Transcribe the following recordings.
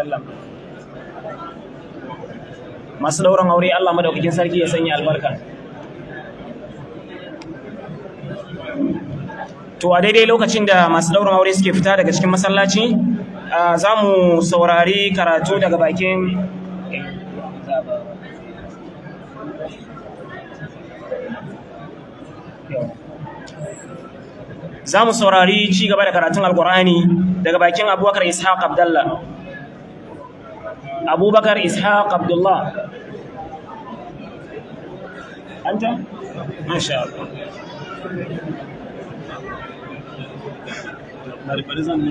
wasallam masu dauran aure Allah madaukakin sarki ya sanya albarka to a daidai lokacin da masu dauran aure suke fita daga cikin masallaci za mu saurari karatu daga bakin za mu saurari ci gaba da karatun alkur'ani daga bakin abubakar ishaq abdallah abubakar ishaq abdullah anta masha eh, Allah zan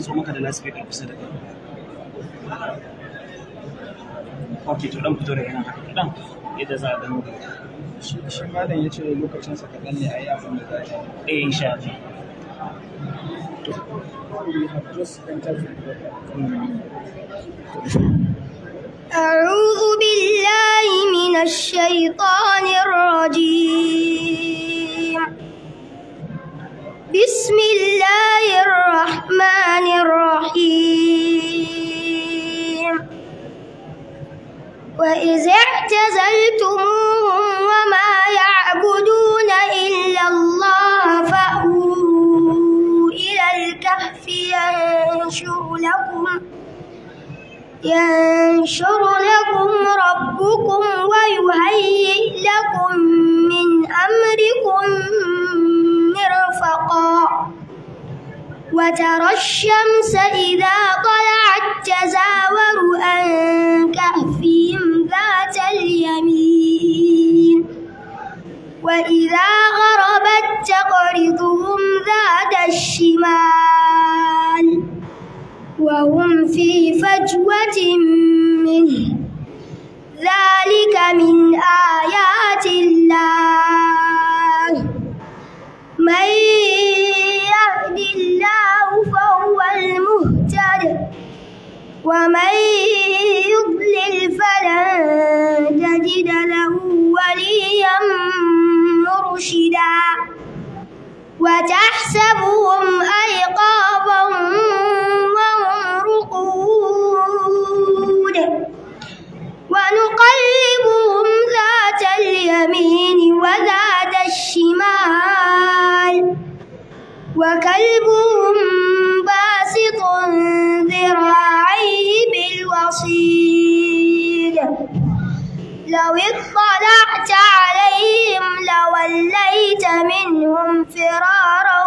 a a أعوذ بالله من الشيطان الرجيم بسم الله الرحمن الرحيم وإذا اعتزلتموهم وما يعبدون إلا الله فأووا إلى الكهف ينشر لكم ينشر لكم ربكم ويهيئ لكم من أمركم مرفقا وترى الشمس إذا طلعت تزاور عن كهفهم ذات اليمين وإذا غربت تقرضهم ذات الشمال وهم في فجوة منه ذلك من آيات الله من يهد الله فهو المهتد ومن يضلل فلن تجد له وليا مرشدا وتحسبهم أيقاظا ونقلبهم ذات اليمين وذات الشمال وكلبهم باسط ذراعيه بالوصيد لو اطلعت عليهم لوليت منهم فرارا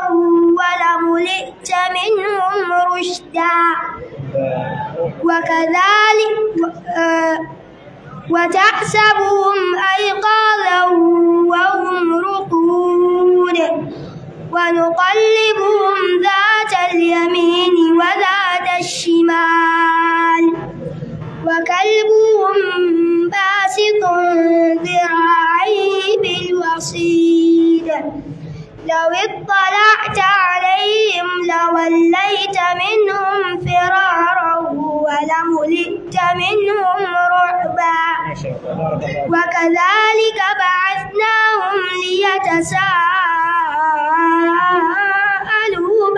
ولملئت منهم رشدا وكذلك آه وتحسبهم أيقاظا وهم رقود ونقلبهم ذات اليمين وذات الشمال وكلبهم باسط ذراعيه بالوصيد لو اطلعت عليهم لوليت منهم فرارا ولملئت منهم رعبا وكذلك بعثناهم ليتساءلوا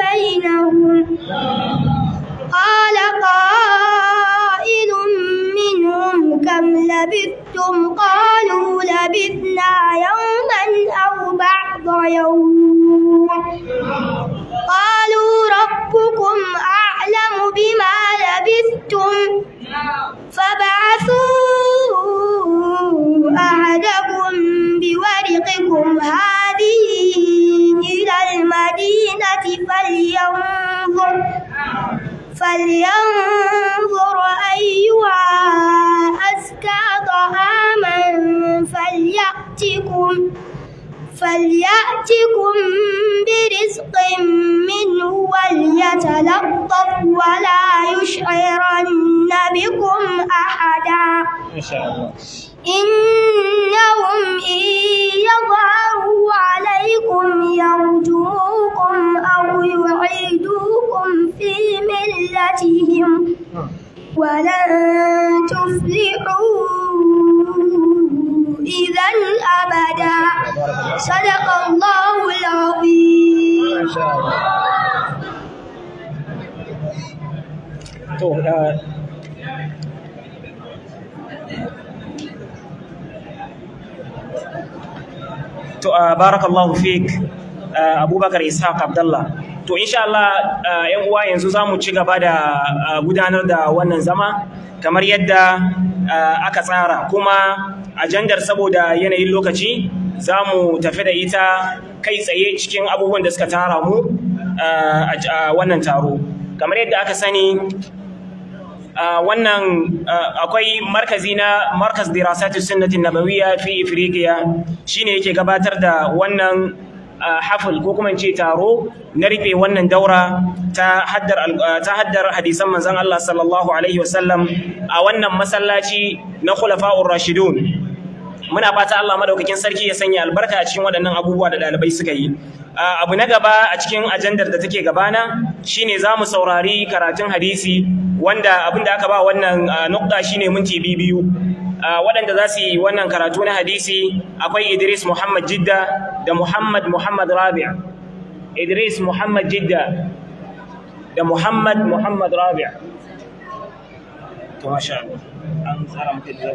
بينهم قال قائل منهم كم لبثتم قالوا لبثنا يوما يوم قالوا ربكم أعلم بما لبثتم فبعثوا أحدكم بورقكم هذه إلى المدينة فلينظر فلينظر يأتكم برزق منه وليتلطف ولا يشعرن بكم أحدا إنهم إن يظهروا عليكم يرجوكم أو يعيدوكم في ملتهم آه. ولن تفلحوا إذا أبدا صدق الله العظيم to uh, barakallahu fik uh, abubakar ishaq abdallah to insha Allah uh, yan uwa yanzu zamu ci gaba da gudanar da wannan zama kamar yadda eh, aka tsara kuma ajandar saboda yanayin lokaci za mu tafi da ita kai tsaye cikin abubuwan da suka tara mu eh, a wannan taro kamar yadda aka sani eh, wannan akwai markazi na markaz dirasati sunnatin nabawiya fi ifriqiya shine yake gabatar da wannan hafal ko kuma ce taro na rufe wannan daura ta haddar hadisan manzan Allah sallallahu alaihi wasallam a wannan masallaci na khulafa'ur rashidun muna fata Allah madaukakin sarki ya sanya albarka a cikin waɗannan abubuwa da ɗalibai suka yi abu na gaba a cikin ajandar da take gabana shine za mu saurari karatun hadisi wanda abin da aka ba wannan nukta shine minti biyu waɗanda za su yi wannan karatu na hadisi akwai Idris Muhammad Jidda da Muhammad Muhammad Rabi'a Idris Muhammad Jidda da Muhammad Muhammad Rabi'a to masha Allah an za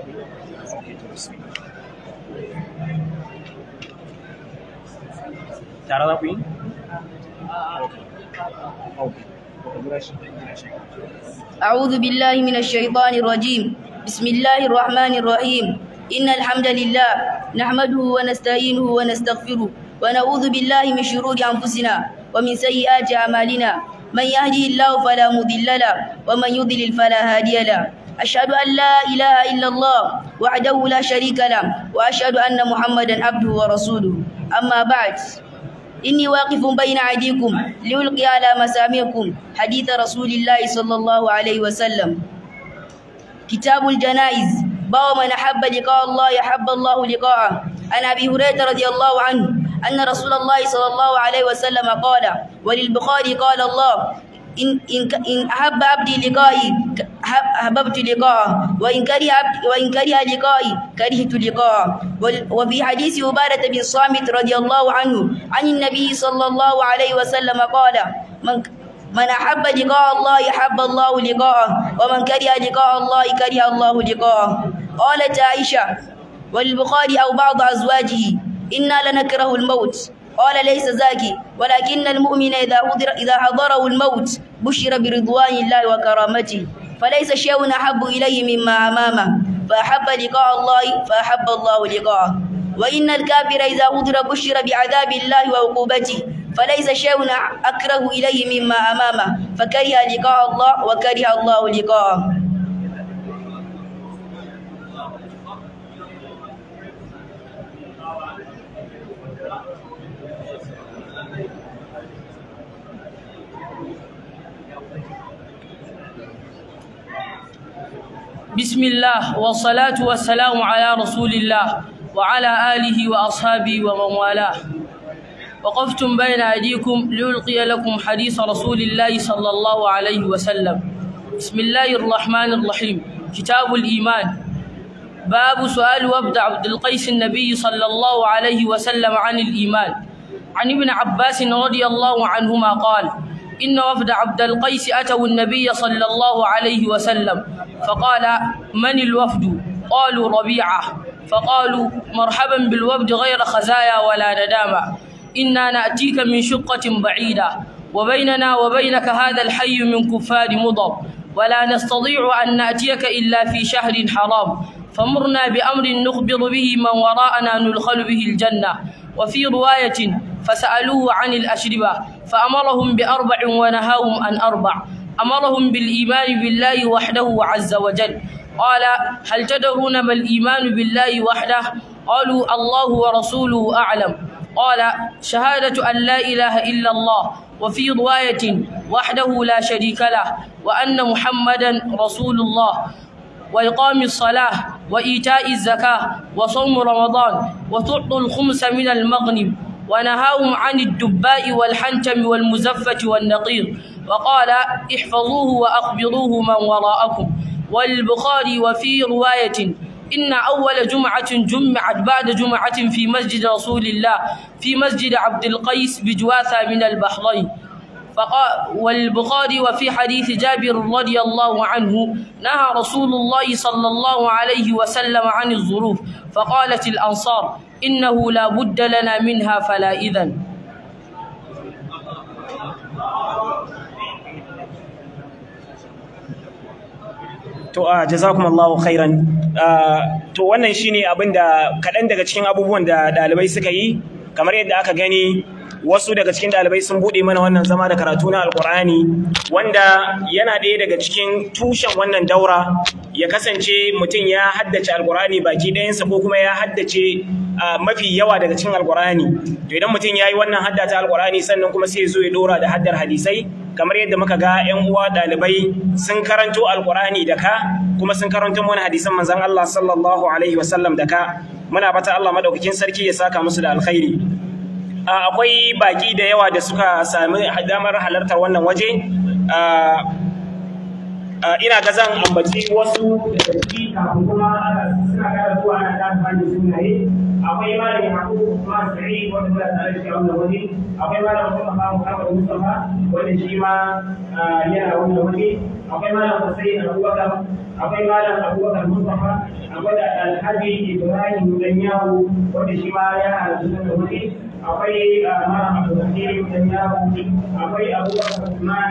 ku yi? أعوذ بالله من الشيطان الرجيم بسم الله الرحمن الرحيم إن الحمد لله نحمده ونستعينه ونستغفره ونعوذ بالله من شرور أنفسنا ومن سيئات أعمالنا من يهده الله فلا مضل له ومن يضلل فلا هادي له أشهد أن لا إله إلا الله وحده لا شريك له وأشهد أن محمدا عبده ورسوله أما بعد إني واقف بين أيديكم لألقي على مسامعكم حديث رسول الله صلى الله عليه وسلم كتاب الجنائز باب من أحب لقاء الله أحب الله لقاءه عن أبي هريرة رضي الله عنه أن رسول الله صلى الله عليه وسلم قال وللبخاري قال الله إن إن إن أحب عبدي لقائي أحببت لقاءه وإن كره وإن كره لقائي كرهت لقاءه وفي حديث عبادة بن صامت رضي الله عنه عن النبي صلى الله عليه وسلم قال من من أحب لقاء الله أحب الله لقاءه ومن كره لقاء الله كره الله لقاءه قالت عائشة والبخاري أو بعض أزواجه إنا لنكره الموت قال ليس ذاك ولكن المؤمن إذا حضر إذا حضره الموت بشر برضوان الله وكرامته فليس شيء أحب إليه مما أمامه فأحب لقاء الله فأحب الله لقاءه وإن الكافر إذا أضر بشر بعذاب الله وعقوبته فليس شيء أكره إليه مما أمامه فكره لقاء الله وكره الله لقاءه بسم الله والصلاة والسلام على رسول الله وعلى آله وأصحابه ومن والاه وقفتم بين أيديكم لألقي لكم حديث رسول الله صلى الله عليه وسلم بسم الله الرحمن الرحيم كتاب الإيمان باب سؤال وفد عبد القيس النبي صلى الله عليه وسلم عن الإيمان عن ابن عباس رضي الله عنهما قال إن وفد عبد القيس أتوا النبي صلى الله عليه وسلم فقال من الوفد قالوا ربيعة فقالوا مرحبا بالوفد غير خزايا ولا ندامة إنا نأتيك من شقة بعيدة وبيننا وبينك هذا الحي من كفار مضر ولا نستطيع أن نأتيك إلا في شهر حرام فمرنا بأمر نخبر به من وراءنا ندخل به الجنة وفي رواية فسألوه عن الأشربة فأمرهم بأربع ونهاهم عن أربع أمرهم بالإيمان بالله وحده عز وجل قال هل تدرون ما الإيمان بالله وحده قالوا الله ورسوله أعلم قال شهادة أن لا إله إلا الله وفي رواية وحده لا شريك له وأن محمدا رسول الله وإقام الصلاة وإيتاء الزكاة وصوم رمضان وتعطوا الخمس من المغنم ونهاهم عن الدباء والحنتم والمزفة والنقير وقال احفظوه وأخبروه من وراءكم والبخاري وفي رواية إن أول جمعة جمعت بعد جمعة في مسجد رسول الله في مسجد عبد القيس بجواثة من البحرين والبخاري وفي حديث جابر رضي الله عنه نهى رسول الله صلى الله عليه وسلم عن الظروف فقالت الأنصار إنه لا بد لنا منها فلا إذن to a ah, jazakumullahu khairan ah, to wannan shine abin da kaɗan daga cikin abubuwan da ɗalibai suka yi kamar yadda aka gani wasu daga cikin ɗalibai sun buɗe mana wannan zama da karatu na alƙur'ani wanda yana ɗaya daga cikin tushen wannan daura ya kasance mutum ya haddace alkurani baki ɗayansa ko kuma ya haddace mafi yawa daga cikin alkur'ani to idan mutum ya yi wannan haddace alƙur'ani sannan kuma sai zo ya ɗora da haddar hadisai kamar yadda muka ga 'yan uwa ɗalibai sun karanto alkurani da ka kuma sun karanto mana hadisan manzon Allah sallallahu alaihi wasallam da ka muna fata Allah madaukakin sarki ya saka musu da alkhairi akwai baki da yawa da suka sami damar halarta wannan waje ina ga zan ambaci wasu da ciki kafin kuma suna kara zuwa na dafa da yi. akwai malam yaku kuma sa'i wanda muna tare da wannan waje akwai malam mustafa muhammad mustafa wanda shi ma yana wannan waje akwai malam hussein abubakar akwai malam abubakar mustafa akwai da alhaji ibrahim ganyawo wanda shi ma yana da wannan waje akwai uh, malam abdulkadir tanyahu akwai abubakar usman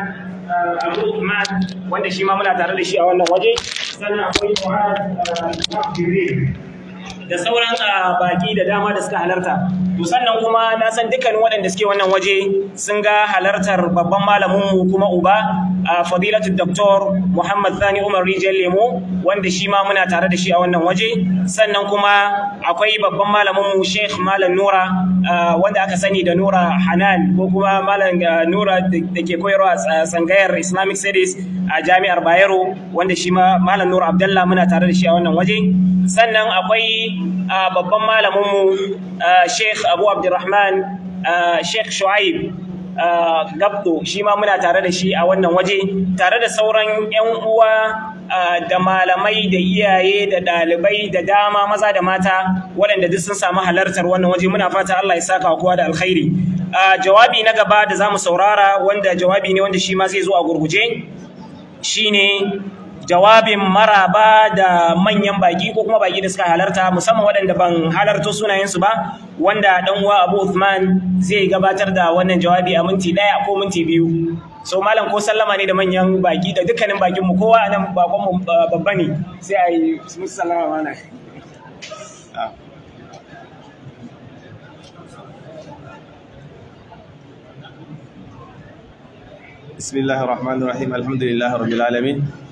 uh, abu usman wanda shi ma muna tare da shi a wannan waje sannan akwai mu'ad uh, jibril da sauran baki da dama da suka halarta to sannan kuma na san dukkanin waɗanda suke wannan waje sun ga halartar babban malaminmu kuma uba fadilatu doktor Muhammad Sani Umar Rijiyar Lemo wanda shi ma muna tare da shi a wannan waje sannan kuma akwai babban malaminmu Sheikh Malam Nura wanda aka sani da Nura Hanan ko kuma Malam Nura da ke koyarwa a sangayar Islamic Studies a Jami'ar Bayero wanda shi ma Malam Nura Abdallah muna tare da shi a wannan waje sannan akwai babban malaminmu mu Sheikh Abu Abdulrahman Sheikh Shu'aib gabdo shi ma muna tare da shi a wannan waje tare da sauran 'yan uwa da malamai da iyaye da ɗalibai da dama maza da mata waɗanda duk sun samu halartar wannan waje muna fata Allah ya saka kowa da alkhairi jawabi na gaba da zamu saurara wanda jawabi ne wanda shi ma zai zo a gurguje shine jawabin maraba da manyan baki ko kuma baki da suka halarta musamman waɗanda ban halarta sunayensu ba wanda dan uwa Abu Uthman zai gabatar da wannan jawabi a minti ɗaya ko minti biyu so malam ko sallama ne da manyan baki da dukkanin bakin mu kowa nan bakon mu babba ne sai a yi musu sallama mana بسم الله الرحمن الرحيم الحمد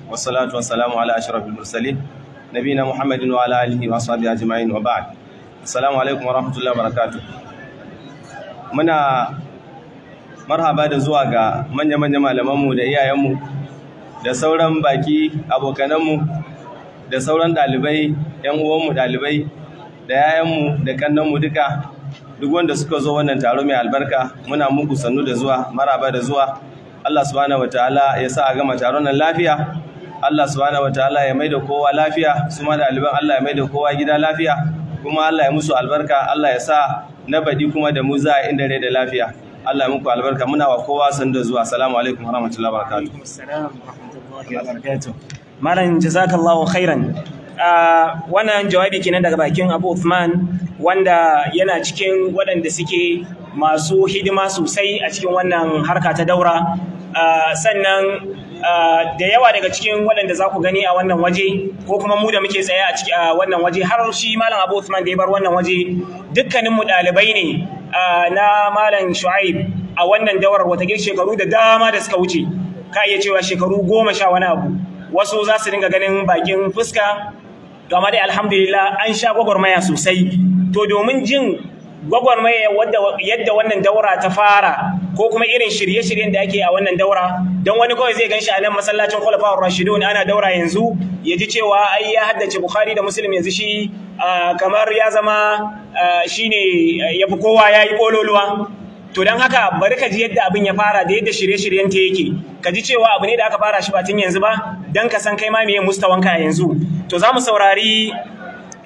والصلاة والسلام على أشرف المرسلين نبينا محمد وعلى آله wa أجمعين وبعد alaikum wa rahmatullahi wa وبركاته muna marhaba da zuwa ga manya-manya malamanmu da iyayenmu da sauran baki abokananmu da sauran dalibai 'yan uwanmu dalibai da yayanmu da kannanmu duka duk wanda suka zo wannan taro mai albarka muna muku sannu da zuwa maraba da zuwa Allah subhanahu ta'ala ya sa a gama taron nan lafiya Allah subhanahu ta'ala ya maida kowa lafiya su ma ɗaliban Allah ya maida kowa gida lafiya kuma Allah ya musu albarka Allah ya sa na badi kuma da mu za a inda rai da lafiya Allah ya muku albarka muna wa kowa sanda zuwa assalamu alaikum warahmatullahi wabarakatuh malam jazakallahu khairan ah, wannan jawabi kenan daga bakin Abu Uthman wanda yana cikin waɗanda suke masu hidima sosai a cikin wannan harka ta daura ah, sannan Ah, da yawa daga cikin waɗanda za ku gani a wannan waje ko kuma mu da muke tsaye a ciki wannan waje har shi malam Abu Usman da ya bar wannan waje dukkanin mu ɗalibai ne ah, na malam Shu'aib a wannan dawar watakil shekaru da dama da suka wuce ka iya cewa shekaru goma sha wani abu wasu za su dinga ganin bakin fuska to amma dai alhamdulillah an sha gwagwarmaya sosai to domin jin gwagwarmaya yadda wannan daura ta fara ko kuma irin shirye-shiryen da ake a wannan daura don wani kawai zai shi a nan masallacin Rashidu rashidun ana daura yanzu ya ji cewa ai ya haddace bukhari da musulmi yanzu shi kamar ya zama shi ya yafi kowa ya yi kololuwa to don haka bari ka ji yadda abin ya fara da yadda shirye-shiryen ta yake ka ji cewa abu ne da aka fara shi batun yanzu ba don ka san kai ma meye mustawanka yanzu to za mu saurari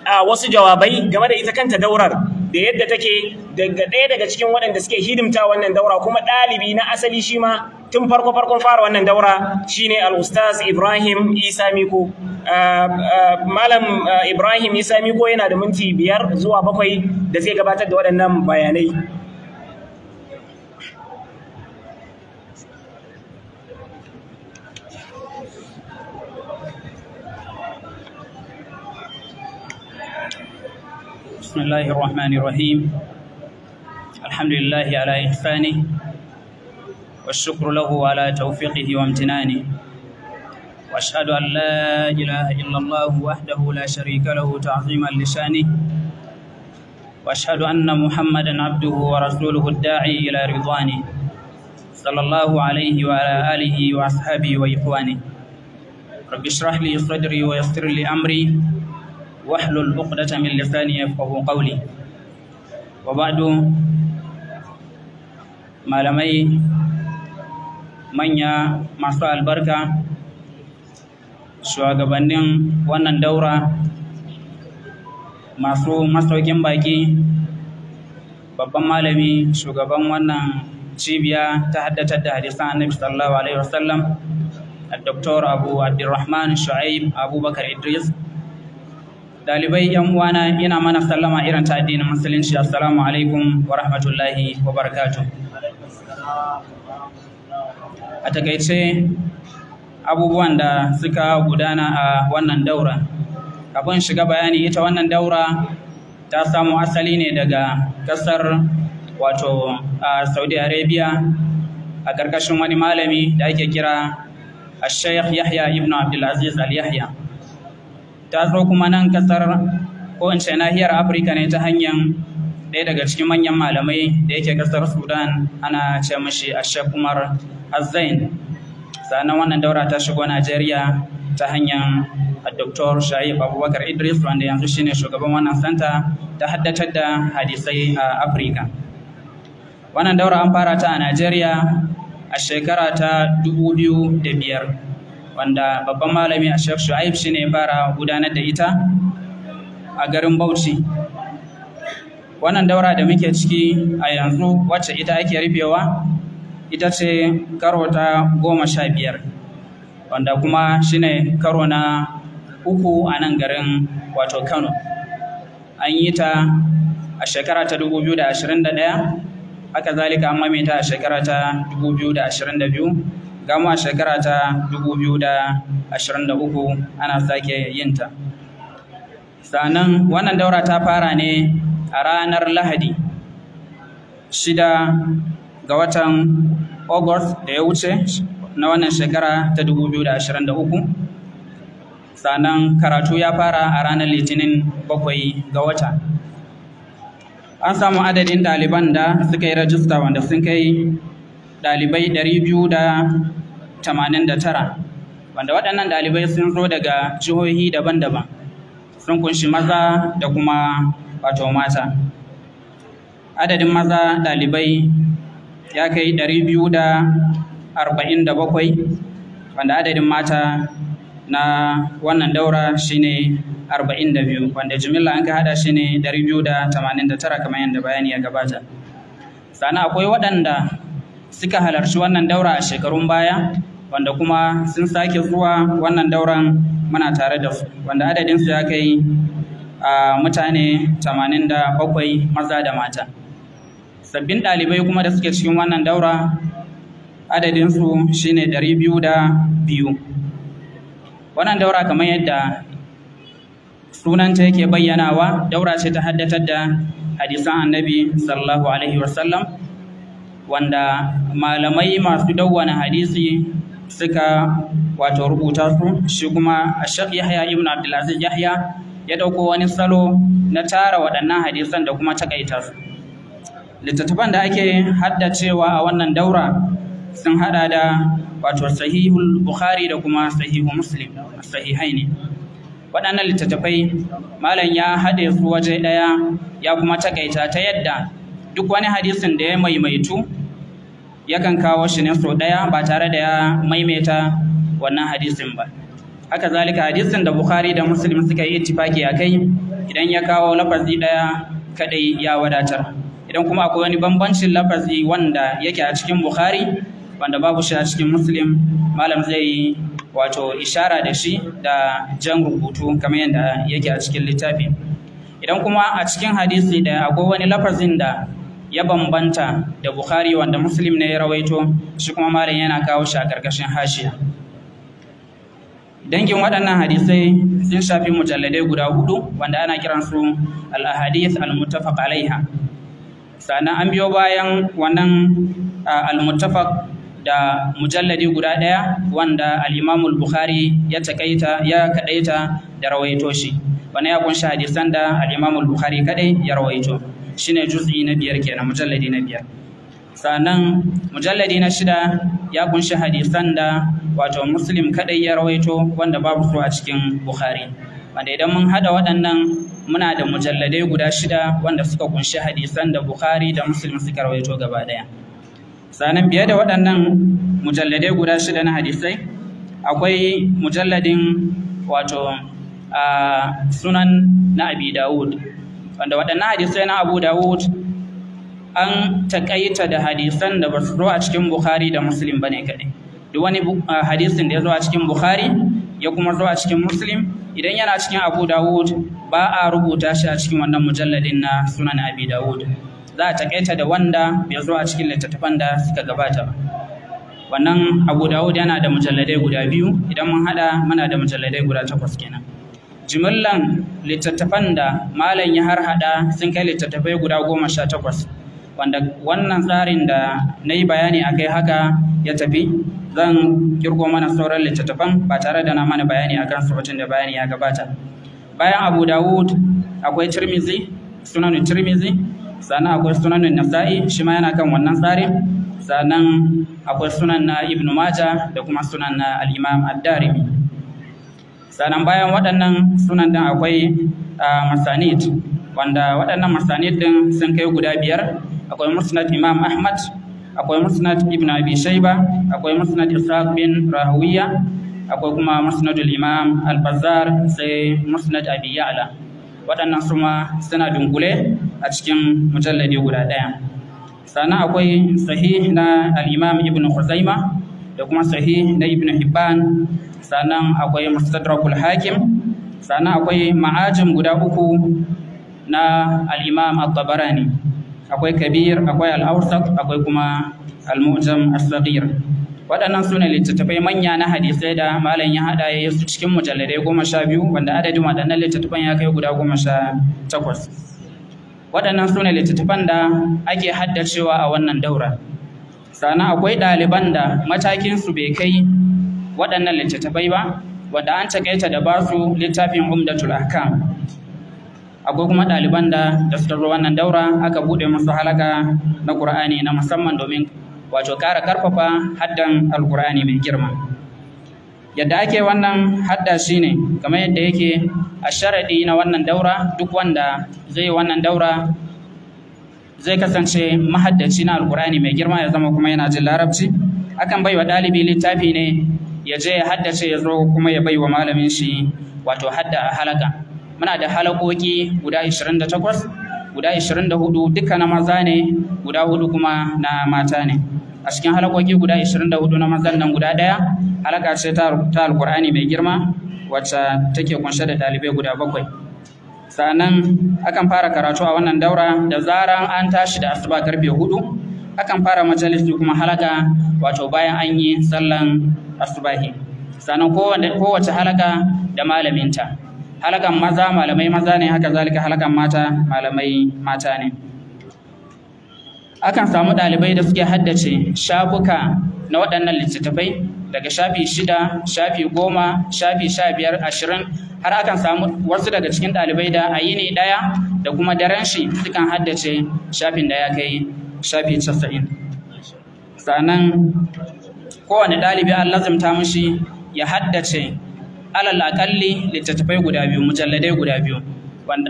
A wasu jawabai game da ita kanta daurar da yadda take daga ɗaya daga cikin waɗanda suke hidimta wannan daura kuma ɗalibi na asali shi ma tun farko farkon fara wannan daura shine al-ustaz Ibrahim Isa Miko malam Ibrahim Isa Miko yana da minti biyar zuwa bakwai da zai gabatar da waɗannan bayanai بسم الله الرحمن الرحيم الحمد لله على إحسانه والشكر له على توفيقه وامتنانه وأشهد أن لا إله إلا الله وحده لا شريك له تعظيما لشانه وأشهد أن محمدا عبده ورسوله الداعي إلى رضوانه صلى الله عليه وعلى آله وأصحابه وإخوانه رب اشرح لي صدري ويسر لي أمري واحلل عقدة من لساني يفقه قولي وبعد malamai manya masu albarka shugabannin wannan daura masu masaukin baki babban malami shugaban wannan cibiya ta haddatar da hadisan annabi sallallahu alaihi wasallam الدكتور أبو عبد Shu'aib شعيب أبو dalibai yan uwana yana mana sallama irin ta addinin musulunci assalamu alaikum wa rahmatullahi wa barakatuh a takaice abubuwan da suka gudana a wannan daura kafin shiga bayani ita wannan daura ta samu asali ne daga kasar wato a saudi arabia a ƙarƙashin wani malami da ake kira a sheikh yahya ibn abdulaziz al-yahya ta zo kuma nan kasar ko in ce nahiyar afirka ne ta hanyar ɗaya daga cikin manyan malamai da yake kasar sudan ana ce mashi a umar azzain sannan wannan daura ta shigo najeriya ta hanyar a Dr. Shaib Abubakar Idris wanda yanzu shine shugaban wannan santa ta haddatar da hadisai a Afirka. Wannan daura an fara ta a Najeriya a shekara ta 2005. wanda babban malami a Sheikh Shu'aib shine fara gudanar da ita a garin Bauchi wannan daura da muke ciki a yanzu wacce ita ake rufewa ita ce karo ta goma sha biyar wanda kuma shine karo na uku a nan garin wato Kano an yi ta a shekara ta 2021 haka zalika an maimaita a shekara ta 2022 mu a shekara ta 2023 ana sake yinta sannan wannan daura ta fara ne a ranar lahadi shida ga watan august da ya wuce na wannan shekara ta 2023 sannan karatu ya fara a ranar litinin bakwai ga wata an samu adadin ɗaliban da suka yi rajista wanda sun kai ɗalibai tara. wanda waɗannan ɗalibai sun zo daga jihohi daban-daban sun kunshi maza da kuma wato mata adadin maza ɗalibai ya kai biyu da da arba'in bakwai, wanda adadin mata na wannan daura shine biyu. wanda jimilla an ka hada shine tara kamar yadda bayani ya gabata sannan akwai waɗanda suka halarci wannan daura a shekarun baya wanda kuma sun sake zuwa wannan dauran muna tare da su wanda adadinsu ya kai a mutane 87 maza da mata sabbin ɗalibai kuma da suke cikin wannan daura adadinsu shine 202 wannan daura kamar yadda sunanta yake bayyanawa daura ce ta haddatar da hadisan annabi sallallahu alaihi wasallam wanda malamai masu dawwana hadisi suka wato rubuta su shi kuma Sheikh Yahya ibn Abdulaziz Yahya ya dauko wani salo na tara waɗannan hadisan da kuma takaita su littattafan da ake haddacewa a wannan daura sun hada da wato sahihul bukhari da kuma sahihu muslim sahihai ne waɗannan littattafai malam ya haɗe su waje ɗaya ya kuma takaita ta yadda duk wani hadisin da ya maimaitu yakan kawo shi ne sau ɗaya ba tare da ya maimaita wannan hadisin ba haka zalika hadisin da bukhari da muslim suka yi ittifaki a kai idan ya kawo lafazi ɗaya kadai ya wadatar idan kuma akwai wani bambancin lafazi wanda yake a cikin bukhari wanda babu shi a cikin muslim malam zai yi wato ishara da shi da jan rubutu kamar yadda yake a cikin littafi idan kuma a cikin hadisi da akwai wani lafazin da ya bambanta da Bukhari wanda Muslim ne ya rawaito shi kuma malam yana kawo shi a gargashin hashiya. Dangin waɗannan hadisai sun shafi mujalladai guda hudu wanda ana su al-ahadith al-muttafaq alaiha. Sannan an biyo bayan wannan al-muttafaq da mujalladi guda ɗaya wanda al-Imam al-Bukhari ya takaita ya kadaita da rawaito shi. Wannan ya kunshi hadisan da al-Imam al-Bukhari kadai ya rawaito. shine juz'i na biyar kenan mujalladi na biyar sannan mujalladi na shida ya kunshi hadisan da wato muslim kadai ya rawaito wanda babu su a cikin bukhari wanda idan mun hada waɗannan muna da mujalladai guda shida wanda suka kunshi hadisan da bukhari da muslim suka rawaito gaba daya sannan biye da waɗannan mujalladai guda shida na hadisai akwai mujalladin wato ah, sunan na abi dawud wanda waɗannan hadisai na Abu Dawud an takaita da hadisan da ba su zo a cikin Bukhari da Muslim bane kadai duk wani hadisin da ya zo a cikin Bukhari ya kuma zo a cikin Muslim idan yana cikin Abu Dawud ba a rubuta shi a cikin wannan mujalladin na Sunan Abi Dawud za a takaita da wanda bai zo a cikin littattafan da suka gabata ba wannan Abu Dawud yana da mujalladai guda biyu idan mun haɗa muna da mujalladai guda takwas kenan jimillan littattafan da malam ya har harhaɗa sun kai littattafai guda goma sha takwas wanda wannan tsarin da na yi bayani a kai haka ya tafi zan kirgo mana sauran littattafan ba tare da na mana bayani a kan sabacin da bayani ya gabata bayan abu dawud akwai tirmizi sunanin tirmizi sannan akwai sunanin nasa'i shi ma yana kan wannan tsarin sannan akwai sunan na ibnu maja da kuma sunan na alimam addari sannan bayan waɗannan sunan din akwai masanid wanda waɗannan masanid din sun kai guda biyar akwai musnad imam ahmad akwai musnad ibn abi Shaiba, akwai musnad ishaq bin rahawiya akwai kuma musnad imam al-bazzar sai musnad abi ya'la waɗannan suma suna dunkule a cikin mujalladi guda ɗaya Sanan akwai sahih na al-imam ibn khuzaima da kuma sahih na ibn hibban sannan akwai mustadrakul hakim sannan akwai ma'ajin guda uku na al-imam at-tabarani akwai kabir akwai al-awsat akwai kuma al-mu'jam as-saghir waɗannan su ne littattafai manya na hadisai da malam ya haɗa ya su cikin mujalladai goma sha biyu wanda adadin waɗannan littattafan ya kai guda goma sha takwas waɗannan su ne littattafan da ake haddacewa a wannan daura sannan akwai ɗaliban da matakinsu bai kai waɗannan littattafai ba wanda an takaita da ba su littafin umdatul ahkam akwai kuma ɗaliban da da su tarro wannan daura aka buɗe musu halaka na ƙur'ani na musamman domin wato ƙara ƙarfafa haddan alqur'ani mai girma yadda ake wannan hadda ne kamar yadda yake a sharaɗi na wannan daura duk wanda zai wannan daura zai kasance mahaddaci na alqur'ani mai girma ya zama kuma yana jin larabci akan bai wa ɗalibi littafi ne ya je ya haddace ya zo kuma ya bai wa malamin shi wato hadda a halaka muna da halakoki guda 28 guda 24 duka na maza ne guda hudu kuma na mata ne a cikin halakoki guda 24 na mazan nan guda daya halaka ce ta alkur'ani mai girma wacce take kunshe da dalibai guda bakwai sannan akan fara karatu a wannan daura da zaran an tashi da asuba karfe hudu akan fara majalisi kuma halaka wato bayan an yi sallan asubahi sannan kowace halaka da malaminta halakan maza malamai maza ne haka zalika halakan mata malamai mata ne akan samu ɗalibai da suke haddace shafuka na waɗannan littattafai daga shafi shida shafi goma shafi sha biyar ashirin har akan samu wasu daga cikin ɗalibai da a yini ɗaya da kuma daren shi sukan haddace shafin da ya kai shafi casa'in sannan kowane ɗalibi an lazimta mishi ya haddace alal akalli littattafai guda biyu mujalladai guda biyu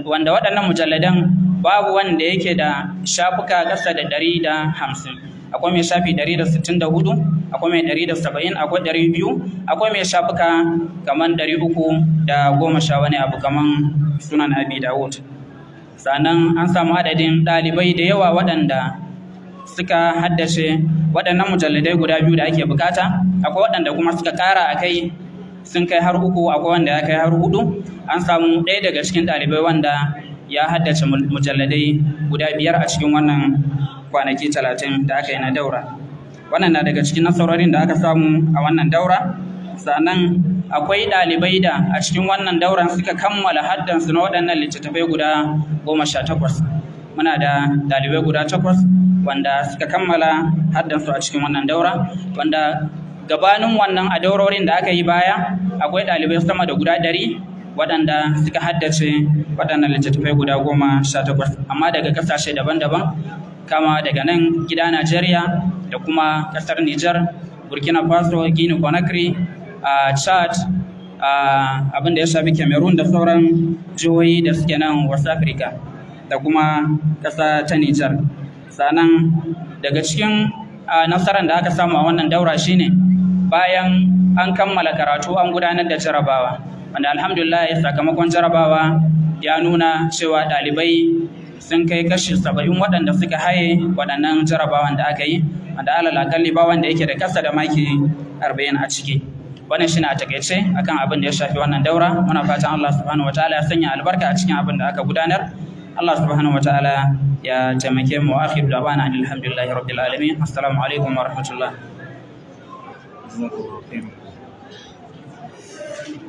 wanda waɗannan mujalladan babu wanda yake da shafuka ƙasa da ɗari da hamsin akwai mai shafi ɗari da sittin da hudu akwai mai ɗari da saba'in akwai ɗari biyu akwai mai shafuka kamar ɗari uku da goma sha wani abu kamar sunan abi dawud sannan an samu adadin ɗalibai da yawa waɗanda suka haddace waɗannan mujalladai guda biyu da ake bukata akwai waɗanda kuma suka ƙara a kai sun kai har uku akwai wanda ya kai har hudu an samu ɗaya daga cikin ɗalibai wanda ya haddace mujalladai guda biyar a cikin wannan kwanaki talatin da aka yi na daura wannan na daga cikin nasarorin da aka samu a wannan daura sannan akwai ɗalibai da a cikin wannan dauran suka kammala haddansu na waɗannan littattafai guda goma sha takwas muna da ɗalibai guda takwas wanda suka kammala su a cikin wannan daura wanda gabanin wannan a daurorin da aka yi baya akwai ɗalibai sama da guda ɗari waɗanda suka haddace waɗannan littattafai guda goma sha takwas amma daga ƙasashe daban-daban kama daga nan gida Najeriya da kuma ƙasar Nijar, Burkina Faso, Guinea Conakry, a Chad, abin da ya shafi Cameroon da sauran jihohi da suke nan Wasu Africa da kuma ƙasa ta Nijar. sannan daga cikin nasarar da aka samu a wannan daura shine bayan an kammala karatu an gudanar da jarabawa wanda alhamdulillah sakamakon jarabawa ya nuna cewa ɗalibai sun kai kashi saba'in waɗanda suka haye waɗannan jarabawan da aka yi wanda alal akalli ba wanda yake da kasa da maki arba'in a ciki wannan shine a takaice akan abin da ya shafi wannan daura muna fatan Allah subhanahu wataala ya sanya albarka a cikin abin da aka gudanar Allah subhanahu wataala ya taimake mu akhiru da'wana alhamdulillahi rabbil alamin assalamu alaikum wa rahmatullah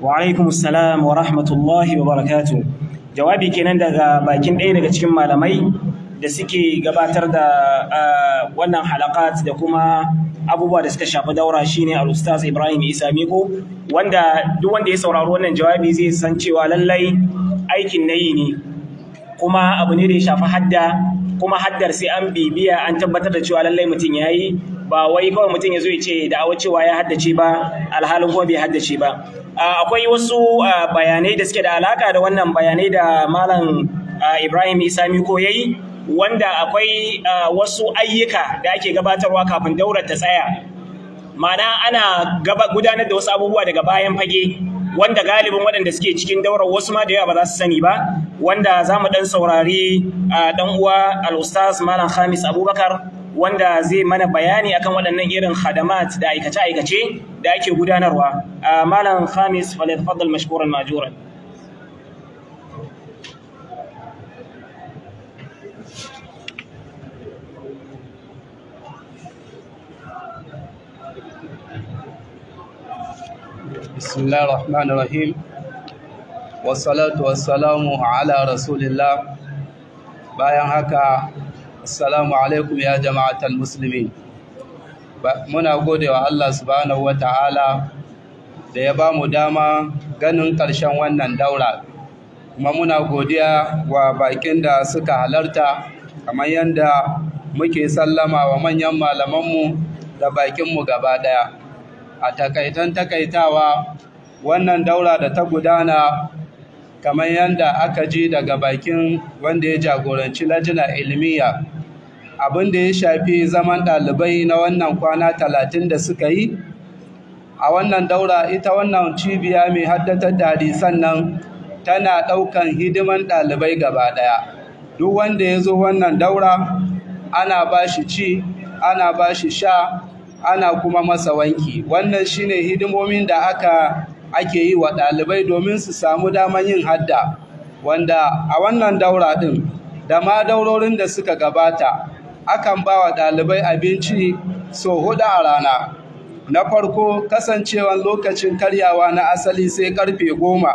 wa alaikum assalam wa rahmatullahi wa barakatuh jawabi kenan daga bakin ɗaya daga cikin malamai da suke gabatar da wannan halakat da kuma abubuwa da suka shafi daura shine al-ustaz Ibrahim Isa Miko wanda duk wanda ya saurari wannan jawabi zai san cewa lallai aikin nayi ne kuma abu ne da ya shafi hadda kuma haddar sai an bibiya an tabbatar da cewa lallai mutum ya yi ba wai kawai mutum ya zo ya ce awa cewa ya haddace ba alhalin kuma bai haddace ba akwai wasu bayanai da suke da alaka da wannan bayanai da malam ibrahim isami ko yayi wanda akwai wasu ayyuka da ake gabatarwa kafin daurar ta tsaya ma'ana ana gudanar da wasu abubuwa daga bayan fage wanda galibin waɗanda suke cikin daurar wasu ma da yawa ba za su sani ba wanda za mu ɗan saurari ɗan uwa al-ustaz malam Hamis, Abubakar wanda zai mana bayani akan waɗannan irin hadamat da aikace-aikace da ake gudanarwa malam Khamis fadl mashkuran majuran بسم الله الرحمن الرحيم والصلاة والسلام على رسول الله bayan haka assalamu alaikum ya jama'atul muslimin muna godewa Allah subhanahu wata'ala da ya ba mu dama ganin ƙarshen wannan daura kuma muna godiya wa bakin da suka halarta kamar yadda muke sallama wa manyan malamanmu da bakinmu gaba ɗaya a takaitan takaitawa wannan daura da ta gudana kamar yadda aka ji daga bakin wanda ya jagoranci lajina ilmiya abin da ya shafi zaman ɗalibai na wannan kwana talatin da suka yi a wannan daura ita wannan cibiya mai haddata da sannan tana ɗaukan hidiman ɗalibai gaba ɗaya duk wanda ya zo wannan daura ana bashi ci ana bashi sha ana kuma masa wanki wannan shine hidimomin da aka ake yi wa ɗalibai domin su samu daman yin hadda wanda a wannan daura ɗin da ma daurorin da suka gabata akan ba wa ɗalibai abinci so hudu a rana na farko kasancewan lokacin karyawa na asali sai karfe goma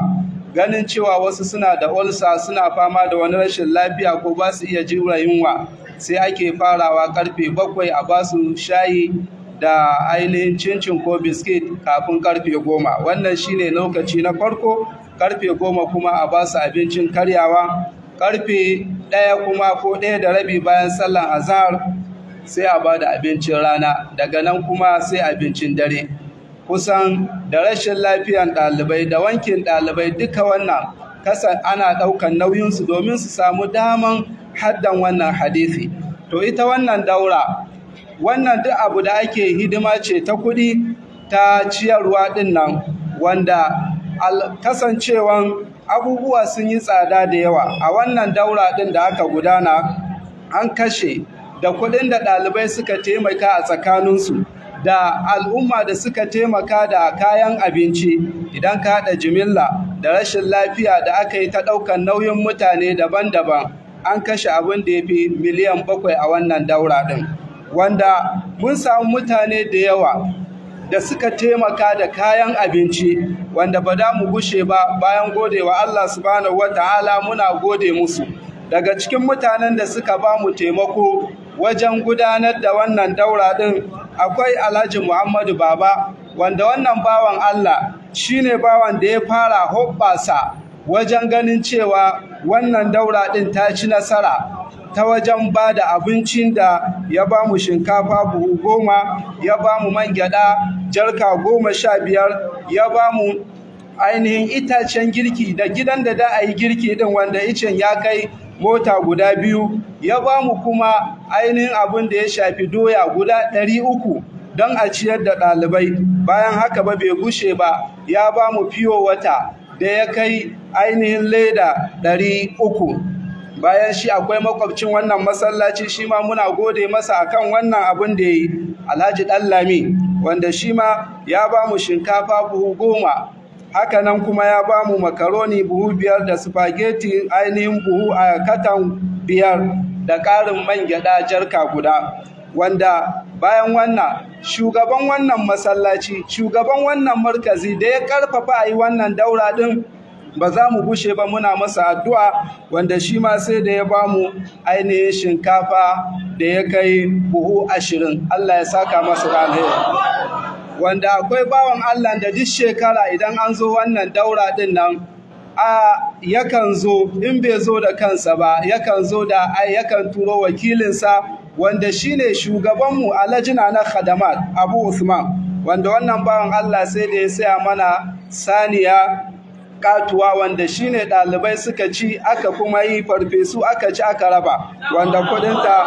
ganin cewa wasu suna da olsa suna fama da wani rashin lafiya ko ba su iya jura yunwa sai ake farawa karfe bakwai a basu shayi da ainihin cincin ko biskit kafin karfe goma wannan shine lokaci na farko karfe goma kuma a ba su abincin karyawa karfe ɗaya kuma ko ɗaya da rabi bayan sallan azhar sai a ba da abincin rana daga nan kuma sai abincin dare kusan da rashin lafiyan ɗalibai da wankin ɗalibai duka wannan kasan ana ɗaukan nauyinsu domin su samu daman haddan wannan hadisi to ita wannan daura wannan duk abu da ake hidima ce ta kuɗi ta ciyarwa ɗin nan wanda kasancewan abubuwa sun yi tsada da yawa a wannan daura ɗin da aka gudana an kashe da kuɗin da ɗalibai suka taimaka a tsakaninsu da al'umma da suka taimaka da kayan abinci idan ka haɗa jimilla da rashin lafiya da aka yi ta ɗaukar nauyin mutane daban-daban an kashe abin da ya fi miliyan bakwai a wannan daura ɗin. wanda mun samu mutane da yawa da suka taimaka da kayan abinci wanda ba za mu gushe ba bayan godewa Allah subhanahu wataala muna gode musu daga cikin mutanen da suka ba mu taimako wajen gudanar da wannan daura din akwai Alhaji Muhammadu Baba wanda wannan bawan Allah shi ne bawan da ya fara hoɓɓasa wajen ganin cewa wannan daura din ta ci nasara ta wajen ba da abincin da ya ba mu shinkafa buhu goma ya ba mu man gyada jarka goma sha biyar ya ba mu ainihin itacen girki da gidan da da a yi girki din wanda icen ya kai mota guda biyu ya ba mu kuma ainihin abin da ya shafi doya guda ɗari uku don a ciyar da ɗalibai bayan haka ba bai gushe ba ya ba mu fiyo wata da ya kai ainihin leda ɗari uku bayan shi akwai makwabcin wannan masallaci shi ma muna gode masa akan wannan abin da ya yi alhaji ɗallami wanda shi ma ya ba mu shinkafa buhu goma haka nan kuma ya ba mu makaroni buhu biyar da spaghetti ainihin buhu a katan biyar da ƙarin man gyaɗa jarka guda wanda bayan wannan shugaban wannan masallaci shugaban wannan markazi da ya ƙarfafa a yi wannan daura ɗin ba za mu bushe ba muna masa addu'a wanda shi ma sai da ya ba mu ainihin shinkafa da ya kai buhu ashirin Allah ya saka masu ranar wanda akwai bawan Allah da duk shekara idan an zo wannan daura ɗin nan a yakan zo in bai zo da kansa ba yakan zo da ai yakan turo wakilinsa wanda shi ne shugabanmu lajina na khadamat abu usman wanda wannan bawan allah sai da ya saya mana saniya katuwa wanda shine ɗalibai suka ci aka kuma yi farfesu aka ci aka raba wanda kudinta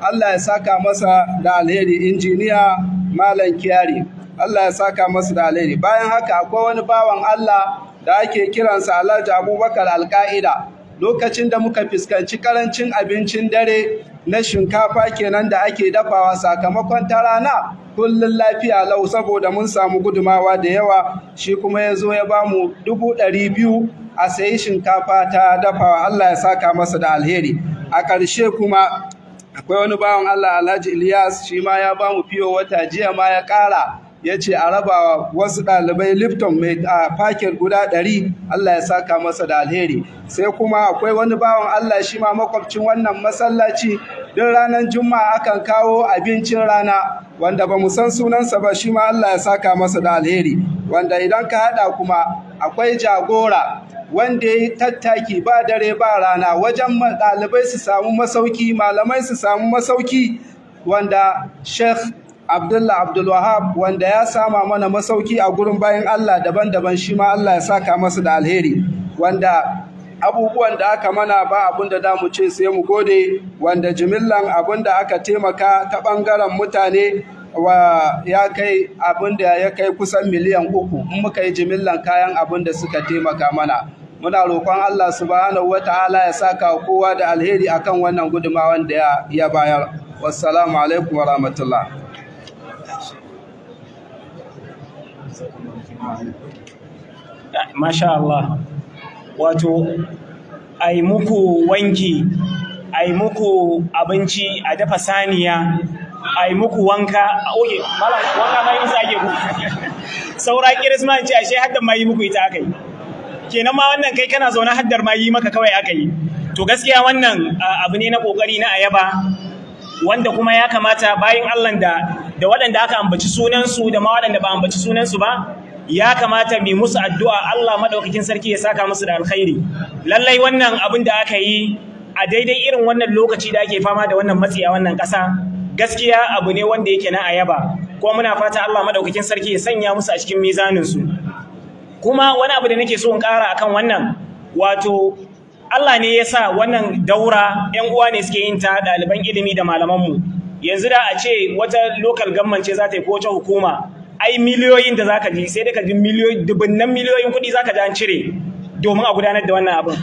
Allah ya saka masa da alheri injiniya malam kiyari Allah ya saka masa da alheri bayan haka akwai wani bawan Allah da ake kiransa Alhaji Abubakar Alka'ida lokacin da muka fuskanci karancin abincin dare na shinkafa kenan da ake dafawa sakamakon ta rana kullum lafiya lau saboda mun samu gudumawa da yawa shi kuma ya zo ya bamu dubu ɗari biyu a sayi shinkafa ta dafawa Allah ya saka masa da alheri a ƙarshe kuma akwai wani bawan Allah Alhaji Ilyas shi ma ya bamu fiyo wata jiya ma ya ƙara ya ce a rabawa wasu ɗalibai lifton mai a fakir guda ɗari Allah ya saka masa da alheri sai kuma akwai wani bawan Allah shi ma makwabcin wannan masallaci duk ranar juma'a akan kawo abincin rana wanda ba mu san sunansa ba shi ma Allah ya saka masa da alheri wanda idan ka haɗa kuma akwai jagora wanda ya yi tattaki ba dare ba rana wajen ɗalibai su samu masauki malamai su samu masauki wanda sheikh Abdullah Abdulwahab wanda ya sama mana masauki a gurin bayan Allah daban-daban shi ma Allah ya saka masa da alheri wanda abubuwan da aka mana ba abin da damu ce sai mu gode wanda jimillan abin da aka taimaka ta ɓangaren mutane wa ya kai abin da ya kai kusan miliyan uku in muka yi jimillan kayan abin da suka taimaka mana muna roƙon Allah subhanahu ta'ala ya saka kowa da alheri akan wannan gudumawan da ya bayar wassalamu alaikum wa rahmatullah masha Allah wato ai muku wanki ai muku abinci a dafa saniya ai muku wanka oke malam wanka mai musu ake ku saura kirisma ce ashe haddar ma yi muku ita yi. kenan ma wannan kai kana zaune haddar mayi yi maka kawai aka yi. to gaskiya wannan abu ne na kokari na ayaba wanda kuma ya kamata bayan Allah da da waɗanda aka ambaci sunansu da ma waɗanda ba ambaci sunansu ba ya kamata mu musu addu'a Allah madaukakin sarki ya saka musu da alkhairi lallai wannan abin da aka yi a daidai irin wannan lokaci da ake fama da wannan matsi a wannan ƙasa gaskiya abu ne wanda yake na ayaba ko muna fata Allah madaukakin sarki ya sanya musu a cikin mizanin su kuma wani abu da nake so in ƙara akan wannan wato Allah ne ya sa wannan daura 'yan uwa ne suke yin ta ɗaliban ilimi da malamanmu yanzu da a ce wata local government ce za ta yi ko wata hukuma ai miliyoyin da zaka ji sai dai ka ji miliyoyi dubunnan miliyoyin kuɗi zaka ji an cire domin a gudanar da wannan abin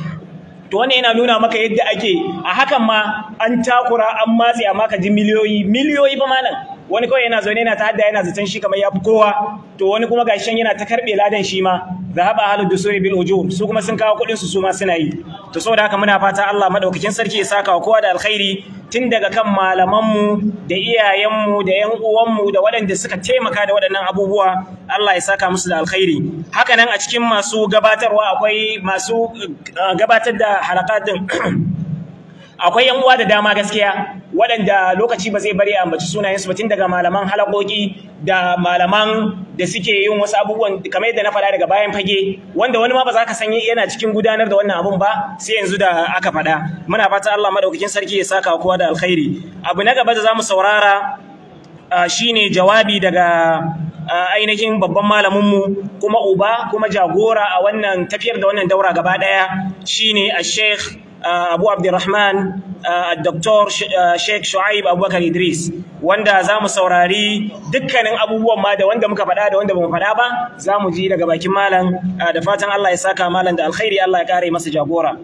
to wannan yana nuna maka yadda ake a hakan ma an takura an matse amma ka ji miliyoyi miliyoyi ba malam wani kawai yana zaune yana ta'adda yana zaton shi kamar yafi kowa to wani kuma gashin yana ta karbe ladan shi ma zahaba ahlu dusuri bil ujum su kuma sun kawo kudin su su ma suna yi to saboda haka muna fata Allah madaukakin sarki ya saka wa kowa da alkhairi tun daga kan malaman mu da iyayen mu da yan uwan mu da waɗanda suka taimaka da waɗannan abubuwa Allah ya saka musu da alkhairi haka nan a cikin masu gabatarwa akwai masu eh, gabatar da harakatin akwai yan uwa da dama gaskiya waɗanda lokaci ba zai bari a ambaci sunayensu ba tun daga malaman halakoki da malaman da suke yin wasu abubuwan kamar yadda na faɗa daga bayan fage wanda wani ma ba za ka san yana cikin gudanar da wannan abun ba sai yanzu da aka faɗa muna fata Allah madaukakin sarki ya saka kowa da alkhairi abu na gaba da za mu saurara shine jawabi daga ainihin babban malaminmu kuma uba kuma jagora a wannan tafiyar da wannan daura gaba ɗaya shine a sheikh abu abdurrahman dr sheikh shu'aib abubakar idris wanda za mu saurari dukkanin abubuwan ma da wanda muka faɗa da wanda ba mu faɗa ba za mu ji daga bakin malam da fatan allah ya saka malam da alkhairi allah ya kare masa jagora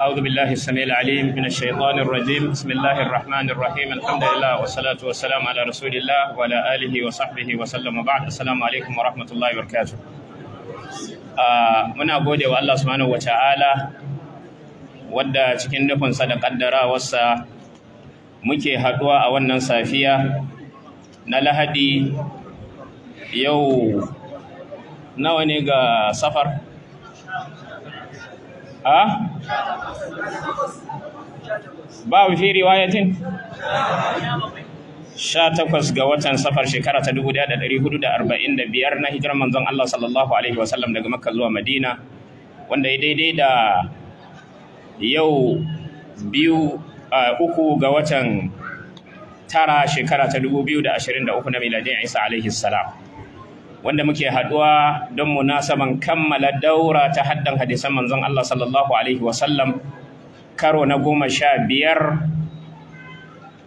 أعوذ بالله السميع العليم من الشيطان الرجيم بسم الله الرحمن الرحيم الحمد لله والصلاة والسلام على رسول الله وعلى آله وصحبه وسلم وبعد السلام عليكم ورحمة الله وبركاته muna gode wa Allah subhanahu wata'ala wadda cikin nufinsa da ƙaddarawarsa muke haɗuwa a wannan safiya na lahadi yau nawa ne ga safar a babu fi riwayatin sha takwas ga watan safar shekara ta dubu ɗaya da ɗari hudu da arba'in da biyar na hijirar manzon Allah sallallahu alaihi wasallam daga makka zuwa madina wanda ya daidai da yau biyu a uku ga watan tara shekara ta dubu biyu da ashirin da uku na miladin isa alaihi salam wanda muke haɗuwa don munasaban kammala daura ta haddan hadisan manzon Allah sallallahu alaihi wasallam karo na goma sha biyar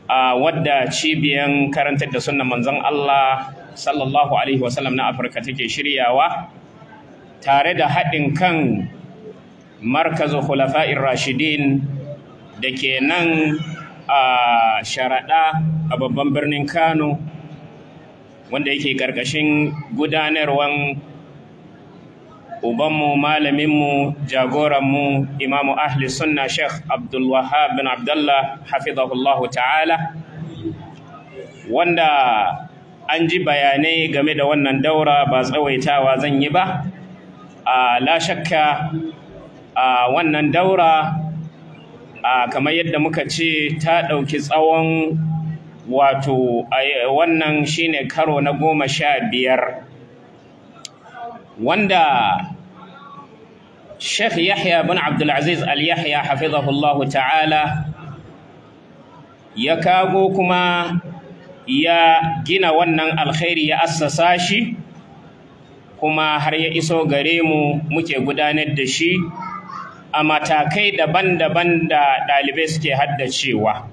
a wadda cibiyan karantar da sunan manzon Allah sallallahu alaihi wasallam na Afirka take shiryawa tare da haɗin kan markazu khulafa'ir rashidin da ke nan a sharaɗa a babban birnin Kano wanda yake ƙarƙashin gudanarwan ubanmu malaminmu jagoranmu imamu ahli sunna sheikh abdulwahab bin abdullah hafizahullahu ta'ala wanda an ji bayanai game da wannan daura ba tsawaitawa zan yi ba a la shakka a wannan daura kamar yadda muka ce ta ɗauki tsawon wato wannan shine karo na goma sha biyar wanda Sheikh Yahya bin Abdulaziz Al-Yahya hafizahullahu ta'ala ya kago kuma ya gina wannan alkhairi ya assasa shi kuma har ya iso gare mu muke gudanar da shi a matakai daban-daban da ɗalibai suke haddacewa.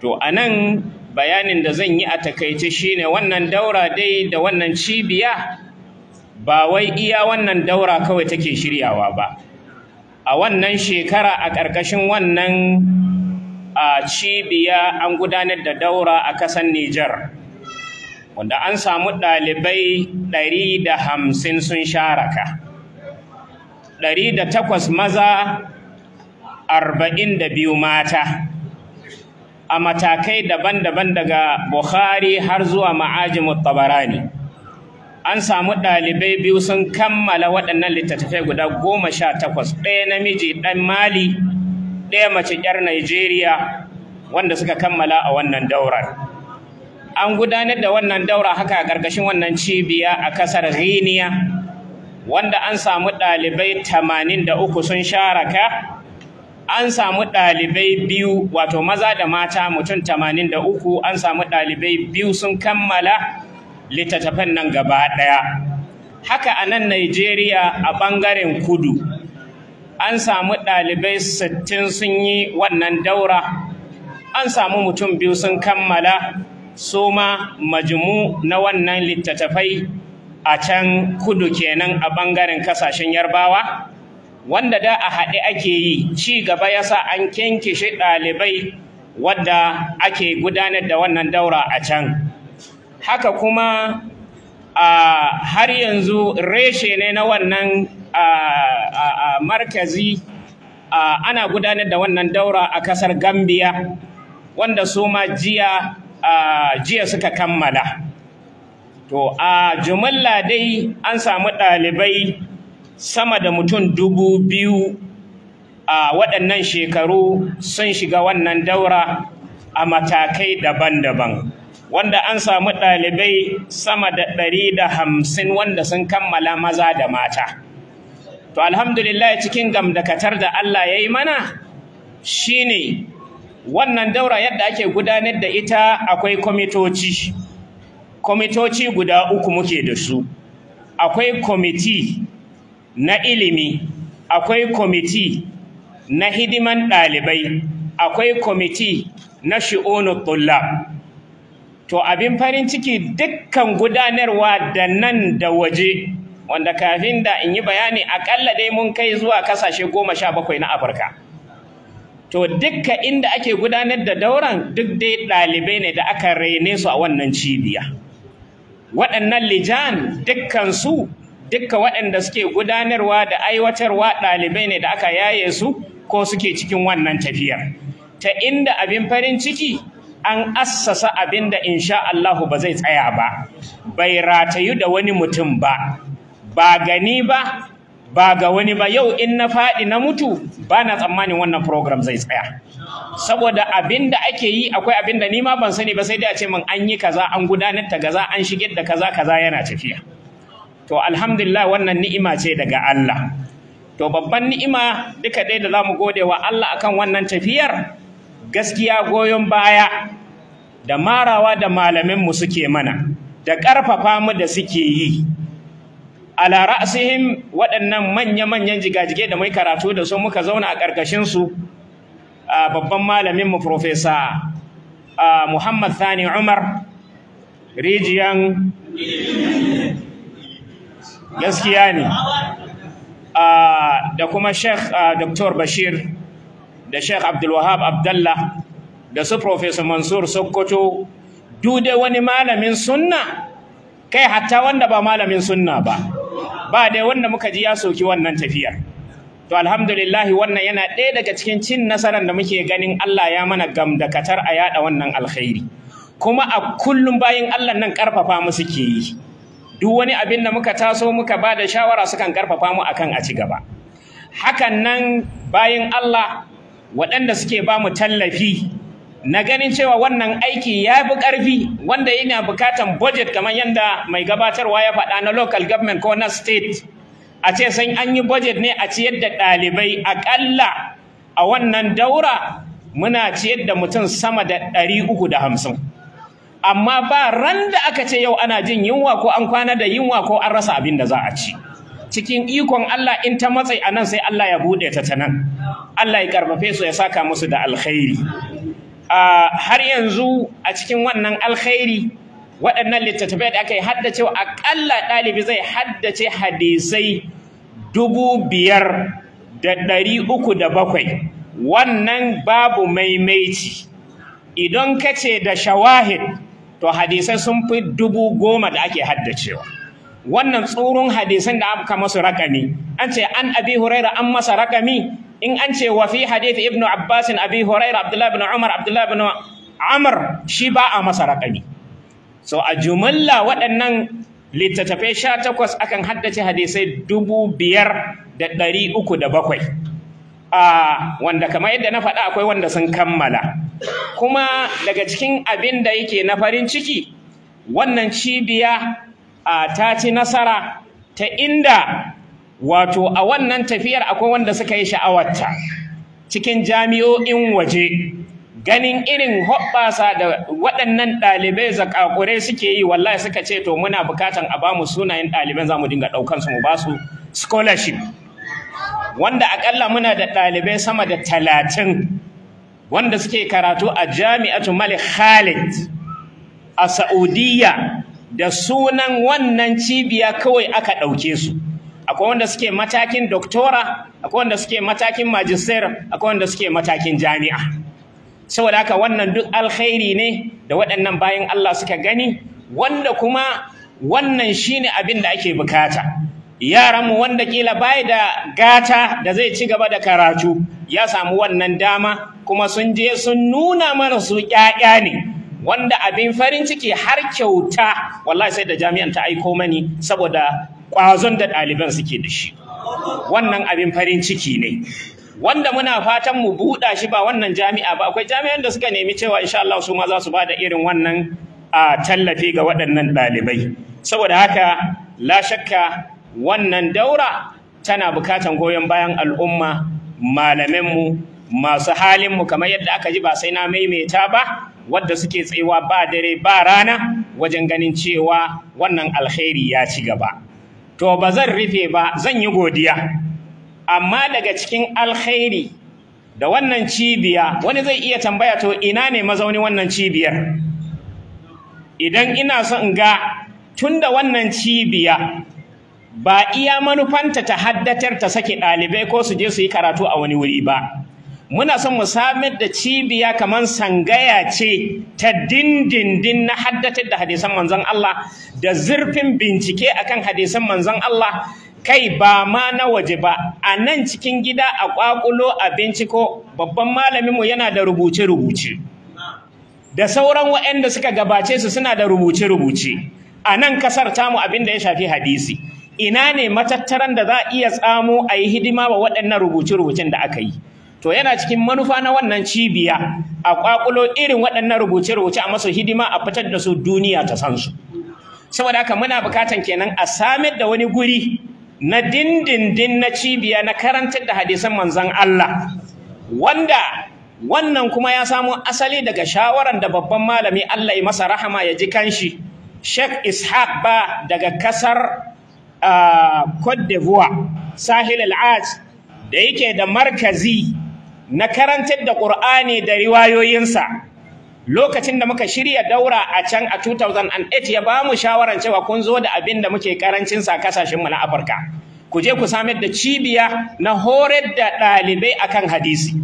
to a nan bayanin da zan yi a takaice ne wannan daura dai da wannan cibiya ba wai iya wannan daura kawai take shiryawa ba a wannan shekara a ƙarƙashin wannan a cibiya an gudanar da daura a ƙasar Nijar wanda an samu ɗalibai ɗari da hamsin sun sharaka ɗari da takwas maza arba'in da biyu mata a matakai daban-daban daga Bukhari har zuwa ma'aji tabarani an samu ɗalibai biyu sun kammala waɗannan littattafai guda goma sha takwas ɗaya namiji ɗan mali ɗaya mace ƴar Najeriya wanda suka kammala a wannan daurar an gudanar da wannan daura haka a ƙarƙashin wannan cibiya a ƙasar Ghiniya wanda an samu ɗalibai uku sun sharaka an samu ɗalibai biyu wato maza da mata mutum tamanin da an samu ɗalibai biyu sun kammala littattafan nan gaba ɗaya haka a nan Najeriya a ɓangaren kudu an samu ɗalibai sittin sun yi wannan daura an samu mutum biyu sun kammala su ma majmu na wannan littattafai a can kudu kenan a ɓangaren ƙasashen yarbawa wanda da a haɗe ake yi ci gaba ya sa an shi ɗalibai wadda ake gudanar da wannan daura a can haka kuma har yanzu reshe ne na wannan markazi ana gudanar da wannan daura a ƙasar gambia wanda su ma jiya jiya suka kammala to a jumalla dai an samu ɗalibai sama da mutum dubu biyu a waɗannan shekaru sun shiga wannan daura a matakai daban-daban wanda an samu ɗalibai sama da ɗari da hamsin wanda sun kammala maza da mata to alhamdulillah cikin gamdakatar da Allah ya yi mana shine wannan daura yadda ake gudanar da ita akwai kwamitoci kwamitoci guda uku muke da su akwai kwamiti na ilimi akwai kwamiti na hidiman ɗalibai akwai kwamiti na shi'onu tulla. to abin farin ciki dukkan gudanarwa da nan da waje wanda kafin da in yi bayani akalla dai mun kai zuwa ƙasashe goma sha bakwai na afirka to dukka inda ake gudanar da dauran duk dai ɗalibai ne da aka raine su a wannan cibiya waɗannan lijan su dukka waɗanda suke gudanarwa da aiwatarwa ɗalibai ne da aka yaye su ko suke cikin wannan tafiyar ta inda abin farin ciki an assasa abin da insha Allahu ba zai tsaya ba bai ratayu da wani mutum ba ba gani ba ba ga wani ba yau in na faɗi na mutu ba na tsammanin wannan program zai tsaya saboda abin da ake yi akwai abin da ni ma ban sani ba sai dai a ce min an yi kaza an gudanar ta kaza an shigar da kaza kaza yana tafiya to alhamdulillah wannan ni'ima ce daga Allah to babban ni'ima duka ɗaya da za mu gode wa Allah akan wannan tafiyar gaskiya goyon baya da marawa da malaminmu suke mana da ƙarfafa mu da suke yi ala ra'sihim waɗannan manya-manyan jigajige da mai karatu da su muka zauna a ƙarƙashinsu a babban malaminmu profesa muhammad thani umar rijiyan gaskiya ne ah, da kuma sheikh ah, dr bashir da sheikh abdulwahab abdallah da su professor mansur sokoto dude wani malamin sunna kai hatta wanda ba malamin sunna ba ba dai wanda muka ji ya soki wannan tafiyar to alhamdulillahi wannan yana ɗaya daga cikin cin nasarar da muke ganin Allah ya mana gamdakatar a yada wannan alkhairi kuma a kullum bayan Allah nan karfafa musu ke yi duk wani abin da muka taso muka ba da shawara sukan karfafa mu akan a ci gaba hakan nan bayan Allah waɗanda suke ba mu tallafi na ganin cewa wannan aiki ya fi ƙarfi wanda yana buƙatan budget kamar yadda mai gabatarwa ya faɗa na local government ko na state a ce sai an yi budget ne a ciyar da ɗalibai aƙalla a wannan daura muna ciyar da mutum sama da ɗari uku da hamsin amma ba ran da aka ce yau ana jin yunwa ko an kwana da yunwa ko an rasa abin da za a ci cikin ikon Allah in ta matsayi anan sai Allah ya buɗe ta ta nan Allah ya karfafe su ya saka musu da alkhairi har yanzu a cikin wannan alkhairi waɗannan littattafai da aka yi haddace aƙalla ɗalibi zai haddace hadisai dubu biyar da ɗari uku da bakwai wannan babu maimaici idan ka ce da shawahid to hadisai sun fi dubu goma da ake haddacewa wannan tsoron hadisan da aka masu rakami an ce an abi huraira an masa rakami in an ce wa fi hadith ibnu abbasin abi huraira abdullahi ibn umar abdullahi ibn amr shi ba a masa rakami so a jumalla waɗannan littattafai sha takwas akan haddace hadisai dubu biyar da ɗari uku da bakwai ah, wanda kamar yadda na faɗa akwai wanda sun kammala kuma daga cikin abin da yake na farin ciki wannan cibiya a ta ci nasara ta inda wato a wannan tafiyar akwai wanda suka yi sha'awarta cikin jami'o'in waje ganin irin hoɓɓasa da waɗannan ɗalibai zakakurai suke yi wallahi suka ce to muna bukatan a bamu sunayen ɗaliban za mu dinga ɗaukansu mu ba su scholarship wanda aƙalla muna da ɗalibai sama da talatin wanda suke karatu a jami'atu Malik Khalid a Saudiyya da sunan wannan cibiya kawai aka ɗauke su akwai wanda suke matakin doktora akwai wanda suke matakin majistar akwai wanda suke matakin jami'a saboda haka wannan duk alkhairi ne da waɗannan bayan Allah suka gani wanda kuma wannan shine abin da ake bukata yaranmu wanda kila bai da gata da zai ci gaba da karatu ya samu wannan dama kuma sun je sun nuna mana su ƙyaƙya ne wanda abin farin ciki har kyauta wallahi sai da jami'an ta aiko mani saboda ƙwazon da ɗaliban suke da shi wannan abin farin ciki ne wanda muna fatan mu buɗa shi ba wannan jami'a ba akwai jami'an da suka nemi cewa insha Allah su ma za su da irin wannan tallafi ga waɗannan ɗalibai saboda haka la shakka wannan daura tana bukatan goyon bayan al'umma malamanmu masu halinmu kamar yadda aka ji ba sai na maimaita ba wadda suke tsayuwa ba dare ba rana wajen ganin cewa wannan alkhairi ya ci gaba to ba zan rufe ba zan yi godiya amma daga cikin alkhairi da wannan cibiya wani zai iya tambaya to ina ne mazauni wannan cibiyar idan ina son ga tunda wannan cibiya ba iya manufanta ta haddatar ta sake ɗalibai ko su je su yi karatu a wani wuri ba muna son mu samar da cibiya kamar sangaya ce ta dindindin na haddatar da hadisan manzon Allah da zurfin bincike akan hadisan manzon Allah kai ba ma na waje ba a nan cikin gida a ƙwaƙulo a binciko babban malaminmu yana da rubuce-rubuce da sauran waɗanda suka gabace su suna da rubuce-rubuce a nan kasar tamu abin da ya shafi hadisi ina ne matattaran da za a iya tsamo a yi hidima wa waɗannan rubuce-rubucen da aka yi to yana cikin manufa na wannan cibiya a ƙwaƙulo irin waɗannan rubuce-rubuce a masu hidima a fitar da su duniya ta san su saboda haka muna bukatan kenan a samar da wani guri na dindindin na cibiya na karantar da hadisan manzon Allah wanda wannan kuma ya samo asali daga shawaran da babban malami Allah ya masa rahama ya ji kanshi Sheikh Ishaq ba daga kasar Côte d'Ivoire Sahil al da yake da markazi na karantar da Qur'ani da riwayoyinsa lokacin da muka shirya daura a can a 2008 ya bamu shawaran cewa kun zo da abin da muke karancin sa kasashen mu na Afirka ku je ku samar da cibiya na horar da ɗalibai akan hadisi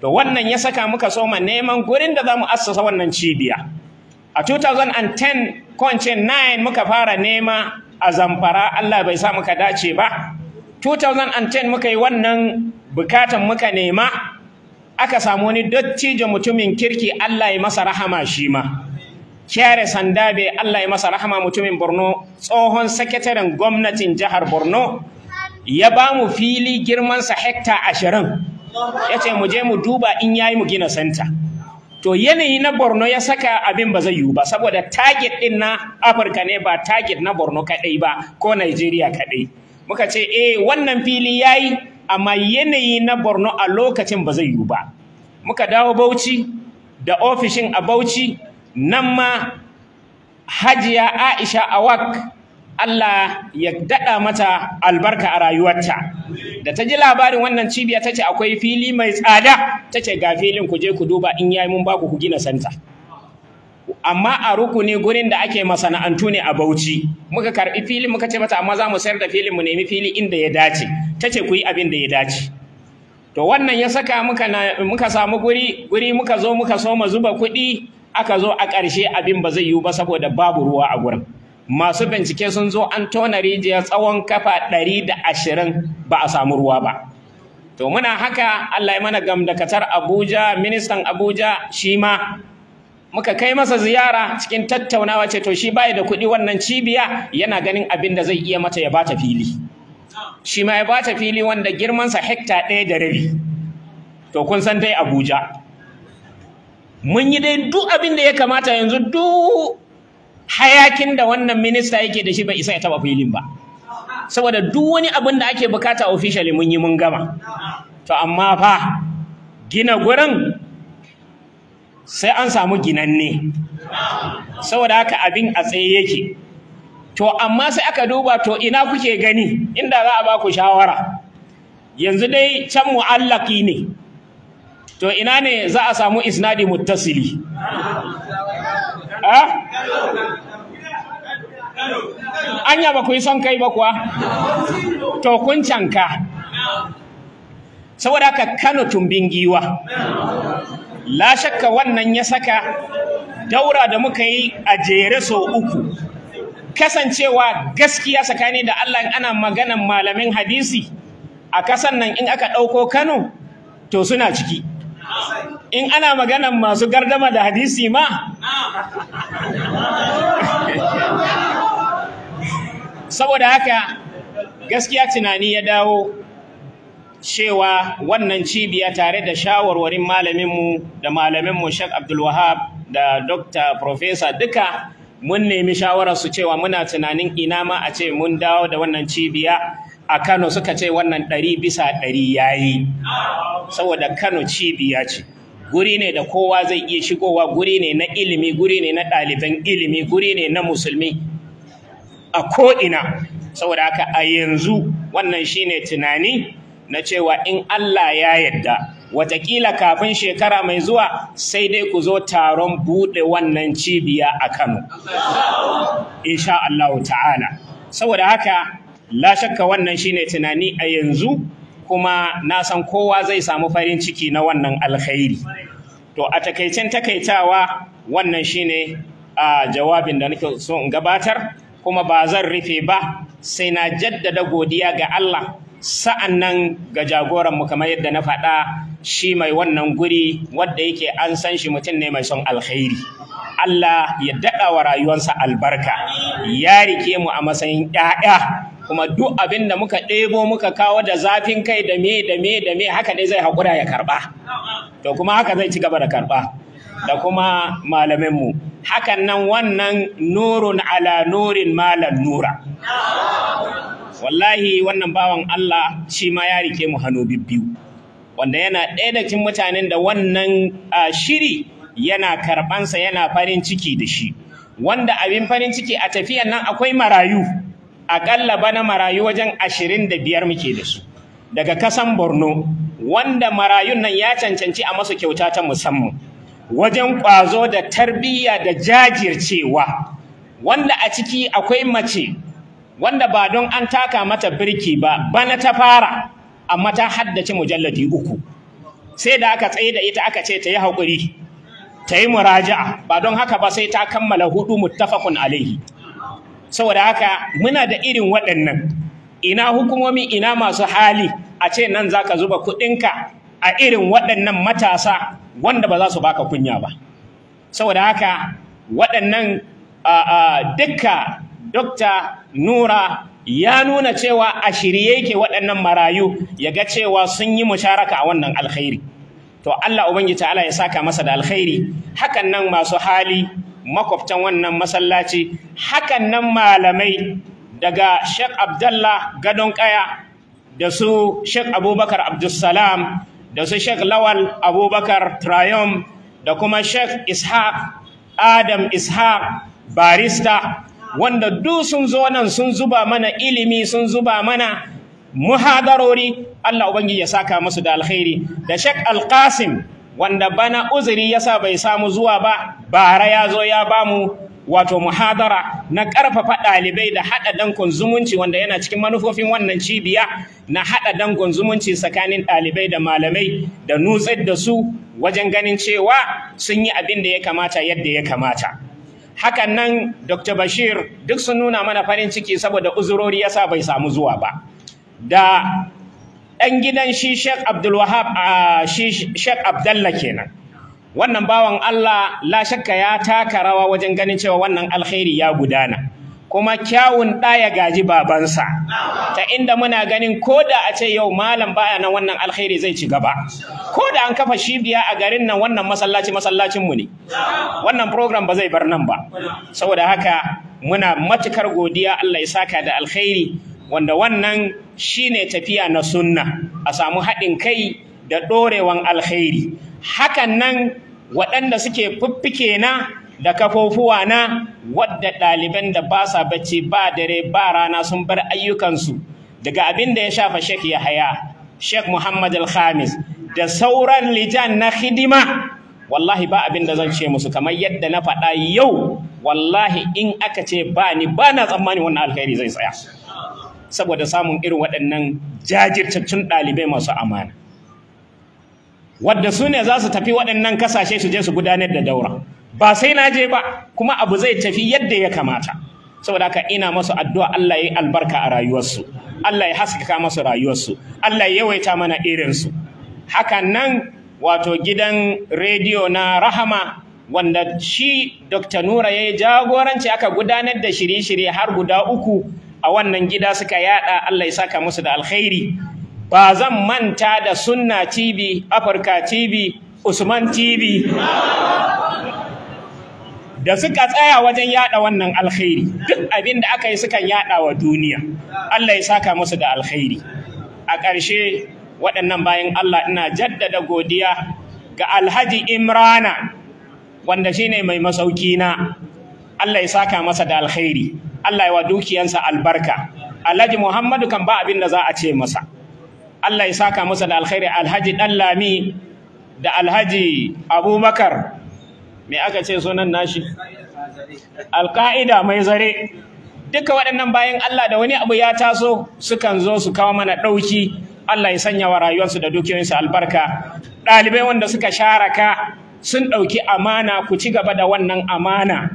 to wannan ya saka muka soma neman gurin da zamu assasa wannan cibiya a 2010 ko 9 muka fara nema a zamfara Allah bai sa muka dace ba 2010 muka yi wannan bukatan muka nema aka samu wani dattijo mutumin kirki Allah ya masa rahama shi ma kyare sandabe Allah ya masa rahama mutumin Borno tsohon sakataren gwamnatin jihar Borno ya ba mu fili girmansa hekta ashirin ya ce mu je mu duba in yayi mu gina santa to yanayi na borno ya saka abin ba zai yiwu ba saboda target din na afirka ne ba target na borno kaɗai ba ko nigeria kaɗai muka ce eh wannan fili ya yi amma yanayi na borno a lokacin ba zai yiwu ba muka dawo bauchi da ofishin a bauchi nan ma hajiya aisha awak Allah ya daɗa mata albarka a rayuwarta da ta ji labarin wannan cibiya ta ce akwai fili mai tsada ta ce ga filin ku je ku duba in yayi mun baku ku gina santa amma a rukuni gurin da ake masana'antu ne a Bauchi muka karbi filin muka ce mata amma za mu sayar da filin mu nemi fili inda ya dace ta ce ku yi abin da ya dace to wannan ya saka muka muka samu guri guri muka zo muka so mu zuba kuɗi aka zo a ƙarshe abin ba zai yiwu ba saboda babu ruwa a gurin masu bincike sun zo an tona rijiya tsawon kafa ɗari da ashirin ba a samu ruwa ba to muna haka Allah ya mana gamdakatar Abuja ministan Abuja shi ma muka kai masa ziyara cikin tattaunawa ce to shi bai da kuɗi wannan cibiya yana ganin abin da zai iya mata ya bata fili shi ma ya bata fili wanda girmansa hekta ɗaya da rabi to kun san dai Abuja mun yi dai duk abin da ya kamata yanzu duk hayakin da wannan minista yake da shi bai isa ya taba filin ba saboda duk wani abin da ake bukata officially mun yi mun gama to amma fa gina gurin sai an samu ginanne saboda haka abin a tsaye yake to amma sai aka duba to ina kuke gani inda za a ba ku shawara yanzu dai can mu'allaki ne to ina ne za a samu isnadi muttasili ah anya ba ku yi son kai ba kuwa to kun canka saboda haka Kano tumbin giwa la shakka wannan ya saka daura da muka yi a jere sau uku kasancewa gaskiya tsakani da Allah in ana maganan malamin hadisi a kasan nan in aka ɗauko Kano to suna ciki in ana maganan masu gardama da hadisi ma saboda haka gaskiya tunani ya dawo cewa wannan cibiya tare da shawarwarin malaminmu da malaminmu shek Abdulwahab da Dr. Professor duka mun nemi shawarar su cewa muna tunanin ina ma a ce mun dawo da wannan cibiya a Kano suka ce wannan ɗari bisa ɗari yayi saboda Kano cibiya ce guri ne da kowa zai iya shigowa guri ne na ilimi guri ne na ɗaliban ilimi guri ne na musulmi a ko'ina saboda haka a yanzu wannan shi ne tunani na cewa in Allah ya yadda watakila kafin shekara mai zuwa sai dai ku zo taron buɗe wannan cibiya a Kano insha Allah ta'ala saboda haka la shakka wannan shi ne tunani a yanzu kuma na san kowa zai samu farin ciki na wannan alkhairi to a takaicin takaitawa wannan shine a ah, jawabin da nake so in gabatar kuma ba zan rufe ba sai na jaddada godiya ga Allah sa'annan ga jagoran mu kamar yadda na faɗa shi mai wannan guri wanda yake an san shi mutum ne mai son alkhairi Allah ya daɗa wa rayuwarsa albarka ya rike mu a matsayin 'ya'ya. kuma duk abin da muka ɗebo muka kawo da zafin kai da me da me da me haka ne zai haƙura ya karɓa to kuma haka zai ci gaba da karɓa da kuma malaminmu hakan nan wannan nurun ala nurin malan nura wallahi wannan bawan Allah shi ma ya rike mu hannu biyu wanda yana ɗaya da cikin mutanen da wannan shiri yana karɓansa yana farin ciki da shi wanda abin farin ciki a tafiyan nan akwai marayu aƙalla bana marayu wajen ashirin da biyar muke da su daga kasan borno wanda marayun nan ya cancanci a masu kyauta ta musamman wajen ƙwazo da tarbiyya da jajircewa wanda a ciki akwai mace wanda ba don an taka mata birki ba bana ta fara amma ta haddace mujalladi uku sai da aka tsaye da ita aka ce ta yi haƙuri ta yi muraja'a ba don haka ba sai ta kammala hudu muttafaqun alaihi saboda haka muna da irin waɗannan ina hukumomi ina masu hali a ce nan zaka zuba kuɗinka a irin waɗannan matasa wanda ba za su baka kunya ba saboda haka waɗannan dukka dokta nura ya nuna cewa a shirye yake waɗannan marayu ya ga cewa sun yi musharaka a wannan alkhairi to Allah ubangiji ta'ala ya saka masa da alkhairi hakan nan masu hali makwabtan wannan masallaci hakan nan malamai daga Sheikh Abdullah Gadon Kaya da su Sheikh Abubakar Abdulsalam da su Sheikh Lawal Abubakar Trayum da kuma Sheikh Ishaq Adam Ishaq barista wanda duk sun zo nan sun zuba mana ilimi sun zuba mana muhadarori Allah ubangiji ya saka musu da alkhairi da Sheikh Al-Qasim wanda bana uzuri yasa bai samu zuwa ba bara ya zo ya bamu wato muhadara na ƙarfafa ɗalibai da haɗa dankon zumunci wanda yana cikin manufofin wannan cibiya na haɗa dankon zumunci tsakanin ɗalibai da malamai da nutsar da su wajen ganin cewa sun yi abin da ya kamata yadda ya kamata hakan nan dr bashir duk sun nuna mana farin ciki saboda uzurori yasa bai samu zuwa ba da ɗan gidan shi sheikh abdulwahab a shi sheikh abdallah kenan wannan bawan Allah la shakka ya taka rawa wajen ganin cewa wannan alkhairi ya gudana kuma kyawun ɗaya gaji babansa ta inda muna ganin ko da a ce yau malam baya nan wannan alkhairi zai ci gaba ko da an kafa shibiya a garin nan wannan masallaci mu ne wannan program ba zai bar nan ba saboda haka muna matukar godiya Allah ya saka da alkhairi wanda wannan shine tafiya na sunna a samu haɗin kai da ɗorewan alkhairi hakan nan waɗanda suke fiffike na da kafofuwa na wadda ɗaliban da ba sa bacci ba dare ba rana sun bar ayyukansu daga abin da ya shafa Sheikh Yahaya Sheikh Muhammad Al-Khamis da sauran lijan na hidima wallahi ba abin da zan ce musu kamar yadda na faɗa yau wallahi in aka ce ba ni ba na tsammani wani alkhairi zai tsaya saboda samun irin waɗannan jajirtaccen ɗalibai masu amana wadda su ne za su tafi waɗannan kasashe su je su gudanar da daura ba sai na je ba kuma abu zai tafi yadda ya kamata saboda haka ina masu addu'a Allah ya yi albarka a rayuwarsu Allah ya haskaka masu rayuwarsu Allah ya yawaita mana irinsu haka nan wato gidan rediyo na rahama wanda shi Dr. Nura ya yi jagoranci aka gudanar da shirye-shirye har guda uku a wannan gida suka yada Allah ya saka musu da alkhairi ba zan manta da sunna TV Afirka TV Usman TV da suka tsaya wajen yada wannan alkhairi duk abin da aka yi sukan yada wa duniya Allah ya saka musu da alkhairi a ƙarshe waɗannan bayan Allah ina jaddada godiya ga Alhaji Imrana wanda shine mai masauki na Allah ya saka masa da alkhairi Allah ya wa dukiyansa albarka Alhaji Muhammadu kan ba abin da za a ce masa Allah ya saka masa da alkhairi alhaji Lami da alhaji abubakar me aka ce sunan nashi alka'ida mai zare duka waɗannan bayan Allah da wani abu ya taso sukan zo su kawo mana ɗauki Allah ya sanya wa rayuwarsu da dukiyoyinsu albarka ɗalibai wanda suka ka sun ɗauki amana ku ci gaba da wannan amana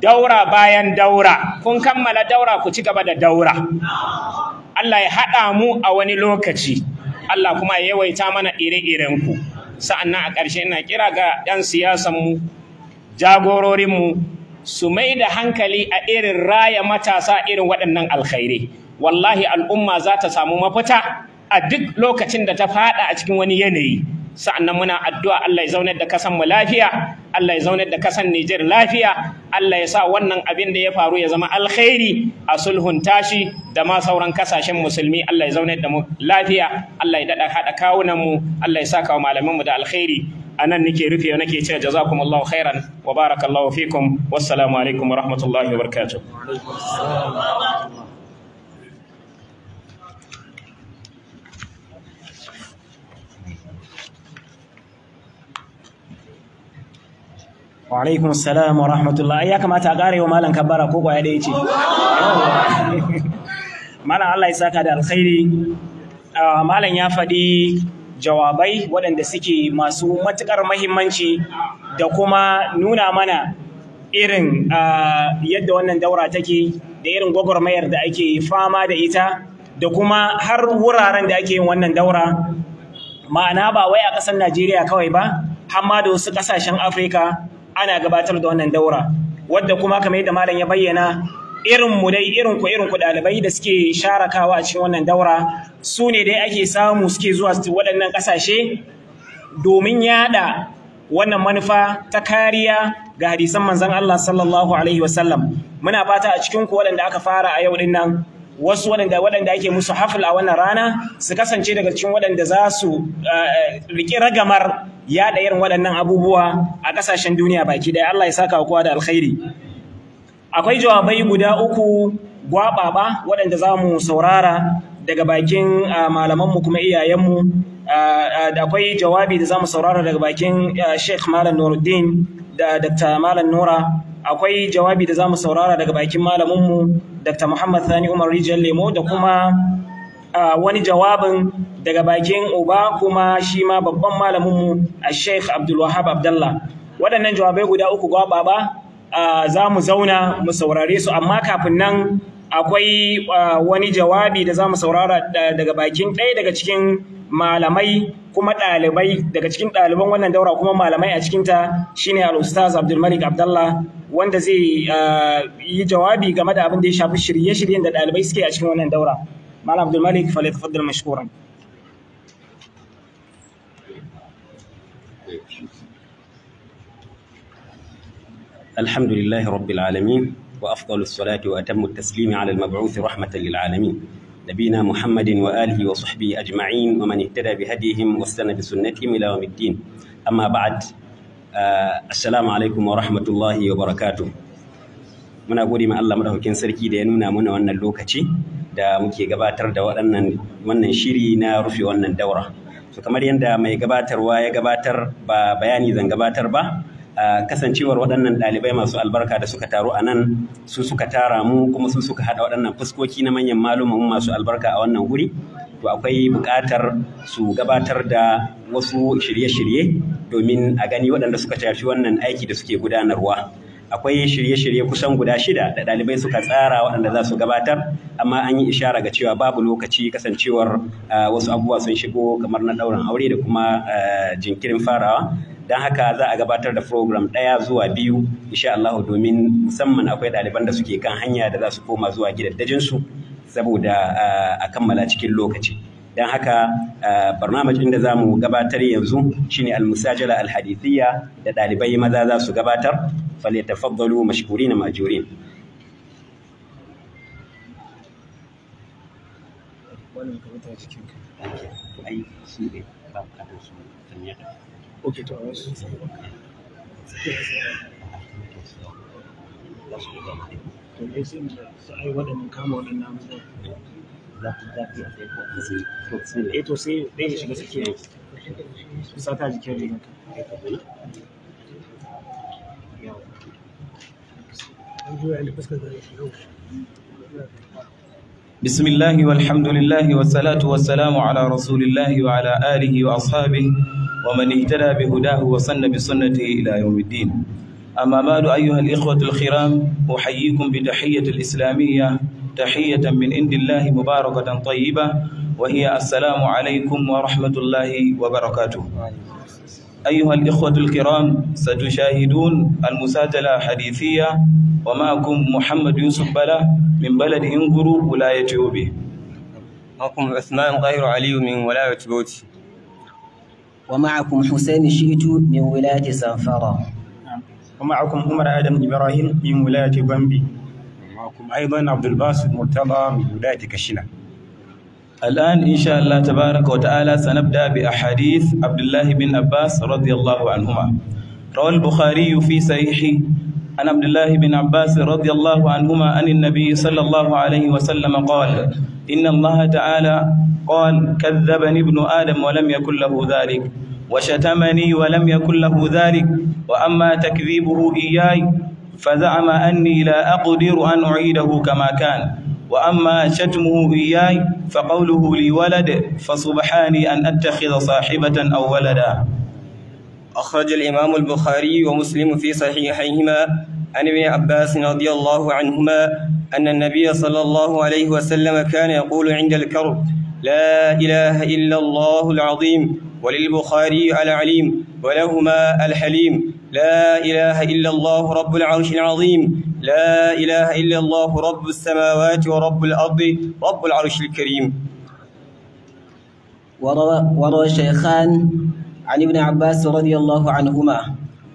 daura bayan daura kun kammala daura ku ci gaba da daura Allah ya haɗa mu a wani lokaci Allah kuma ya yawaita mana ire-irenku nan a ƙarshe ina kira ga 'yan siyasanmu jagororinmu su mai da hankali a irin raya matasa irin waɗannan alkhairi. wallahi al'umma za ta samu mafita a duk lokacin da ta faɗa a cikin wani yanayi sa'annan muna addu'a Allah ya zaunar da kasan mu lafiya Allah ya zaunar da kasan Niger lafiya Allah ya sa wannan abin da ya faru ya zama alkhairi a sulhun tashi da ma sauran kasashen musulmi Allah ya zaunar da mu lafiya Allah ya dada hada kawunan mu Allah ya saka wa malaman mu da alkhairi anan nake rufe nake cewa jazakumullahu khairan wa barakallahu fikum wassalamu alaikum wa rahmatullahi wa barakatuh alaikun alaikum wa rahmatullah ya kamata a gare wa malam kabbara ko kwaya ɗaya ce malam Allah ya saka da alkhairi ah, malam ya faɗi jawabai waɗanda suke masu matuƙar mahimmanci da kuma nuna mana irin ah, yadda wannan daura take da irin gwagwarmayar da ake fama da ita da kuma har wuraren da ake yin wannan daura ma'ana ba wai a ƙasar Najeriya kawai ba har ma da wasu ƙasashen Afirka ana gabatar da wannan daura wadda kuma kamar yadda malam ya bayyana irin mu dai irin ku irin ku dalibai da suke sharakawa a cikin wannan daura su ne dai ake samu suke zuwa su waɗannan ƙasashe domin yada wannan manufa ta kariya ga hadisan manzon Allah sallallahu alaihi wasallam muna fata a cikin ku waɗanda aka fara a yau din nan wasu waɗanda waɗanda ake musu hafla a wannan rana su kasance daga cikin waɗanda za su eh, eh, riƙe ragamar yaɗa irin waɗannan abubuwa a ƙasashen duniya baki ɗaya Allah ya saka kowa da alkhairi akwai jawabai guda uku gwaɓaɓa waɗanda za mu saurara daga bakin eh, malamanmu kuma iyayenmu akwai jawabi da za mu saurara daga bakin sheikh malam nuruddin da dr malam nura akwai jawabi da za mu saurara daga bakin malaminmu Dr. Muhammad Sani Umar Rijiyar Lemo da kuma wani jawabin daga bakin uba kuma shi ma babban malaminmu a Sheikh Abdulwahab Abdullah Waɗannan jawabai guda uku gwaba ba za mu zauna mu saurare su amma kafin nan akwai uh, wani jawabi da za mu saurara uh, daga bakin ɗaya daga cikin malamai kuma ɗalibai daga cikin ɗaliban wannan daura kuma malamai a cikinta shine al-ustaz abdulmalik abdallah wanda zai uh, yi jawabi game da abin da ya shafi shirye-shiryen da ɗalibai suke a cikin wannan daura malam abdulmalik falyatafaddal mashkuran alhamdulillahi rabbil alamin وأفضل الصلاة وأتم التسليم على المبعوث رحمة للعالمين نبينا محمد وآله وصحبه أجمعين ومن اهتدى بهديهم واستنى بسنتهم إلى يوم الدين أما بعد آه السلام عليكم ورحمة الله وبركاته muna gode ma Allah madaukakin sarki da ya nuna mana wannan lokaci da muke gabatar da waɗannan wannan shiri na rufe wannan daura to kamar yadda mai gabatarwa ya gabatar ba bayani zan gabatar ba kasancewar waɗannan ɗalibai masu albarka da suka taru a nan su suka tara mu kuma su suka haɗa waɗannan fuskoki na manyan malumanmu masu albarka a wannan wuri, to akwai buƙatar su gabatar da wasu shirye-shirye domin a gani waɗanda suka tafi wannan aiki da suke gudanarwa akwai shirye-shirye kusan guda shida da ɗalibai suka tsara waɗanda za su gabatar amma an yi ishara ga cewa babu lokaci kasancewar wasu abubuwa sun shigo kamar na ɗaurin aure da kuma jinkirin farawa don haka za a gabatar da program ɗaya zuwa biyu insha Allah domin musamman akwai ɗaliban da suke kan hanya da za su koma zuwa su saboda ah, a kammala cikin lokaci don haka ah, barnamaj inda za mu gabatar yanzu shine almusajala alhadithiyya da ɗalibai maza za su gabatar falyatafaddalu mashkurin majurin wannan ka ai su ne ba da su sanya بسم الله والحمد لله والصلاة والسلام على رسول الله وعلى آله وأصحابه ومن اهتدى بهداه وسن بسنته إلى يوم الدين أما بعد أيها الإخوة الكرام أحييكم بتحية الإسلامية تحية من عند الله مباركة طيبة وهي السلام عليكم ورحمة الله وبركاته أيها الإخوة الكرام ستشاهدون المساتله الحديثية ومعكم محمد يوسف بلا من بلد إنقرو ولاية يوبي معكم عثمان غير علي من ولاية بوتي ومعكم حسين شئت من ولاية زنفرة ومعكم عمر آدم إبراهيم من ولاية بمبي ومعكم أيضا عبد الباسط مرتضى من ولاية كشنا الآن إن شاء الله تبارك وتعالى سنبدأ بأحاديث عبد الله بن عباس رضي الله عنهما روى البخاري في صحيحه عن عبد الله بن عباس رضي الله عنهما عن النبي صلى الله عليه وسلم قال إن الله تعالى قال كذبني ابن آدم ولم يكن له ذلك وشتمني ولم يكن له ذلك وأما تكذيبه إياي فزعم أني لا أقدر أن أعيده كما كان وأما شتمه إياي فقوله لي ولد فسبحاني أن أتخذ صاحبة أو ولدا أخرج الإمام البخاري ومسلم في صحيحيهما عن ابن عباس رضي الله عنهما أن النبي صلى الله عليه وسلم كان يقول عند الكرب لا إله إلا الله العظيم وللبخاري العليم ولهما الحليم لا إله إلا الله رب العرش العظيم لا إله إلا الله رب السماوات ورب الأرض رب العرش الكريم وروى الشيخان عن ابن عباس رضي الله عنهما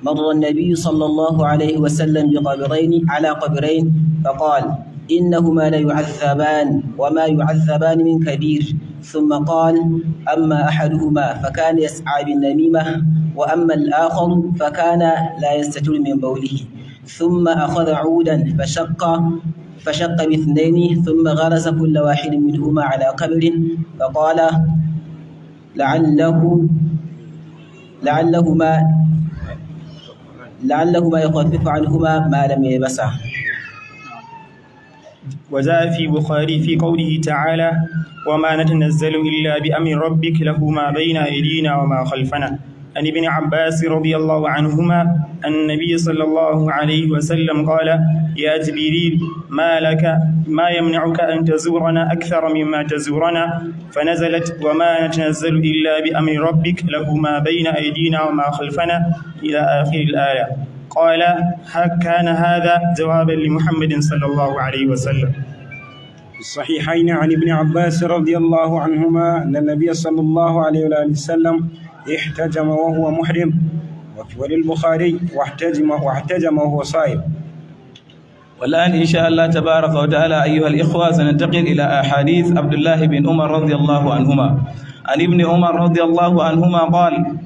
مر النبي صلى الله عليه وسلم بقبرين على قبرين فقال إنهما ليعذبان وما يعذبان من كبير ثم قال أما أحدهما فكان يسعى بالنميمة وأما الآخر فكان لا يستتر من بوله ثم أخذ عودا فشق فشق باثنين ثم غرس كل واحد منهما على قبر فقال لعله لعلهما لعلهما يخفف عنهما ما لم يلبسه وزاد في بخاري في قوله تعالى وما نتنزل إلا بأمر ربك له ما بين أيدينا وما خلفنا عن ابن عباس رضي الله عنهما أن النبي صلى الله عليه وسلم قال يا جبريل ما لك ما يمنعك أن تزورنا أكثر مما تزورنا فنزلت وما نتنزل إلا بأمر ربك له ما بين أيدينا وما خلفنا إلى آخر الآية قال كان هذا جوابا لمحمد صلى الله عليه وسلم في الصحيحين عن ابن عباس رضي الله عنهما أن النبي صلى الله عليه وسلم احتجم وهو محرم وفي البخاري واحتجم واحتجم وهو صائم والآن إن شاء الله تبارك وتعالى أيها الإخوة سننتقل إلى أحاديث عبد الله بن عمر رضي الله عنهما عن ابن عمر رضي الله عنهما قال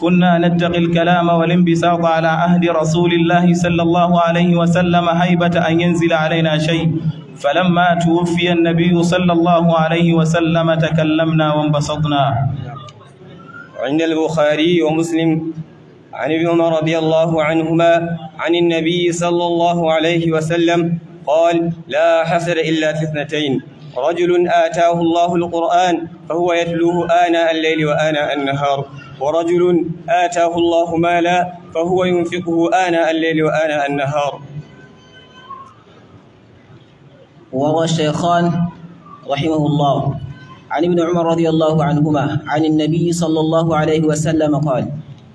كنا نتقي الكلام والانبساط على عهد رسول الله صلى الله عليه وسلم هيبة أن ينزل علينا شيء فلما توفي النبي صلى الله عليه وسلم تكلمنا وانبسطنا عند البخاري ومسلم عن ابن عمر رضي الله عنهما عن النبي صلى الله عليه وسلم قال لا حسر إلا في اثنتين رجل آتاه الله القرآن فهو يتلوه آناء الليل وآناء النهار ورجل آتاه الله مالا فهو ينفقه آناء الليل وآناء النهار وروى الشيخان رحمه الله عن ابن عمر رضي الله عنهما عن النبي صلى الله عليه وسلم قال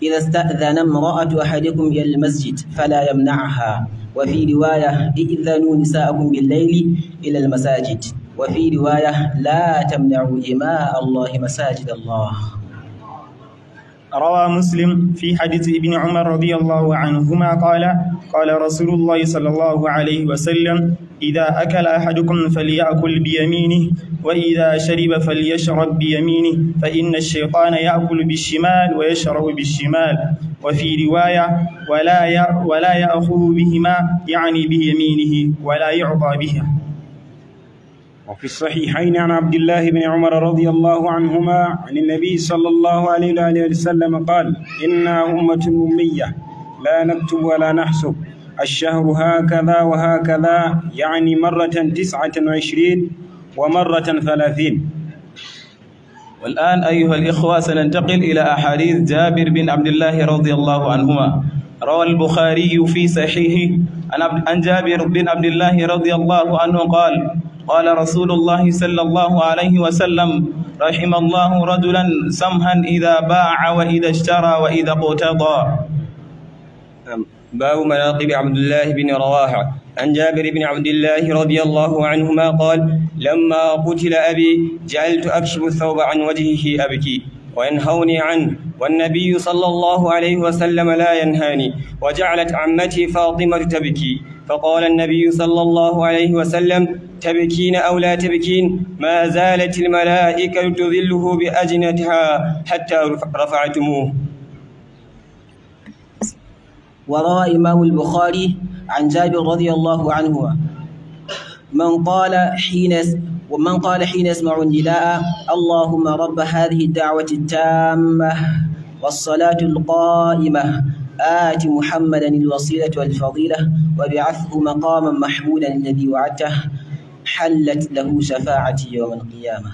إذا استأذن امرأة أحدكم إلى المسجد فلا يمنعها وفي رواية ائذنوا نساءكم بالليل إلى المساجد وفي رواية لا تمنعوا إماء الله مساجد الله روى مسلم في حديث ابن عمر رضي الله عنهما قال قال رسول الله صلى الله عليه وسلم إذا أكل أحدكم فليأكل بيمينه وإذا شرب فليشرب بيمينه فإن الشيطان يأكل بالشمال ويشرب بالشمال وفي رواية ولا ولا يأخذ بهما يعني بيمينه ولا يعطى بهما وفي الصحيحين عن عبد الله بن عمر رضي الله عنهما عن النبي صلى الله عليه وآله وسلم قال إنا أمة أمية لا نكتب ولا نحسب الشهر هكذا وهكذا يعني مرة تسعة وعشرين ومرة ثلاثين والآن أيها الإخوة سننتقل إلى أحاديث جابر بن عبد الله رضي الله عنهما روى البخاري في صحيحه عن جابر بن عبد الله رضي الله عنه قال قال رسول الله صلى الله عليه وسلم رحم الله رجلا سمها إذا باع وإذا اشترى وإذا اقتضى باب مناقب عبد الله بن رواحة عن جابر بن عبد الله رضي الله عنهما قال لما قتل أبي جعلت أكشف الثوب عن وجهه أبكي وينهوني عنه والنبي صلى الله عليه وسلم لا ينهاني وجعلت عمتي فاطمة تبكي فقال النبي صلى الله عليه وسلم تبكين أو لا تبكين ما زالت الملائكة تذله بأجنتها حتى رفعتموه وروى إمام البخاري عن جابر رضي الله عنه من قال حين ومن قال حين يسمع النداء اللهم رب هذه الدعوة التامة والصلاة القائمة آت محمدا الوصيلة والفضيلة وبعثه مقاما محمودا الذي وعدته حلت له شفاعتي يوم القيامة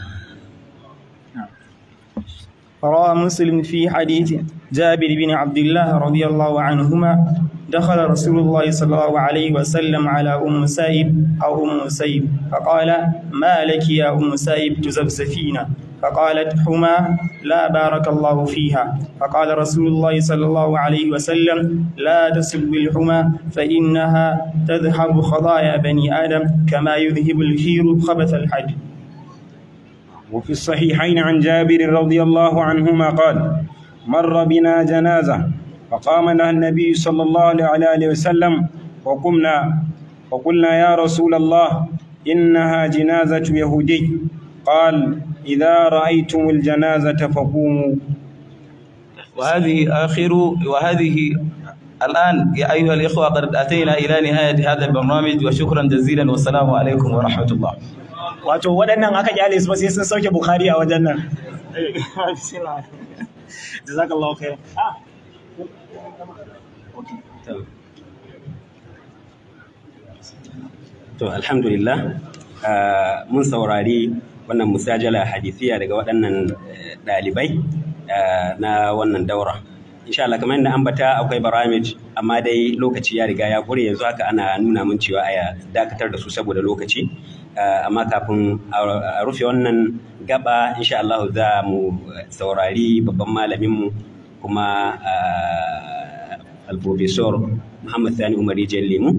فرأى مسلم في حديث جابر بن عبد الله رضي الله عنهما دخل رسول الله صلى الله عليه وسلم على أم سائب أو أم سيب فقال ما لك يا أم سائب تزفزفين فقالت حما لا بارك الله فيها فقال رسول الله صلى الله عليه وسلم لا تسب الحمى فإنها تذهب خطايا بني آدم كما يذهب الهير خبث الحج وفي الصحيحين عن جابر رضي الله عنهما قال مر بنا جنازة فقام لها النبي صلى الله عليه وسلم وقمنا وقلنا يا رسول الله إنها جنازة يهودي قال إذا رأيتم الجنازة فقوموا وهذه آخر وهذه الآن يا أيها الإخوة قد أتينا إلى نهاية هذا البرنامج وشكرا جزيلا والسلام عليكم ورحمة الله wato waɗannan aka kyale su ba sai sun sauke bukhari a wajen nan ah. to alhamdulillah ah, mun saurari wannan musajala hadisiya daga waɗannan eh, ɗalibai ah, na wannan daura insha Allah kamar yadda ambata akwai baramij amma dai lokaci ya riga ya kure yanzu haka ana nuna mun cewa a dakatar da su saboda lokaci Eh, amma kafin a rufe wannan gaba insha Allah za mu saurari babban malaminmu kuma eh, al-professor Muhammad Sani Umar Lemu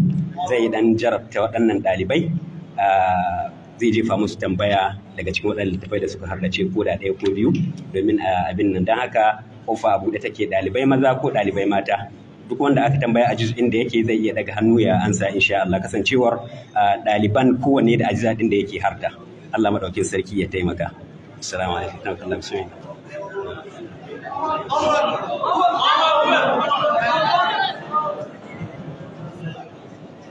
zai dan jarabta waɗannan ɗalibai eh, zai jefa musu tambaya daga cikin waɗannan littattafai da suka harkace ko da ɗaya ko biyu domin abin nan don haka ƙofa a buɗe take ɗalibai maza ko ɗalibai mata duk wanda aka tambaya a juz'in da yake zai iya daga hannu ya ansa insha Allah kasancewar ɗaliban kowanne da ajiza din da yake harta Allah madaukin sarki ya taimaka assalamu alaikum Allah bismillah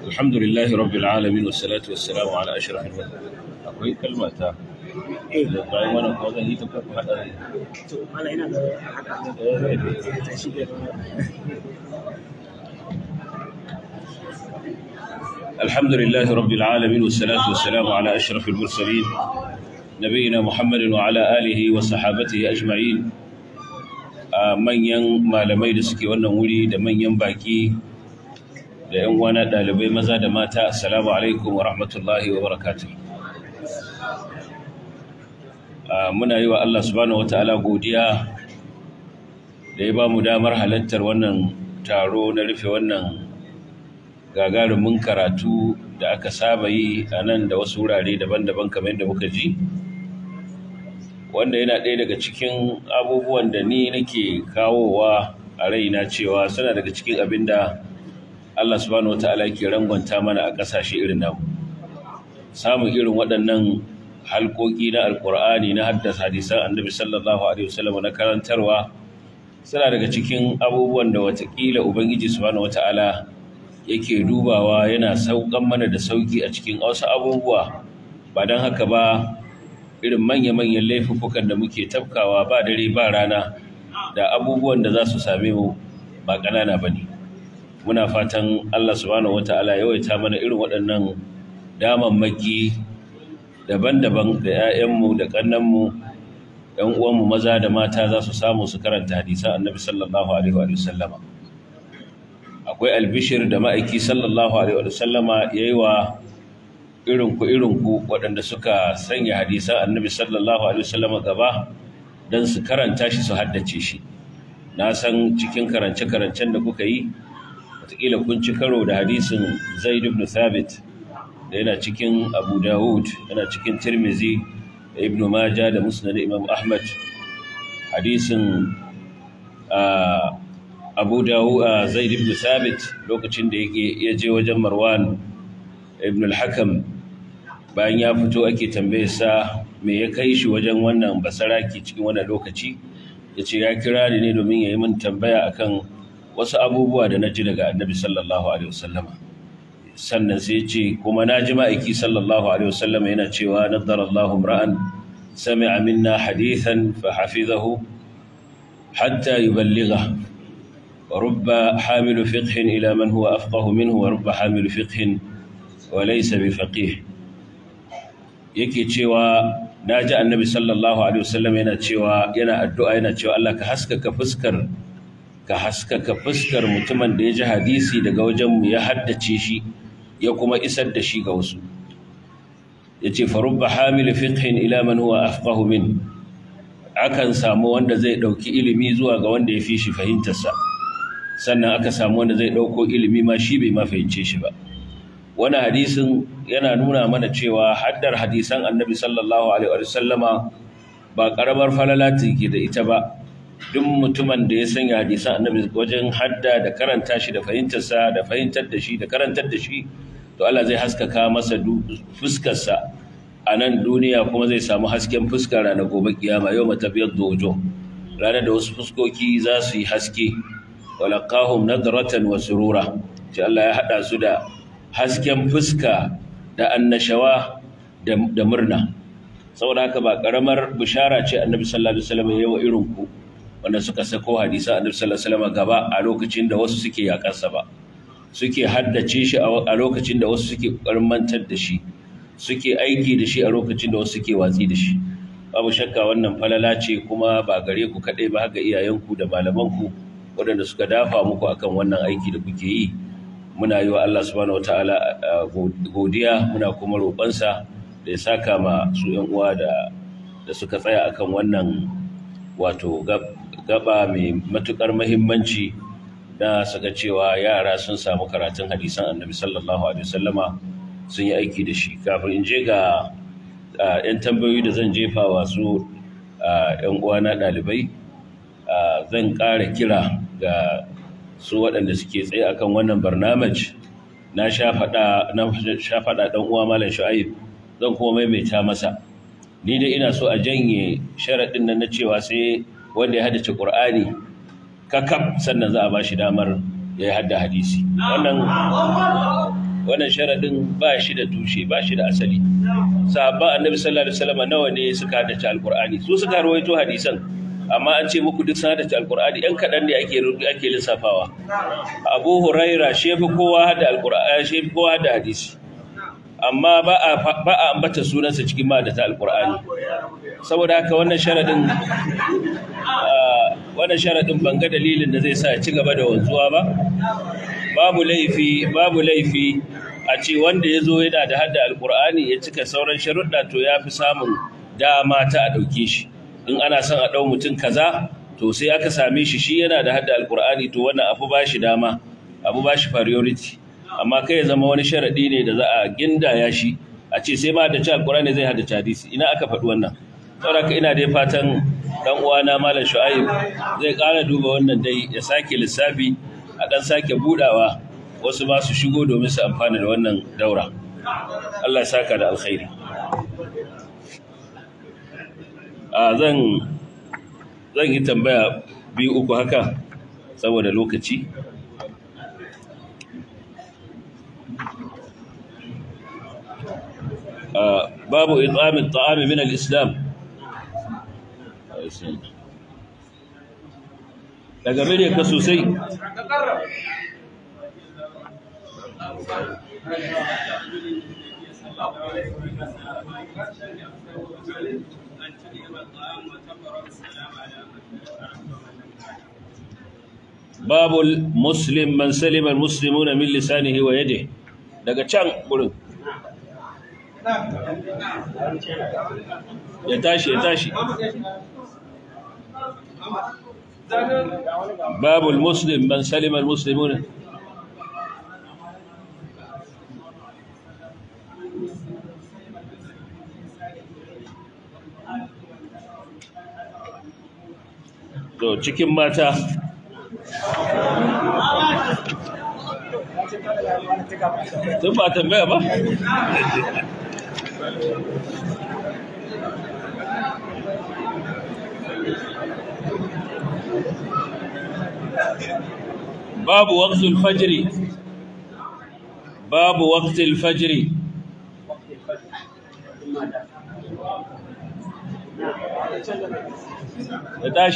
الحمد لله رب العالمين والصلاة والسلام على أشرف المرسلين أقول كلمة Eh. da bayan wannan kuma zan yi ta kuma haɗa ne to mala ina da haka da الحمد لله رب العالمين والصلاة والسلام على أشرف المرسلين نبينا محمد وعلى آله وصحابته أجمعين manyan malamai da suke wannan wuri da manyan baki da 'yan wana ɗalibai maza da mata assalamu alaikum wa rahmatullahi wa barakatuh muna yi wa Allah subhanahu ta'ala godiya da ya ba mu damar halartar wannan taro na rufe wannan gagarumin karatu da aka saba yi a nan da wasu wurare daban-daban kamar yadda muka ji wanda yana ɗaya daga cikin abubuwan da ni nake kawowa a raina cewa suna daga cikin abin da Allah subhanahu ta'ala ke rangwanta mana a ƙasashe irin namu samun irin waɗannan halkoki na alkur'ani na haddasa hadisan annabi sallallahu alaihi wasallam na karantarwa suna daga cikin abubuwan da watakila ubangiji subhanahu wataala yake dubawa yana saukan mana da sauki a cikin wasu abubuwa ba don haka ba irin manya-manyan laifukan da muke tafkawa ba dare ba rana da abubuwan da za su same mu ba ƙanana ba ne muna fatan allah subhanahu wataala yawaita mana irin waɗannan damammaki daban-daban da 'ya'yanmu da ƙannanmu ‘yan uwanmu maza da mata za su samu su karanta hadisan annabi sallallahu alaihi wa sallama akwai albishir da ma'aiki sallallahu alaihi wa sallama ya yi wa irinku irinku waɗanda suka sanya hadisan annabi sallallahu alaihi wa sallama gaba don su karanta shi su haddace shi na san cikin karance-karancen da kuka yi wataƙila kun ci karo da hadisin zaid ibn thabit da yana cikin abu dawud yana cikin tirmizi da ibn majah da musnad imam ahmad hadisin abu dawud zaid ibn sabit lokacin da ya je wajen marwan ibn al-hakam bayan ya fito ake tambaye sa me ya kai shi wajen wannan basaraki cikin wannan lokaci yace ya kira ni ne domin ya yi min tambaya akan wasu abubuwa da na ji daga annabi sallallahu alaihi wasallama sannan sai ce kuma na ji ma'aiki sallallahu alaihi wasallam yana cewa allahu ra'an sami'a minna hadithan fa zahu hatta Hamilu ورب حامل huwa إلى من minhu rubba hamilu ورب wa laisa bi بفقيه yake cewa na ji annabi sallallahu alaihi wasallam yana cewa yana addu'a yana cewa Allah ka haskaka fuskar ka haskaka fuskar mutumin da ya ji hadisi daga wajen mu ya haddace shi ya kuma isar da shi ga wasu ya yace farubba hamil fiqhin ilaman man huwa afqahu min akan samu wanda zai ɗauki ilimi zuwa ga wanda ya fi shi fahimtarsa, sannan aka samu wanda zai ɗauko ilimi ma shi bai ma shi ba Wani hadisin yana nuna mana cewa haddar hadisan annabi sallallahu alaihi ba karamar falala ke da ita ba duk mutumin da ya sanya hadisan annabi wajen hadda da karanta shi da fahimtarsa da fahimtar da shi da karantar da shi to Allah zai haskaka masa fuskarsa a nan duniya kuma zai samu hasken fuskar ranar gobe kiyama yau matafiyar dojo ranar da wasu fuskoki za su yi haske walakahum nadratan wa surura ce Allah ya haɗa su da hasken fuska da annashawa da murna saboda haka ba karamar bishara ce annabi sallallahu alaihi wasallam yayi wa irin ku wanda suka sako hadisa annabi sallallahu alaihi wasallam gaba a lokacin da wasu suke yakarsa ba suke haddace shi a lokacin da wasu suke ƙoƙarin mantar da shi suke aiki da shi a lokacin da wasu suke watsi da shi babu shakka wannan falala ce kuma ba gare ku kaɗai ba haka iyayenku da malamanku waɗanda suka dafa muku akan wannan aiki da kuke yi muna yi wa Allah subhanahu wataala godiya muna kuma roƙonsa da ya saka ma su ƴan uwa da da suka tsaya akan wannan wato gaba mai matuƙar muhimmanci da su ga cewa yara sun samu karatun hadisan annabi sallallahu alaihi wasallama sun yi aiki da shi kafin in je ga yan tambayoyi da zan jefa wa su yan uwana ɗalibai zan ƙara kira ga su waɗanda suke tsaye akan wannan barnamaj na sha ɗan uwa malam shu'aib zan kuma maimaita masa ni dai ina so a janye sharaɗin nan na cewa sai wanda ya haddace ƙur'ani kakab sannan za a ba shi damar ya yi hadda hadisi wannan wannan sharadin ba shi da tushe ba shi da asali sahabban annabi sallallahu alaihi wasallam nawa ne suka ta alqur'ani su suka rawaito hadisan amma an ce muku duk sun ta alqur'ani yan kaɗan ne ake ake lissafawa abu huraira shefi kowa da alqur'ani shefi kowa da hadisi amma ba a ambata sunansa cikin da ta Alƙur'ani. saboda haka wannan sharaɗin ah, wannan ga banga dalilin da zai sa ci gaba da wanzuwa ba babu laifi babu laifi a ce wanda ya zo yana da hada Alƙur'ani ya cika sauran sharuɗa to ya fi samun dama ta a ɗauke shi in ana son a ɗau mutum kaza to sai aka same shi shi yana da hadda Alƙur'ani to wannan abu ba shi dama abu ba shi priority amma kai ya zama wani sharadi ne da za a ya shi a ce sai ma da ci alkurani zai hada hadisi ina aka faɗi wannan saboda ina dai fatan dan uwana malam shu'aib zai ƙara duba wannan dai ya sake lissafi a dan sake budawa wasu ba su shigo domin su amfana da wannan daura Allah ya saka da alkhairi a zan zan yi tambaya biyu uku haka saboda lokaci babu itsamin ta'ami min al-islam daga mene ka sosai babu muslim man salima muslimuna min lisanihi wa daga can gurin ya tashi ya tashi babul muslim man salima al-muslimuna to cikin mata tun ba tambaya ba باب وقت الفجر باب وقت الفجر الفجر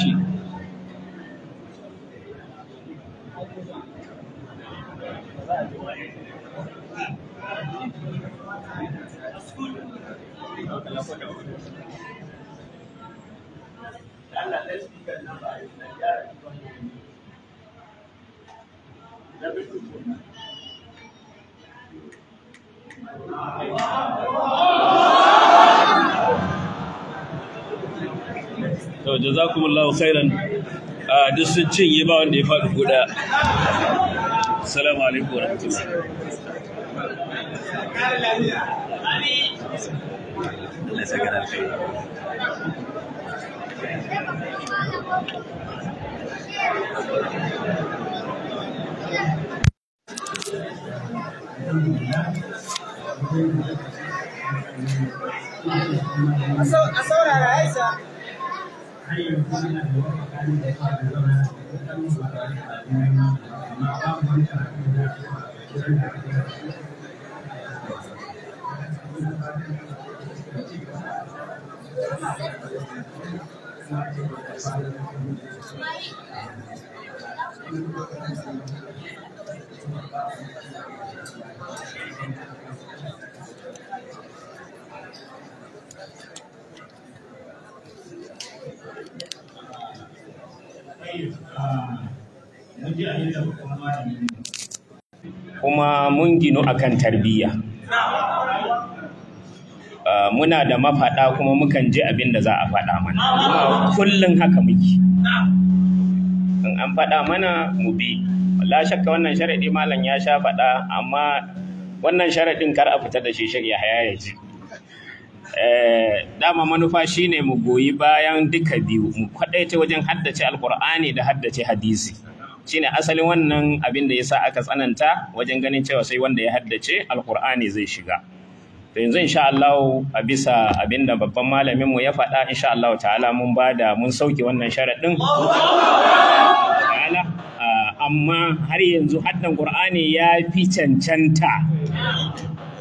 Allah ɗan speaker a khairan a duk sun cinye ba wanda ya faɗi guda assalamu alaikum warahmatullahi Allah ya saka kuma mun ginu akan tarbiyya Eh, muna da mafaɗa kuma mukan je abin da za a faɗa mana kullum haka muke in an faɗa mana mu bi la shakka wannan sharaɗi malam ya sha faɗa amma wannan sharaɗin kar a fita da shi shirya haya ya ji eh, dama manufa shine mu goyi bayan duka biyu mu kwaɗaita wajen haddace alkur'ani da haddace hadisi Shi ne asalin wannan abin da ya sa aka tsananta wajen ganin cewa sai wanda ya haddace alkur'ani zai shiga to yanzu insha Allah a bisa abinda babban malamin mu ya faɗa insha Allah ta'ala mun bada mun sauke wannan sharaɗin amma har yanzu haddan Qur'ani ya fi cancanta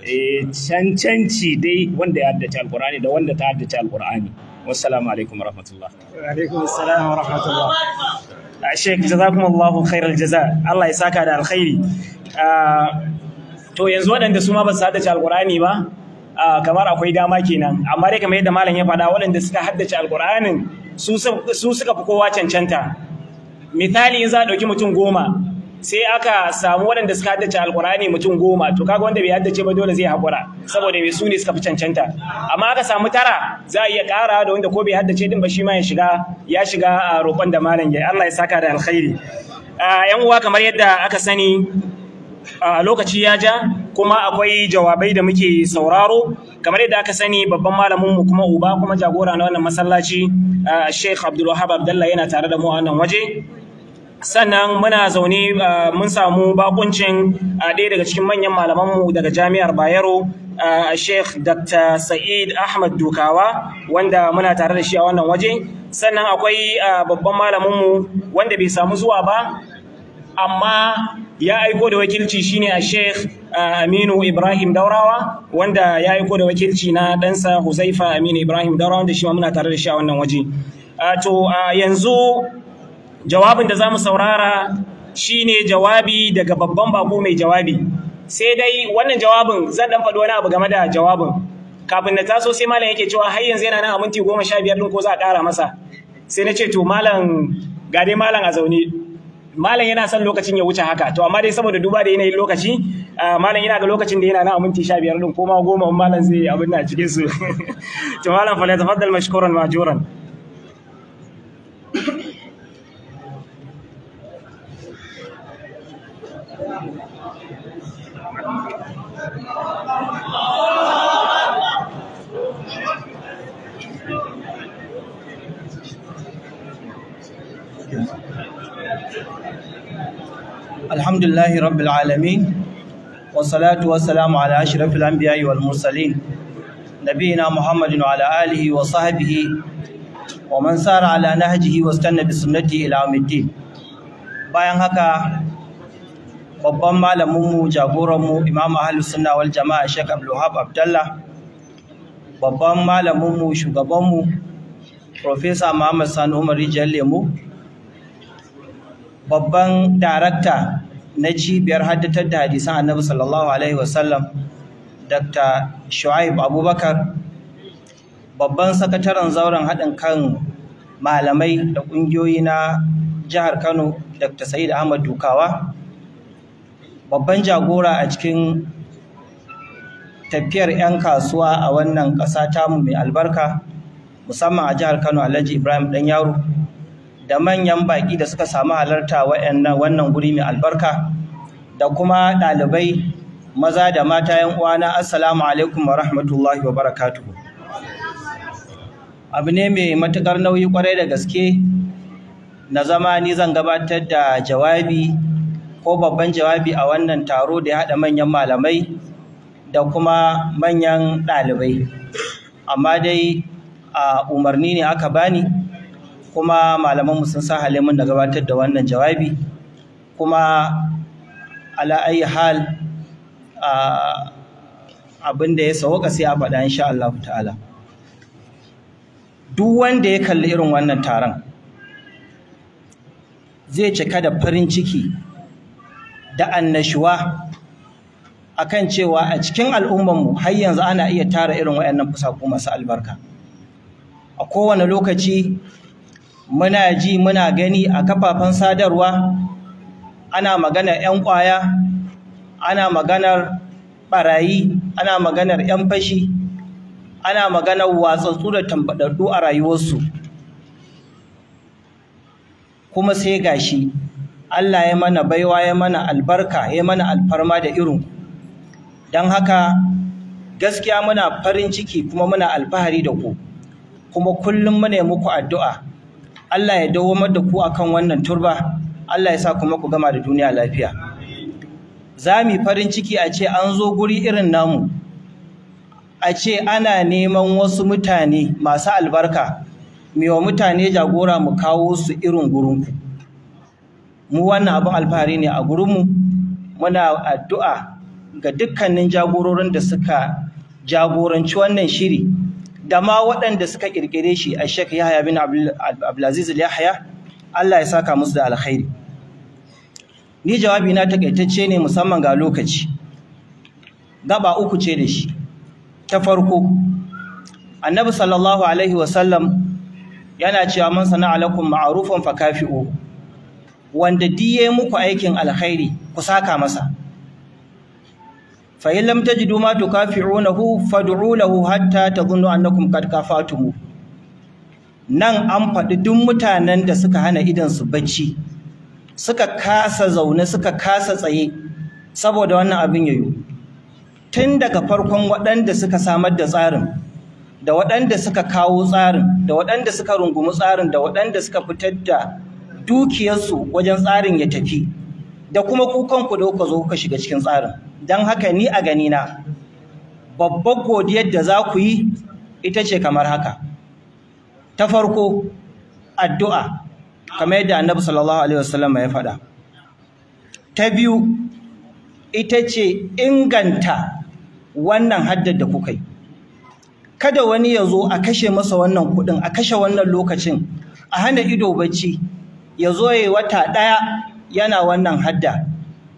eh, cancanci dai wanda ya haddace alkur'ani da wanda ta haddace alkur'ani wassalamu alaikum warahmatullah wa alaikum assalam wa rahmatullah Sheikh jazakumullahu khairal jaza Allah ya saka da alkhairi to yanzu waɗanda su ma ba su haddace alkur'ani ba Ah, kamar akwai dama kenan amma dai kamar yadda malam ya faɗa waɗanda suka haddace alƙur'anin su suka fi kowa cancanta misali in za a ɗauki mutum goma sai aka samu waɗanda suka haddace alkurani mutum goma to kaga wanda bai haddace ba dole zai haƙura saboda mai ne suka fi cancanta amma aka samu tara za a iya ƙara da wanda ko bai haddace din ba shi ma ya shiga ya shiga ah, roƙon da malam ya Allah ya saka da alkhairi yan ah, uwa kamar yadda aka sani A lokaci ya ja kuma akwai jawabai da muke sauraro kamar yadda aka sani babban malamin mu kuma uba kuma jagora na wannan masallaci Sheikh Abdul Wahab Abdullah yana tare da mu a wannan waje sannan muna zaune mun samu bakuncin ɗaya daga cikin manyan mu daga jami'ar Bayero Sheikh Dr. Sa'id Ahmad Dukawa wanda muna tare da shi a wannan waje sannan akwai babban mu wanda bai samu zuwa ba amma ya aiko da wakilci shine a Sheikh Aminu Ibrahim Daurawa wanda ya aiko da wakilci na ɗansa Huzaifa Aminu Ibrahim Daurawa wanda shi ma muna tare da shi a wannan waje. To yanzu jawabin da za mu saurara shine jawabi daga babban bako mai jawabi. Sai dai wannan jawabin zan ɗan faɗi wani abu game da jawabin. Kafin na taso sai malam yake cewa har yanzu yana nan a minti goma sha biyar ɗin ko za a ƙara masa. Sai na ce to malam ga dai malam a zaune. malam yana son lokacin ya wuce haka to amma dai saboda duba da yanayin lokaci ah, malam yana ga lokacin da yana na aminti sha biyar din ko ma goma malam zai yi abin na cikin su to malam fa la tafaddal mashkuran majuran الحمد لله رب العالمين والصلاة والسلام على أشرف الأنبياء والمرسلين نبينا محمد وعلى آله وصحبه ومن سار على نهجه واستنى بسنته إلى يوم الدين bayan haka babban malaminmu jagoranmu imam sunna wal jama'a Sheikh Abdulwahab Abdullah babban malaminmu shugabanmu Profesa Muhammad Sani Umar Rijiyar Lemu babban darakta na cibiyar haddatar da hadisan annabi sallallahu alaihi wasallam dr shu'aib abubakar babban sakataren zauren haɗin kan malamai da ƙungiyoyi na jihar kano dr sa'id ahmad dukawa babban jagora a cikin tafiyar 'yan kasuwa a wannan ƙasa tamu mai albarka musamman a jihar kano alhaji ibrahim ɗan yaro da manyan baƙi da suka samu halarta wannan guri mai albarka da kuma ɗalibai maza da mata yan uwana assalamu alaikum wa rahmatullahi wa barakatuhu abu ne mai matuƙar nauyi kwarai da gaske na zama ni zan gabatar da jawabi ko babban jawabi a wannan taro da ya haɗa manyan malamai da kuma manyan ɗalibai amma dai a umarni ne aka bani kuma malamanmu sun sa halimin da gabatar da wannan jawabi kuma ala ayi hal abin da ya sauka sai a faɗa insha Allah ta'ala duk wanda ya kalli irin wannan taron zai cika da farin ciki da annashuwa akan cewa a cikin al'ummarmu har yanzu ana iya tara irin waɗannan fusaku masu albarka a kowane lokaci muna ji muna gani a kafafen sadarwa ana maganar 'yan kwaya ana maganar barayi ana maganar 'yan fashi ana maganar watsatsu da tambaɗaɗɗu a rayuwarsu kuma sai gashi Allah ya mana baiwa ya mana albarka ya mana alfarma da irin don haka gaskiya muna farin ciki kuma muna alfahari da ku kuma kullum muna muku addu'a Allah ya dawamar da ku akan wannan turba Allah ya sa kuma ku gama da duniya lafiya za mu farin ciki a ce an zo guri irin namu a ce ana neman wasu mutane masu albarka wa mutane jagora mu kawo su irin gurinku mu wannan abin alfahari ne a gurinmu muna addu'a ga dukkanin jagororin da suka jagoranci wannan shiri da ma waɗanda suka ƙirƙire shi a ya haya bin Abdulaziz Yahya Allah ya saka musu da alkhairi ni jawabi na takaitacce ne musamman ga lokaci gaba uku ce da shi ta farko annabi sallallahu alaihi wasallam yana cewa man sana'a ma'arufan ma'rufan fakafi'u wanda diye muku aikin alkhairi ku saka masa fa in lam tajidu ma tukafi'unahu fad'u lahu hatta tadhunnu annakum qad nan an faɗi duk mutanen da suka hana idon su bacci suka kasa zaune suka kasa tsaye saboda wannan abin yayo tun daga farkon waɗanda suka samar da tsarin da waɗanda suka kawo tsarin da waɗanda suka rungumi tsarin da waɗanda suka fitar da dukiyarsu wajen tsarin ya tafi da kuma ku zo kuka shiga cikin tsarin don haka ni a ganina babbar godiyar da za ku yi ita ce kamar haka ta farko addu'a kamar yadda annabi sallallahu alaihi wasallam ya faɗa ta biyu ita ce inganta wannan haddar da kuka yi kada wani ya zo a kashe masa wannan kuɗin a kashe wannan lokacin a hana ido bacci ya zo ya yi wata ɗaya yana wannan hadda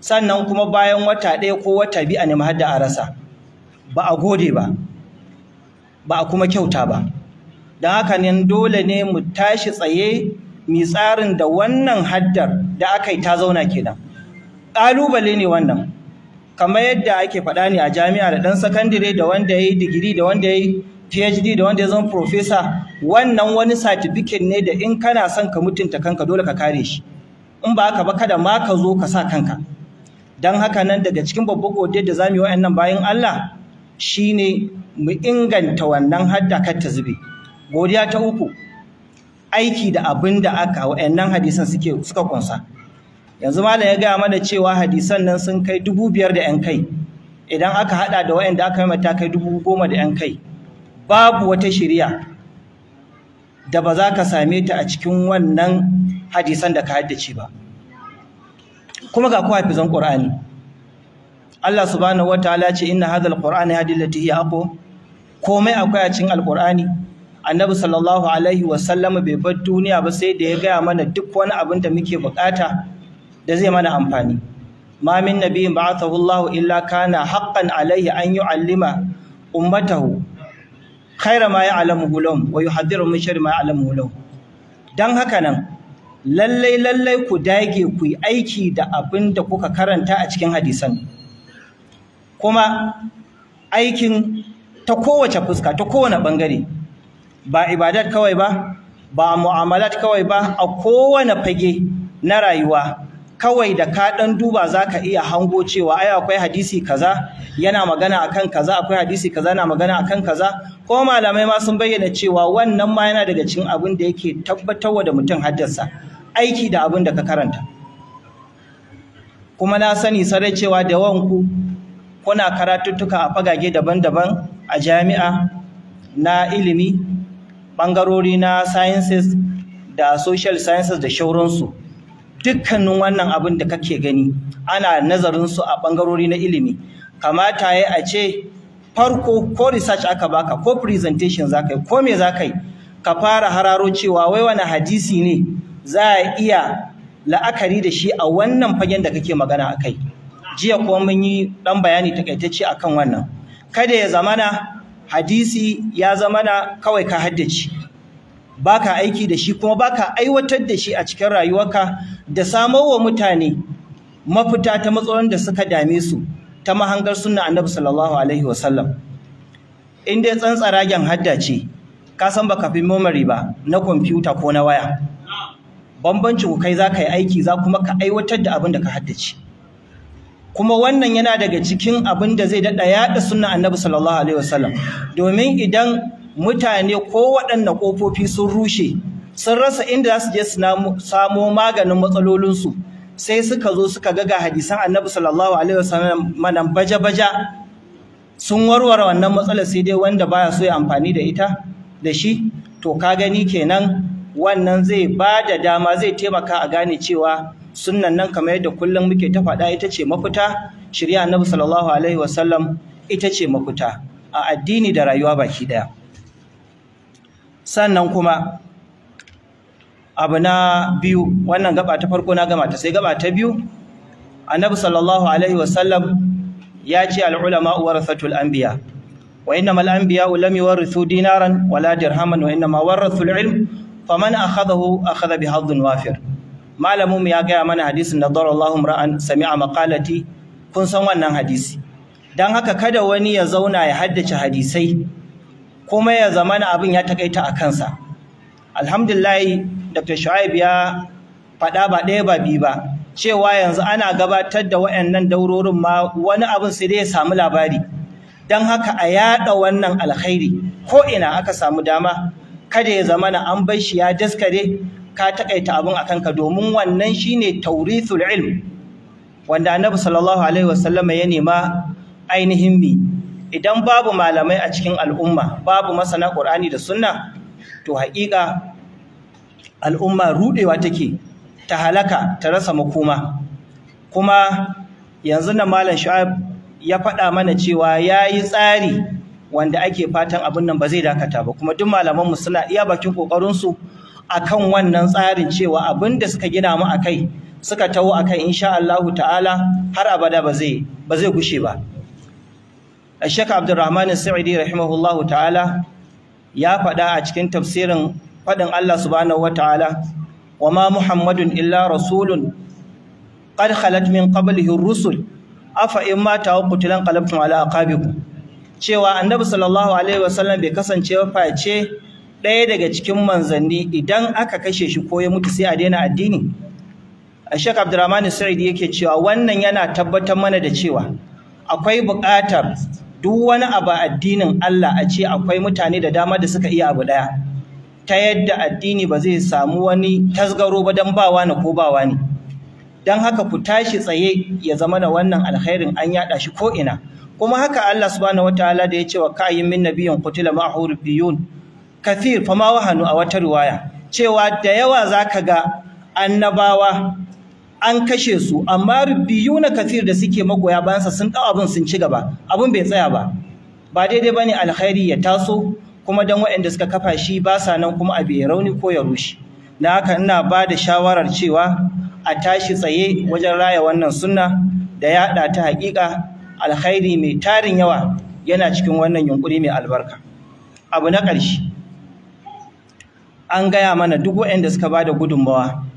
sannan kuma bayan wata ɗaya ko wata biyu a nemi hadda a rasa ba a gode ba ba a kuma kyauta ba don haka ne dole ne mu tashi tsaye mi tsarin da wannan haddar da aka yi ta zauna kenan ƙalubale ne wannan kamar yadda ake faɗa ne a jami'a da ɗan sakandire da wanda ya yi digiri da wanda ya yi phd da wanda ya zama profesa wannan wani satifikin ne da in kana son ka mutunta kanka dole ka kare shi in ba haka ba kada ma ka zo ka sa kanka don haka nan daga cikin babban godiyar da zamu yi wa'annan bayan Allah shine mu inganta wannan hadda kar ta zube godiya ta uku aiki da abin da aka wa'annan hadisan suke suka kunsa yanzu malam ya gaya mana cewa hadisan nan sun kai dubu biyar da 'yan kai idan aka hada da wa'anda aka yi mata kai dubu goma da 'yan kai babu wata shirya da ba za ka same ta a cikin wannan hadisan da ka haddace ba kuma ga ku fizan Qur'ani Allah subhanahu wataala ce inna hadha alqur'ana hadi allati hiya aqwa komai akwai a cikin alqur'ani annabi sallallahu alaihi wa sallam bai bar duniya ba sai da ya gaya mana duk wani abin da muke bukata da zai mana amfani ma min nabiyin ba'athahu Allah illa kana haqqan alaihi an yu'allima ummatahu khaira ma ya'lamuhu lahum wa yuhadhiru min sharri ma ya'lamuhu lahum dan haka nan lallai lallai ku dage ku yi aiki da abin da kuka karanta a cikin hadisan kuma aikin ta kowace fuska ta kowane bangare ba ibadat kawai ba ba mu'amalat kawai ba a kowane fage na rayuwa kawai da ka dan duba zaka iya hango cewa ai akwai hadisi kaza yana magana akan kaza akwai hadisi kaza na magana akan kaza ko malamai ma sun bayyana cewa wannan ma yana daga cikin abin da yake tabbatarwa da mutum haddarsa aiki da abin da ka karanta kuma na sani sarai cewa da wanku kuna karatuttuka a fagage daban-daban a jami'a na ilimi bangarori na sciences da social sciences da shauransu dukkanin wannan abin da kake gani ana nazarin su a bangarori na ilimi kamata ya a ce farko ko research aka baka ko presentation ka yi ko me ka yi ka fara hararo cewa wai wani hadisi ne za a iya la'akari da shi a wannan fagen da kake magana a kai jiya ko mun yi ɗan bayani takaitacce akan wannan kada ya zamana hadisi ya zamana kawai ka haddace baka aiki da shi kuma baka aiwatar da shi a cikin rayuwarka da samar wa mutane mafita ta matsalolin da suka dame su ta mahangar sunna annabi sallallahu alaihi wasallam in dai tsantsaragen hadda ce ka san baka fi memory ba na kwamfuta ko na waya bambanci ku kai zaka yi aiki za kuma ka aiwatar da abin da ka haddace kuma wannan yana daga cikin abin da zai daɗa yaɗa sunna annabi sallallahu alaihi wasallam domin idan mutane ko waɗanda ƙofofi sun rushe sun rasa inda za su je su samo maganin matsalolinsu sai suka zo suka gaga hadisan annabi sallallahu alaihi wasallam manan baja-baja sun warware wannan matsalar sai dai wanda baya so ya amfani da ita da shi to ka gani kenan wannan zai ba da dama zai taimaka a gane cewa sunnan nan kamar yadda kullum muke ta faɗa ita ce mafita shirya annabi sallallahu alaihi wasallam ita ce mafita a addini da rayuwa baki ɗaya. sannan kuma abu na biyu wannan gaba ta farko na gama ta sai gaba ta biyu annabi sallallahu alaihi wasallam ya ce al'ulama warathatul anbiya wa mal anbiya lam yuwarithu dinaran wala dirhaman wa innama warathul ilm faman akhadahu akhadha bihadhin wafir malamin ya gaya mana hadisin da darallahu ra'an sami'a maqalati kun san wannan hadisi dan haka kada wani ya zauna ya haddace hadisai kuma ya zamana abin ya takaita a kansa alhamdulillah dr shu'aib ya faɗa ba ɗaya ba biyu ba cewa yanzu ana gabatar da wayannan daurorin ma wani abin su dai ya samu labari don haka a yaɗa wannan alkhairi ko ina aka samu dama kada ya zama na an bar shi ya daskare ka takaita abin a kanka domin wannan shine taurithul ilm wanda annabi sallallahu alaihi wasallama ya nema ainihin mi idan babu malamai a cikin al'umma babu masana ƙur'ani da sunna to haƙiƙa al'umma rudewa take ta halaka ta rasa makoma kuma yanzu na malam sha'ab ya faɗa mana cewa ya yi tsari wanda ake fatan abin nan ba zai dakata ba kuma duk malamanmu suna iya bakin ƙoƙarinsu a kan wannan tsarin cewa abin da suka gina mu a kai suka taho a kai insha ta'ala har abada ba zai gushe ba. Ashek Abdurrahman Sa'idi rahimahullahu ta'ala ya faɗa a cikin tafsirin faɗin Allah subhanahu wa ta'ala wa ma Muhammadun illa rasulun qad khalat min qablihi rusul afa in ma wa qutilan ala aqabikum cewa annabi sallallahu alaihi wasallam bai kasance face ɗaya daga cikin manzanni idan aka kashe shi ko ya mutu sai a daina addini Ashek Abdurrahman Sa'idi yake cewa wannan yana tabbatar mana da cewa akwai buƙatar duk wani abu addinin Allah a ce akwai mutane da dama da suka iya abu daya ta yadda addini ba zai samu wani tasgaro ba dan bawa na ko bawa ne Don haka ku tashi tsaye ya zama da wannan alkhairin an yaɗa shi ko ina kuma haka Allah subhanahu wataala da ya ce wa kayyin min nabiyyin qutila ma'ahu rubiyun kathir fama wahanu a wata riwaya cewa da yawa zaka ga annabawa an kashe su amma na kafir da suke magoya bayansa sun ɗau abin sun ci gaba abin bai tsaya ba ba daidai ba ne alkhairi ya taso kuma dan waɗanda suka kafa shi ba sa nan kuma abu ya rauni ko ya rushe na haka ina ba da shawarar cewa a tashi tsaye wajen raya wannan sunna da yaɗa ta haƙiƙa alkhairi mai tarin yawa yana cikin wannan yunƙuri mai albarka abu na ƙarshe an gaya mana duk waɗanda suka ba da gudunmawa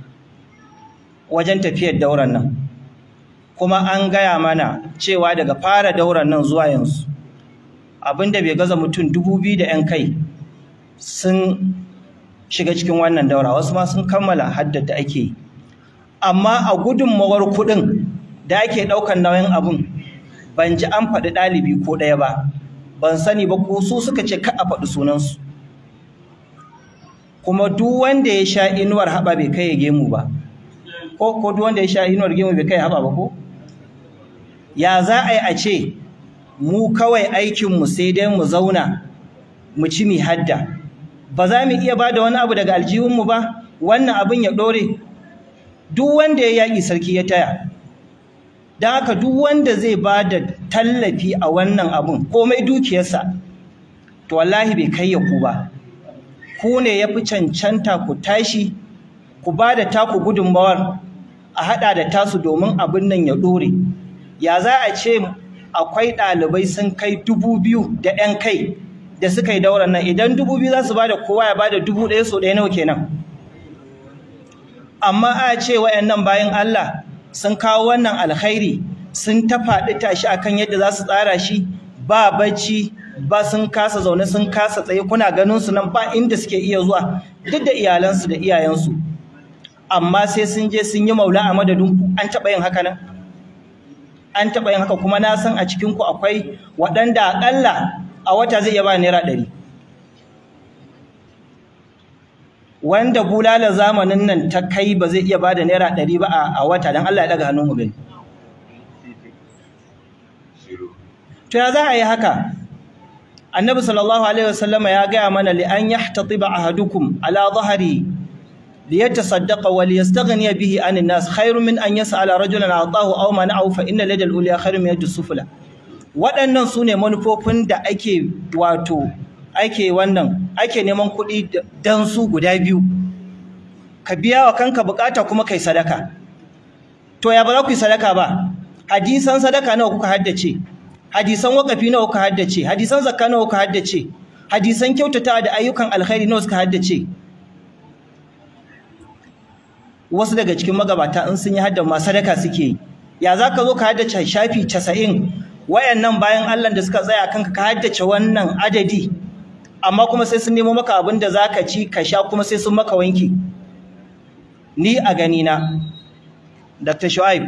wajen tafiyar dauran nan kuma an gaya mana cewa daga fara dauran nan zuwa yanzu abinda bai gaza mutum dubu biyu da 'yan kai sun shiga cikin wannan daura wasu ma sun kammala haddata ake yi amma a gudunmawar kuɗin da ake ɗaukar nauyin abin, ban ji an faɗi ɗalibi ko ɗaya ba ban sani ba ko su suka ce ka a faɗi sunansu kuma duk wanda ya sha inuwar haɓa bai kai ya gemu ba ko ko duk wanda ya sha inuwar gemu bai kai haba ba ko ya za a yi a ce mu kawai aikin mu sai dai mu zauna mu ci mi hadda ba za mu iya bada wani abu daga aljihun mu ba wannan abin ya ɗore duk wanda ya yaki sarki ya taya dan haka duk wanda zai ba da tallafi a wannan abun komai dukiyarsa to wallahi bai kai ya ku ba ku ne ya fi cancanta ku tashi ku ba da taku gudunmawar a haɗa da tasu domin abin nan ya ɗore ya za a ce akwai ɗalibai sun kai dubu biyu da ‘yan kai da suka yi daular nan idan dubu biyu za su ba da kowa ya ba da dubu ɗaya so ɗaya nawa kenan amma a ce wayannan bayan Allah sun kawo wannan alkhairi sun tafaɗi tashi akan yadda za su tsara shi ba bacci ba sun kasa zaune sun kasa tsaye kuna ganin su nan ba inda suke iya zuwa duk da iyalansu da iyayensu amma sai sun je sun yi maula a madadin ku an taɓa yin haka nan an taɓa yin haka kuma na san a cikin ku akwai waɗanda aƙalla a wata zai iya ba naira ɗari wanda bulala zamanin nan ta kai ba zai iya ba da naira ɗari ba a wata don Allah ya ɗaga hannun mu gani to ya za a yi haka annabi sallallahu alaihi wasallama ya gaya mana li an yahtatiba ahadukum ala dhahri ليتصدق وليستغني به عن الناس خير من أن يسأل رجلا أعطاه أو منعه فإن لدى الأولياء خير من يد السفلى waɗannan su ne manufofin da ake wato ake wannan ake neman kuɗi don su guda biyu ka biya wa kanka bukata kuma kai sadaka to ya ba za ku yi sadaka ba hadisan sadaka nawa kuka haddace hadisan wakafi nawa kuka haddace hadisan zakka nawa kuka haddace hadisan kyautata da ayyukan alkhairi nawa suka haddace wasu daga cikin magabata in sun yi haddan ma sadaka suke yi ya za ka zo ka haddace shafi casa'in wayannan bayan Allah da suka tsaya kanka ka haddace wannan adadi amma kuma sai sun nemo maka abin da za ka ci ka sha kuma sai sun maka wanki ni a na. dr shu'aib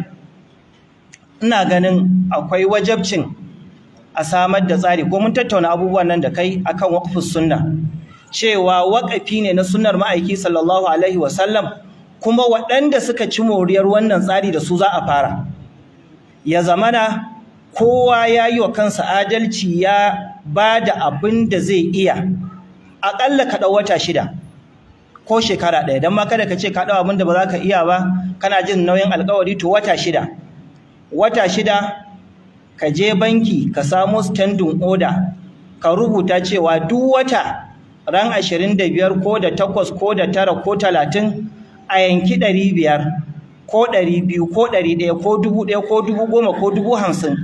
ina ganin akwai wajabcin a samar da tsari ko mun tattauna abubuwan nan da kai akan waqfus sunna cewa waƙafi ne na sunnar ma'aiki sallallahu alaihi wasallam kuma waɗanda suka ci moriyar wannan tsari da su za a fara ya zamana kowa ya yi wa kansa adalci ya ba da abin da zai iya aƙalla ka ɗau wata shida ko shekara ɗaya don ma kada ka ce ka ɗau abin da ba za ka iya ba kana jin nauyin alkawari to wata shida wata shida ka je banki ka samo standing order ka rubuta cewa duk wata ran 25 ko da takwas ko da tara ko talatin? a yanki ɗari biyar ko ɗari biyu ko ɗari ɗaya ko dubu ɗaya ko dubu goma ko dubu hamsin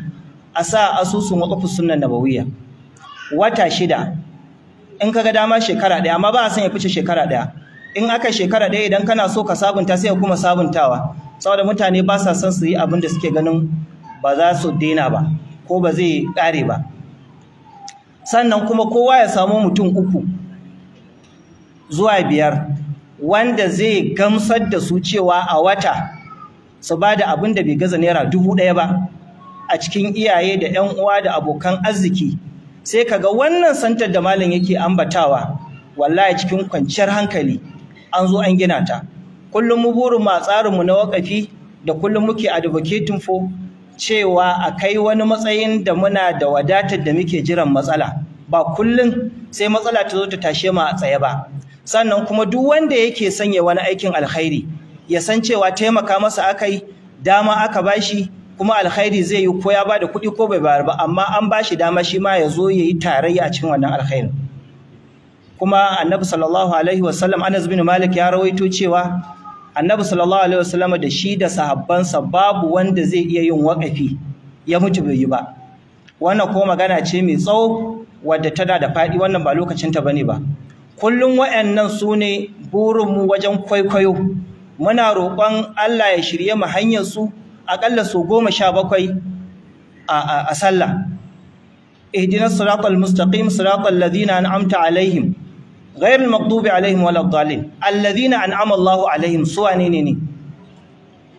a sa asusun waƙafu sunan nabawiyya wata shida in ka ga dama shekara ɗaya amma ba a son ya fice shekara ɗaya in aka shekara ɗaya idan kana so ka sabunta sai ka kuma sabuntawa saboda mutane ba sa son su yi abin da suke ganin ba za su daina ba ko ba zai ƙare ba sannan kuma kowa ya samu mutum uku zuwa biyar wanda zai gamsar da su cewa a wata su ba da abin da bai gaza naira dubu ɗaya ba a cikin iyaye da 'yan uwa da abokan arziki sai ka ga wannan santar da malam yake ambatawa wallahi cikin kwanciyar hankali an zo an gina ta kullum mu burin ma tsarin mu na wakafi da kullum muke advocating fo cewa a kai wani matsayin da muna da wadatar da muke jiran matsala ba kullum sai matsala ta zo ta tashe mu a tsaye ba sannan kuma duk wanda yake sanya wani aikin alkhairi ya san cewa taimaka masa akai dama aka bashi kuma alkhairi zai yi ko ya bada kuɗi ko bai bayar ba amma an bashi dama shi ma ya zo ya yi tarayya a cikin wannan alkhairin kuma annabi sallallahu alaihi wasallam Anas bin Malik ya rawaito cewa annabi sallallahu alaihi wasallam da shi da sahabbansa babu wanda zai iya yin wakafi, ya mutu bai yi ba wannan ko magana ce mai tsawo wadda tana da faɗi wannan ba lokacinta ta bane ba kullum waɗannan su ne burinmu wajen kwaikwayo muna roƙon Allah ya shirye mu hanyar su aƙalla su goma sha bakwai a sallah ihdina siratal mustaqim siratal ladina an'amta alaihim ghairil maghdubi alaihim waladdallin alladhina an'ama Allahu alaihim su wane ne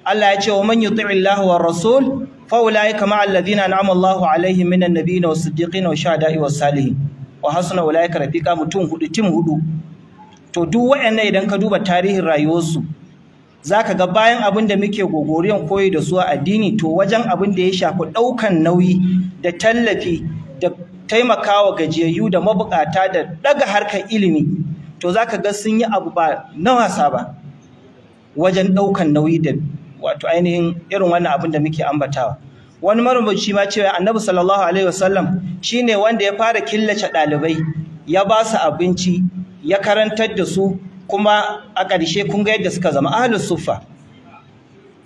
Allah ya ce wa man yuti'i Allah wa rasul fa ulaika ma alladhina an'ama Allahu wa shuhada'i salihin wa hasuna ulaika rafiqa mutum hudu tim hudu to duk waɗannan idan ka duba tarihin rayuwarsu zaka ga bayan abin da muke gogoriyan koyi da su a addini to wajen abin da ya shafi ɗaukan nauyi da tallafi da taimakawa gajiyayyu da mabukata da ɗaga harkar ilimi to zaka ga sun yi abu ba na wasa ba wajen ɗaukan nauyi da wato ainihin irin wannan abin da muke ambatawa wani marubuci ma cewa annabi sallallahu alaihi wasallam shine wanda ya fara killace dalibai, ya ba su abinci ya karantar da su kuma a ƙarshe kun ga yadda suka zama ahlus sufa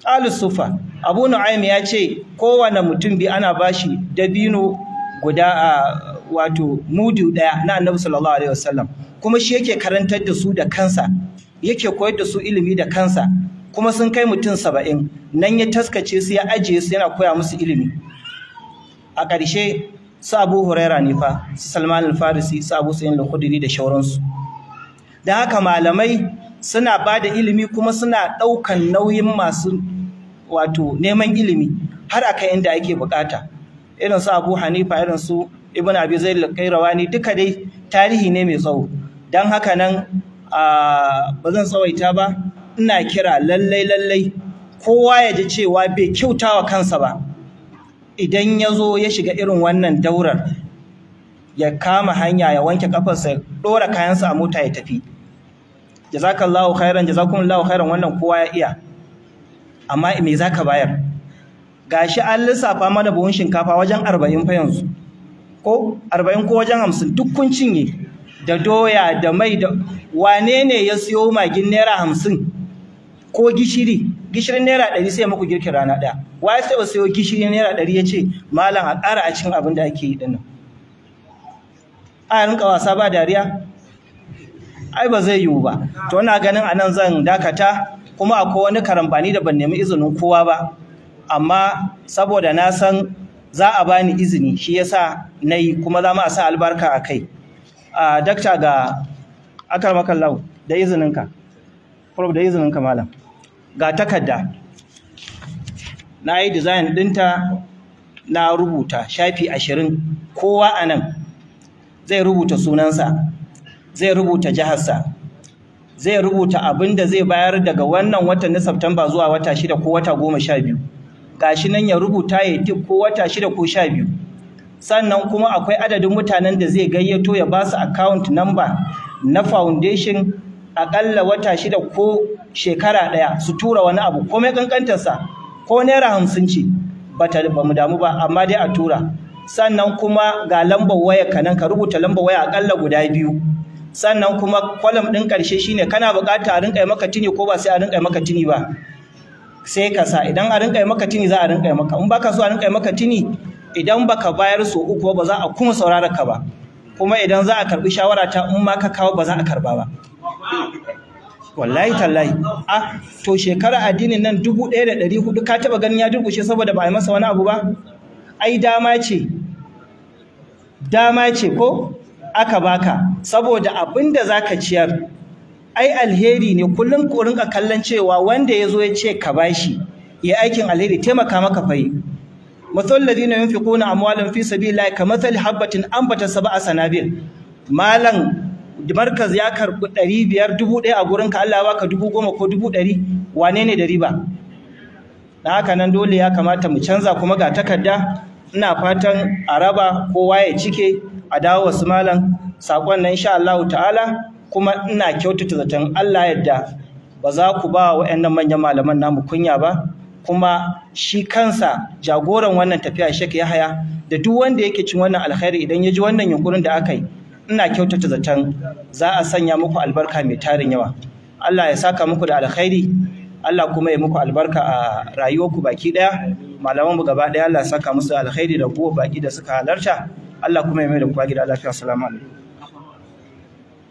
ahlus sufa abu nu'aym ya ce kowane mutum bi ana bashi dabino guda a wato mudu ɗaya na annabi sallallahu alaihi wasallam kuma shi yake karantar da su da kansa yake koyar da su ilimi da kansa kuma sun kai mutum saba'in nan ya taskace su ya ajiye su yana koya musu ilimi a ƙarshe su abu huraira ne fa su salman al su abu sayin da shauransu don haka malamai suna ba da ilimi kuma suna ɗaukan nauyin masu wato neman ilimi har aka inda ake bukata irin su abu hanifa irin su ibn abi zaid kai qayrawani duka dai tarihi ne mai tsawo don haka nan ah, ba zan tsawaita ba ina kira lallai lallai kowa ya ji cewa bai kyautawa kansa ba idan ya zo ya shiga irin wannan daurar ya kama hanya ya wanke kafarsa ya ɗora kayansa a mota ya tafi jazakallahu khairan jazakumullahu khairan wannan kowa ya iya amma me zaka bayar gashi an lissafa mana buhun shinkafa wajen 40 fa yanzu ko 40 ko wajen 50 duk kun cinye da doya da mai da wane ne ya siyo magin naira 50 ko gishiri gishirin naira ɗari sai muku girkin rana ɗaya waye sai ba sayo gishirin naira ɗari ya ce malam a ƙara a cikin abin da ake yi dinnan a rinka wasa ba dariya ai ba zai yiwu ba to ina ganin a nan zan dakata kuma akwai wani karambani da ban nemi izinin kowa ba amma saboda na san za a bani izini shi yasa na yi kuma za mu a sa albarka a kai A dakta ga akarmakallahu da izininka prof da izininka malam ga takarda na yi design dinta na rubuta shafi ashirin kowa a nan zai rubuta sunansa zai rubuta jiharsa zai rubuta abin da zai bayar daga wannan watan na Satumba zuwa wata shida ko wata goma sha biyu gashi nan ya rubuta ya tip ko wata shida ko sha biyu sannan kuma akwai adadin mutanen da zai gayyato ya ba su account number na foundation aƙalla wata shida ko shekara ɗaya su tura wani abu komai ƙanƙantarsa ko naira hamsin ce ba mu damu ba amma dai a tura sannan kuma ga lambar waya ka nan ka rubuta lambar waya aƙalla guda biyu sannan kuma kwalam ɗin ƙarshe shine kana buƙata a rinƙa maka tuni ko ba sai a rinƙa maka tuni ba sai ka sa idan a rinƙa maka tuni za a rinƙa maka in baka so a rinƙa maka tuni idan baka bayar so uku ba za a kuma saurara ka ba kuma idan za a karɓi shawara ta in ma ka kawo ba za a karɓa ba wallahi tallahi ah to shekara addinin nan 1400 ka taba ganin ya durkushe saboda ba a yi masa wani abu ba ai dama ce dama ce ko aka baka saboda abin da za ka ciyar ai alheri ne kullum ku ka kallon cewa wanda ya zo ya ce ka bashi ya aikin alheri taimaka maka fayi mathal da yunfiquna amwalan fi sabilillahi kamathali habatin ambata sab'a sanabil malan markaz ya karɓi ɗari biyar dubu ɗaya a gurinka Allah ya baka dubu goma ko dubu ɗari wane ne da riba na haka nan dole ya kamata mu canza kuma ga takarda ina fatan a raba kowa ya cike a dawo wasu malam saƙon nan insha Allah ta'ala kuma ina kyautata zaton Allah yadda ba za ku ba waɗannan manyan malaman namu kunya ba kuma shi kansa jagoran wannan tafiya ya haya. da duk wanda yake cin wannan alkhairi idan ya ji wannan yunkurin da aka yi ina kyautata zaton za a sanya muku albarka mai tarin yawa Allah ya saka muku da alkhairi Allah kuma ya muku albarka a rayuwarku baki daya mu gaba daya Allah ya saka musu alkhairi da kuwa baki da suka halarta Allah kuma ya mai da kowa gida lafiya assalamu alaikum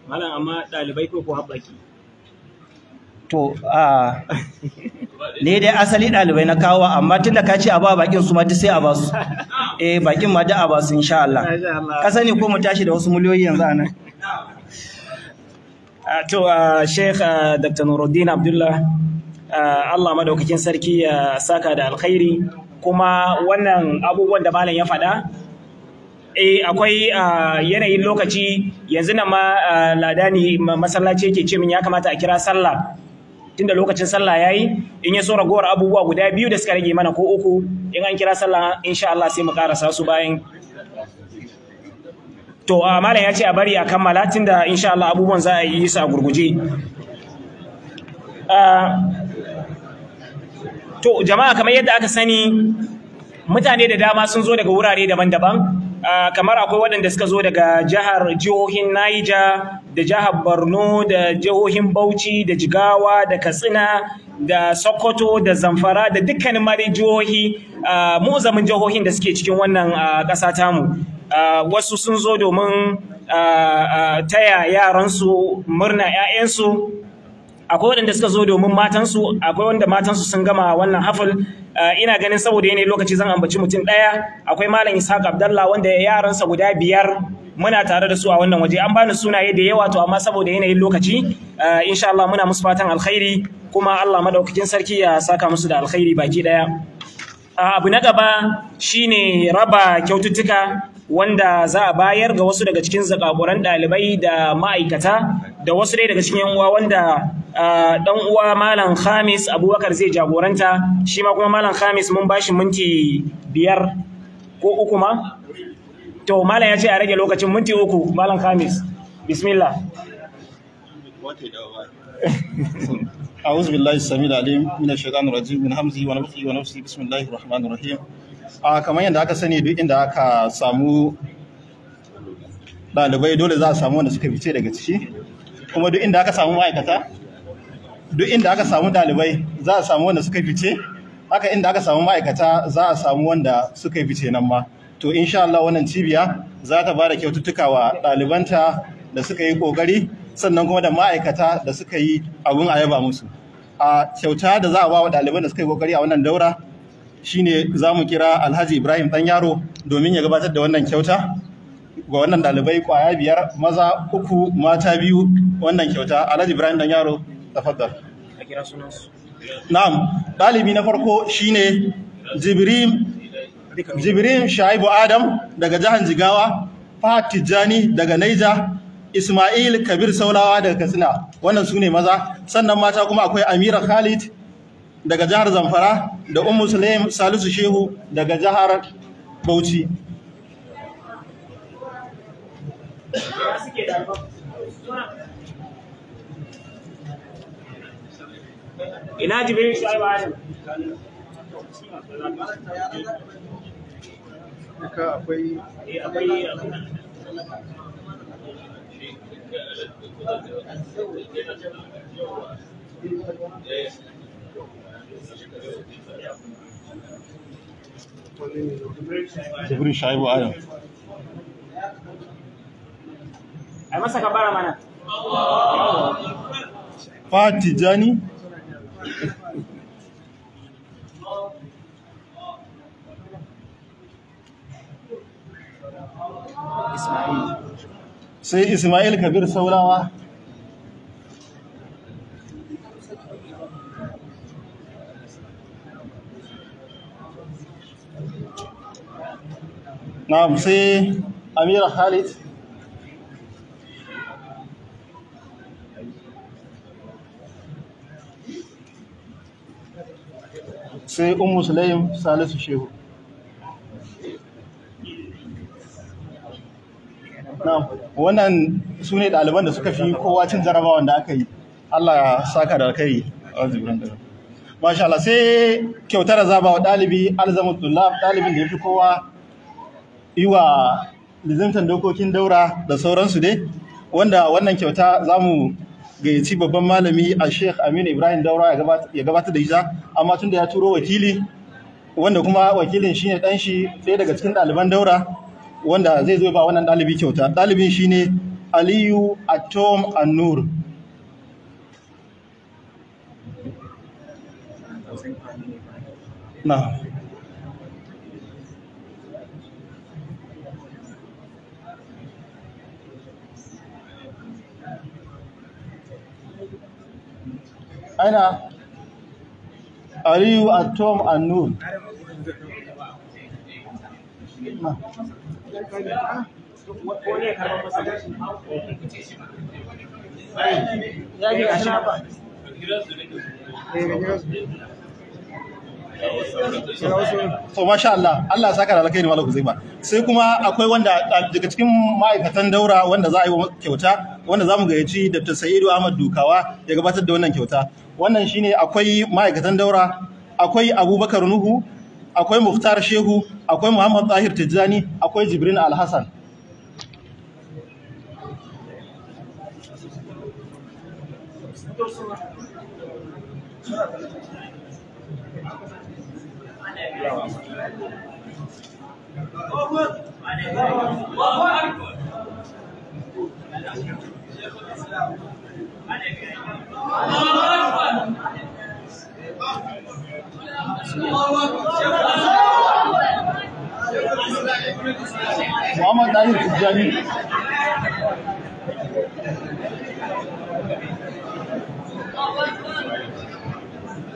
malam amma dalibai ko ko haɓaki to a ne dai asali ɗalibai na kawo amma tunda ka ce a ba bakin su ma sai a ba su eh bakin ma da a ba su insha Allah ka sani ko mu tashi da wasu miliyoyi yanzu anan to Sheikh Dr. Nuruddin Abdullah Allah madaukakin sarki ya saka da alkhairi kuma wannan abubuwan da malam ya faɗa eh akwai yanayin lokaci yanzu nan ma ladani masallaci yake ce min ya kamata a kira sallah tunda lokacin sallah yayi in ya so ragowar abubuwa guda biyu da suka rage mana ko uku in an kira sallah insha Allah sai mu karasa su bayan to a malam ya ce a bari a kammala tunda insha Allah abubuwan za a yi su a gurguje to jama'a kamar yadda aka sani mutane da dama sun zo daga wurare daban-daban kamar akwai waɗanda suka zo daga jihar jihohin Niger da jihar Borno da jihohin Bauchi da Jigawa da Katsina da Sokoto da Zamfara da dukkanin mari jihohi mu zamin jihohin da suke cikin wannan ƙasa tamu wasu sun zo domin taya yaransu murna 'ya'yansu akwai waɗanda suka zo domin matansu akwai wanda matansu sun gama wannan hafil ina ganin saboda yanayin lokaci zan ambaci mutum ɗaya akwai malam Ishak abdallah wanda yaransa guda biyar muna tare da su a wannan waje an bani sunaye da yawa to amma saboda yanayin lokaci eh, insha Allah muna musu fatan alkhairi kuma Allah madaukakin sarki ya saka musu da alkhairi baki daya ah, abu na gaba shine raba kyaututtuka wanda za a bayar ga wasu daga cikin zakaburan dalibai da ma'aikata da wasu dai daga cikin uwa wanda ah, dan uwa malam Khamis Abubakar zai jagoranta shi ma kuma malam Khamis mun bashi minti biyar ko uku ma to malam ya ce a rage lokacin minti uku malam khamis bismillah أعوذ بالله السميع العليم من الشيطان min من wa ونفثه wa بسم الله الرحمن rahim a kamar yadda aka sani duk inda aka samu ɗalibai dole za a samu wanda suka fice daga ciki kuma duk inda aka samu ma'aikata duk inda aka samu ɗalibai za a samu wanda suka fice haka inda aka samu ma'aikata za a samu wanda suka fice nan ma to in sha Allah wannan cibiya za ta ba da kyaututtuka wa ɗalibanta da suka yi ƙoƙari sannan kuma da ma'aikata da suka yi abun a yaba musu a kyauta da za a ba wa ɗaliban da suka yi ƙoƙari a wannan daura shine za mu kira alhaji ibrahim ɗan yaro domin ya gabatar da wannan kyauta ga wannan ɗalibai ƙwaya biyar maza uku mata biyu wannan kyauta alhaji ibrahim ɗan yaro tafaddal na'am ɗalibi na farko shine jibrim jibrin shaibu adam daga jihar jigawa fatijani daga naija ismail kabir saulawa daga katsina wannan su ne maza sannan mata kuma akwai amira khalid daga jihar zamfara da Un sulaim salisu shehu daga jihar bauchi ina shaibu adam duka akwai Jibril Shaibu Adam. Ai masa kabara mana. Fati Jani. sai ismail kabir saulawa na'am sai amira khalid sai ummu sulaim salisu shehu wannan su ne ɗaliban da suka fi kowa cin jarabawan da aka yi allah ya saka da kai masha Allah sai kyautar da zaba wa ɗalibi alzamutullah ɗalibin da ya fi kowa yi wa lizimtan dokokin daura da sauransu dai wanda wannan kyauta za mu gayyaci babban malami a sheikh aminu ibrahim daura ya gabatar da ita amma tun da ya turo wakili wanda kuma wakilin shi ne ɗan shi ɗaya daga cikin ɗaliban daura wanda zai zo ba wannan ɗalibi kyauta ɗalibin ne aliyu atom annur na aina aliyu atom annur na so masha Allah Allah ya saka da alkhairi zai ba sai kuma akwai wanda daga cikin ma'aikatan daura wanda za a yi kyauta wanda za mu gayyaci Dr. Sa'idu Ahmad Dukawa ya gabatar da wannan kyauta wannan shine akwai ma'aikatan daura akwai Abubakar Nuhu akwai Muftar Shehu, akwai Muhammad Tahir Tijjani, akwai Jibrin Alhassan. Muhammad Ali Tijjani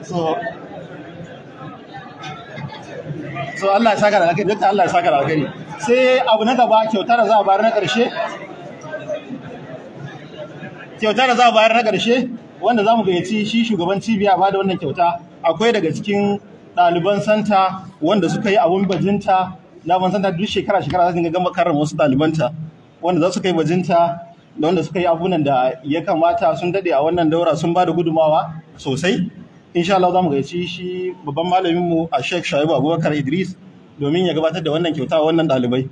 so Allah ya saka da kai dukkan Allah ya saka da kai sai abu na gaba kyautar za a bayar na karshe kyautar za a bayar na karshe wanda za mu gayyaci shi shugaban cibiya ba da wannan kyauta akwai daga cikin ɗaliban santa wanda suka yi abun bajinta na ban santa duk shekara shekara za su ga karrama wasu ɗalibanta wanda za su kai bajinta da wanda suka yi abunan da ya kamata sun daɗe a wannan daura sun ba da gudumawa sosai insha Allah za mu gayyaci shi babban malaminmu a Sheikh Shaibu Abubakar Idris domin ya gabatar da wannan kyauta wannan ɗalibai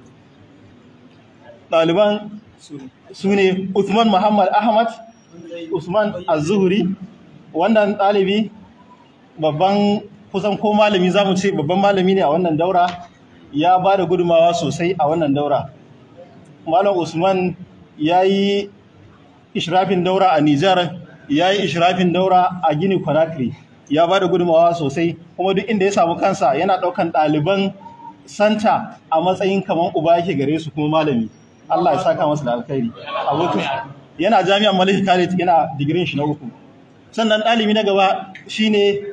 ɗaliban su ne Uthman Muhammad Ahmad Usman Az-Zuhri wannan ɗalibi babban kusan ko malami zamu ce babban malami ne a wannan daura ya ba da gudumawa sosai a wannan daura. Malam Usman ya yi ishirafin daura a Nijar, ya yi ishirafin daura a Gini Conakry, ya ba da gudumawa sosai kuma duk inda ya samu kansa yana ɗaukan ɗaliban santa a matsayin kamar uba yake gare su kuma malami. Allah ya saka masa da alkhairi. yana jami'an Malaysia Khalid yana digirin shi na uku sannan ɗalibi na gaba shine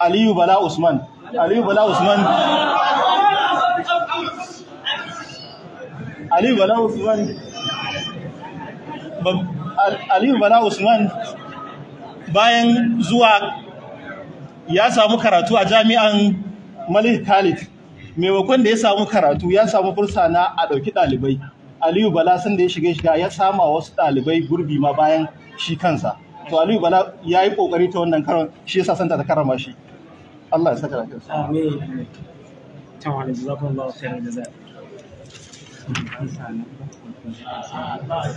Aliyu Bala Usman Aliyu Bala Usman Aliyu Bala Usman Aliyu Bala Usman bayan zuwa ya samu karatu a jami'an Malik Khalid maimakon da ya samu karatu ya samu fursa na a ɗauki ɗalibai Aliyu Bala sun da ya shiga shiga ya sama wasu ɗalibai gurbi ma bayan shi kansa. To Aliyu Bala ya yi ƙoƙari ta wannan karon shi yasa santa ta karama shi. Allah ya saka lafiya. Amin.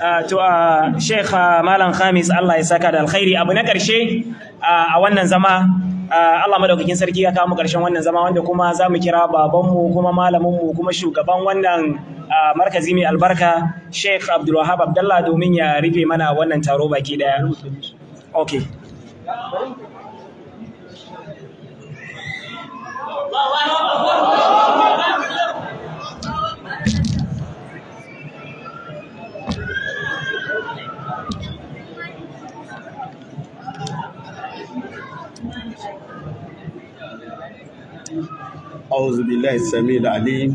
Ah, to a ah, Sheikh ah, Malam Khamis Allah ya saka da alkhairi abu na ƙarshe a wannan zama Ah, Allah madaukakin sarki ya kawo mu karshen wannan zama wanda kuma za mu kira babanmu kuma malaminmu kuma shugaban wannan ah, markazi mai albarka Sheikh Abdul Wahab Abdullah domin ya rufe mana wannan taro baki daya. Okay. أعوذ بالله السميع العليم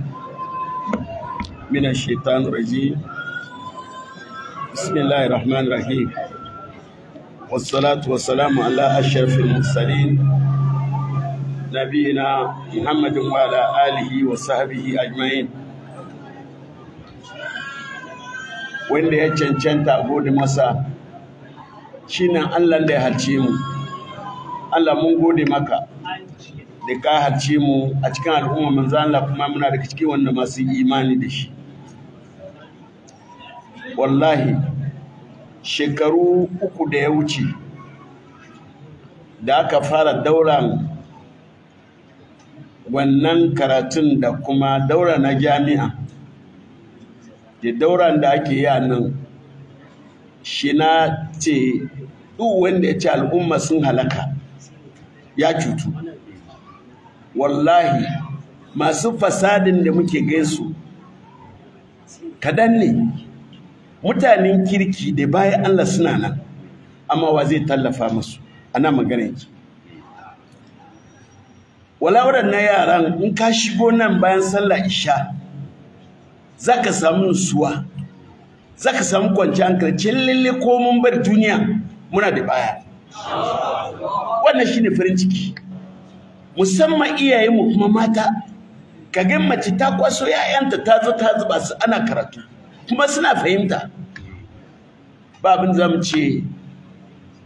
من الشيطان الرجيم بسم الله الرحمن الرحيم والصلاة والسلام على أشرف المرسلين نبينا محمد وعلى آله وصحبه أجمعين وين ya cancanta a gode مسا shine Allah da ya halce mu Allah mun da ka harce mu a cikin al'umma manzo Allah kuma muna da cikin wanda masu imani da shi wallahi shekaru uku da ya wuce da aka fara dauran wannan karatun da kuma daura na jami'a da dauran da ake yi a nan shi na ce duk wanda ya ci al'umma sun halaka ya cutu wallahi masu fasadin da muke gaisu kadan ne mutanen kirki da bayan Allah suna nan amma wa zai tallafa musu ana magana yake wala na yaran in ka shigo nan bayan sallah isha za ka samu nsuwa, za ka samu kwanci hankali ce lalle ko mun bar duniya muna da baya wannan shine farin ciki musamman iyayenmu kuma mata ka ga mace ta kwaso ‘ya'yanta ta zo ta zuba su ana karatu kuma suna fahimta ba abin zama mu ce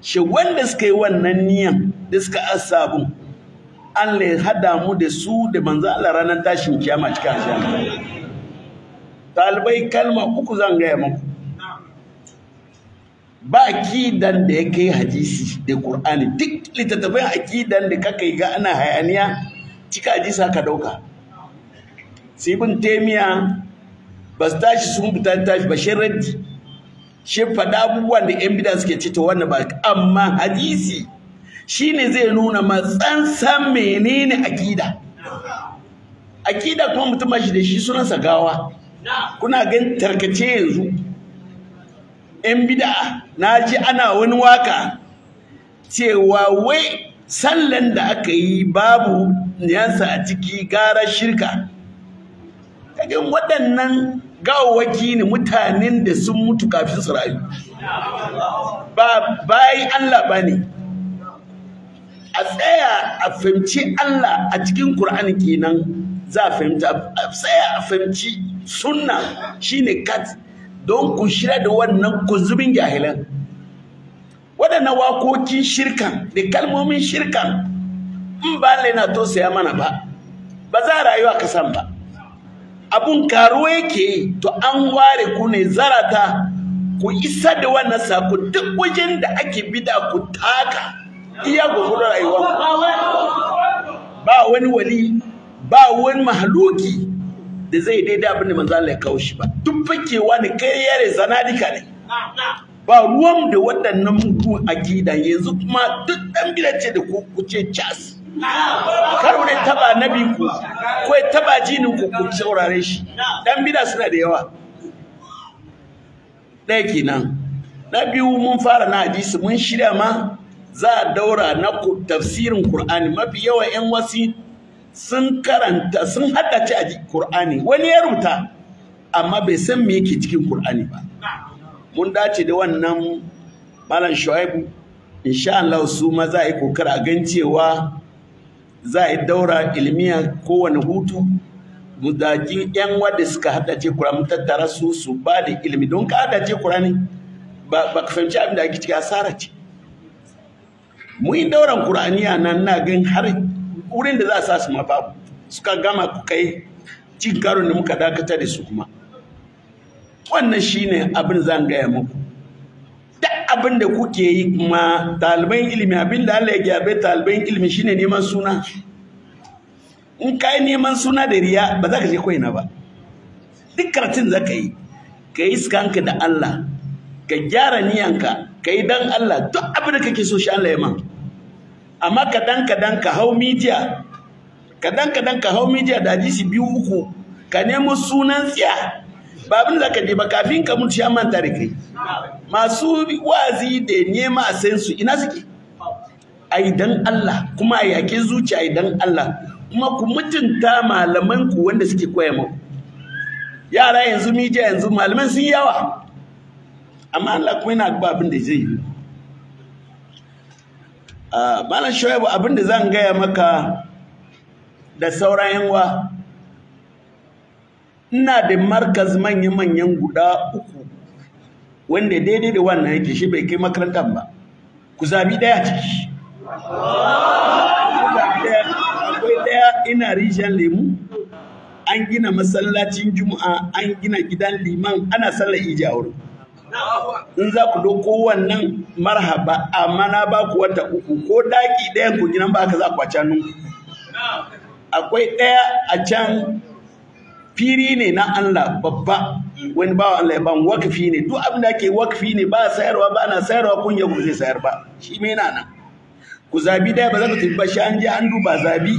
shi wanda suka yi wannan niyan da suka asabun an ya hada mu da su da manzo Allah ranar tashin kiyama cikin aljanna talibai kalma uku zan gaya muku ba akidan da ya kai hadisi da ƙur'ani duk littattafai akidan da kaka yi ga ana hayaniya cika hadisa ka dauka sai bin taymiya ba su tashi sun fita tashi ba shi raddi shi faɗa abubuwan da yan bida suke cita wannan ba amma hadisi shine zai nuna matsansan menene akida akida kuma mutum shi da shi sunansa gawa kuna gan tarkace yanzu 'yan bida na ji ana wani waka cewa wai sallan da aka yi babu yansa a ciki gara shirka kagin waɗannan gawawaki ne mutanen da sun mutu kafin su rayu ba bayan Allah ba ne a tsaya a fahimci Allah a cikin Kur'ani kenan za a fahimta a tsaya a fahimci sunna shine kat don ku shirya da wannan kunzumin jahilan waɗannan wakokin shirkan da kalmomin shirkan in ba na to saya mana ba ba za a rayuwa kasan ba abun karuwa yake to an ware ku ne zarata ku isa da wannan saku duk wajen da ake bida ku taka iya gwagwaro rayuwa ba wani wali ba wani mahaluki da zai daidai abin da manzo Allah ya kawo shi ba duk fakewa ne kai yare zanadika ne ba ruwan da waɗannan mugun akida yanzu kuma duk dan ce da ku kuce cas karo ne taba nabi ku ko taba jinin ku ku saurare shi dan bida suna da yawa ɗaya kenan na biyu mun fara na hadisi mun shirya ma za a daura na tafsirin Kur'ani mafi yawa 'yan wasu sun karanta sun haddace a Kur'ani wani ya rubuta amma bai san me yake cikin Kur'ani ba mun dace da wannan malam Shu'aibu insha Allah su ma za a yi kokara a gan cewa za a yi daura ilmiya kowane hutu mudajin yan wanda suka haddace Kur'ani mun tattara su su ba da ilmi don ka ci Kur'ani ba ka fahimci abin da ake ciki asara ce mu yi dauran Kur'ani nan na gan har wurin da za a sa su ma babu suka gama ku kai cin karon da muka dakata da su kuma wannan shine abin zan gaya muku duk abin da kuke yi kuma talibin ilimi abin da Allah ya gyabe ɗaliban ilimi shine neman suna in ka yi neman suna da riya ba za ka je koyina ba duk karatun za ka yi ka yi iskanka da Allah ka gyara niyanka ka yi dan Allah duk abin da kake so shi Allah ya ma amma kadan kadan ka hau media kadan kadan ka hau media da shi biyu uku ka nemo sunan tsiya ba abin da ka je ba kafin ka mutu ya manta da kai masu wazi da nema a san su ina suke ai dan Allah kuma a yake zuciya ai dan Allah kuma ku mutunta malaman ku wanda suke koya muku yara yanzu mija yanzu malaman sun yawa amma Allah kuma yana ga abin da zai yi Ah, Malam Shuaibu abin da zan gaya maka da sauran yanwa ina da markaz manya-manyan guda uku wanda daidai da wannan yake shi bai kai makarantar ba ku zabi daya ciki akwai daya ina rijiyar lemu an gina masallacin juma'a an gina gidan liman ana sallar ija wurin in za ku ɗauko wannan marhaba amma na ba ku wata uku ko daki ɗayan ku gidan ba ka za ku a can akwai ɗaya a can firi ne na Allah babba wani bawa Allah ya ban wakafi ne duk abin da ake wakafi ne ba sayarwa ba na sayarwa kunya ku zai sayar ba shi mena na nan ku zabi ɗaya ba za ku tafi ba shi an je an duba zabi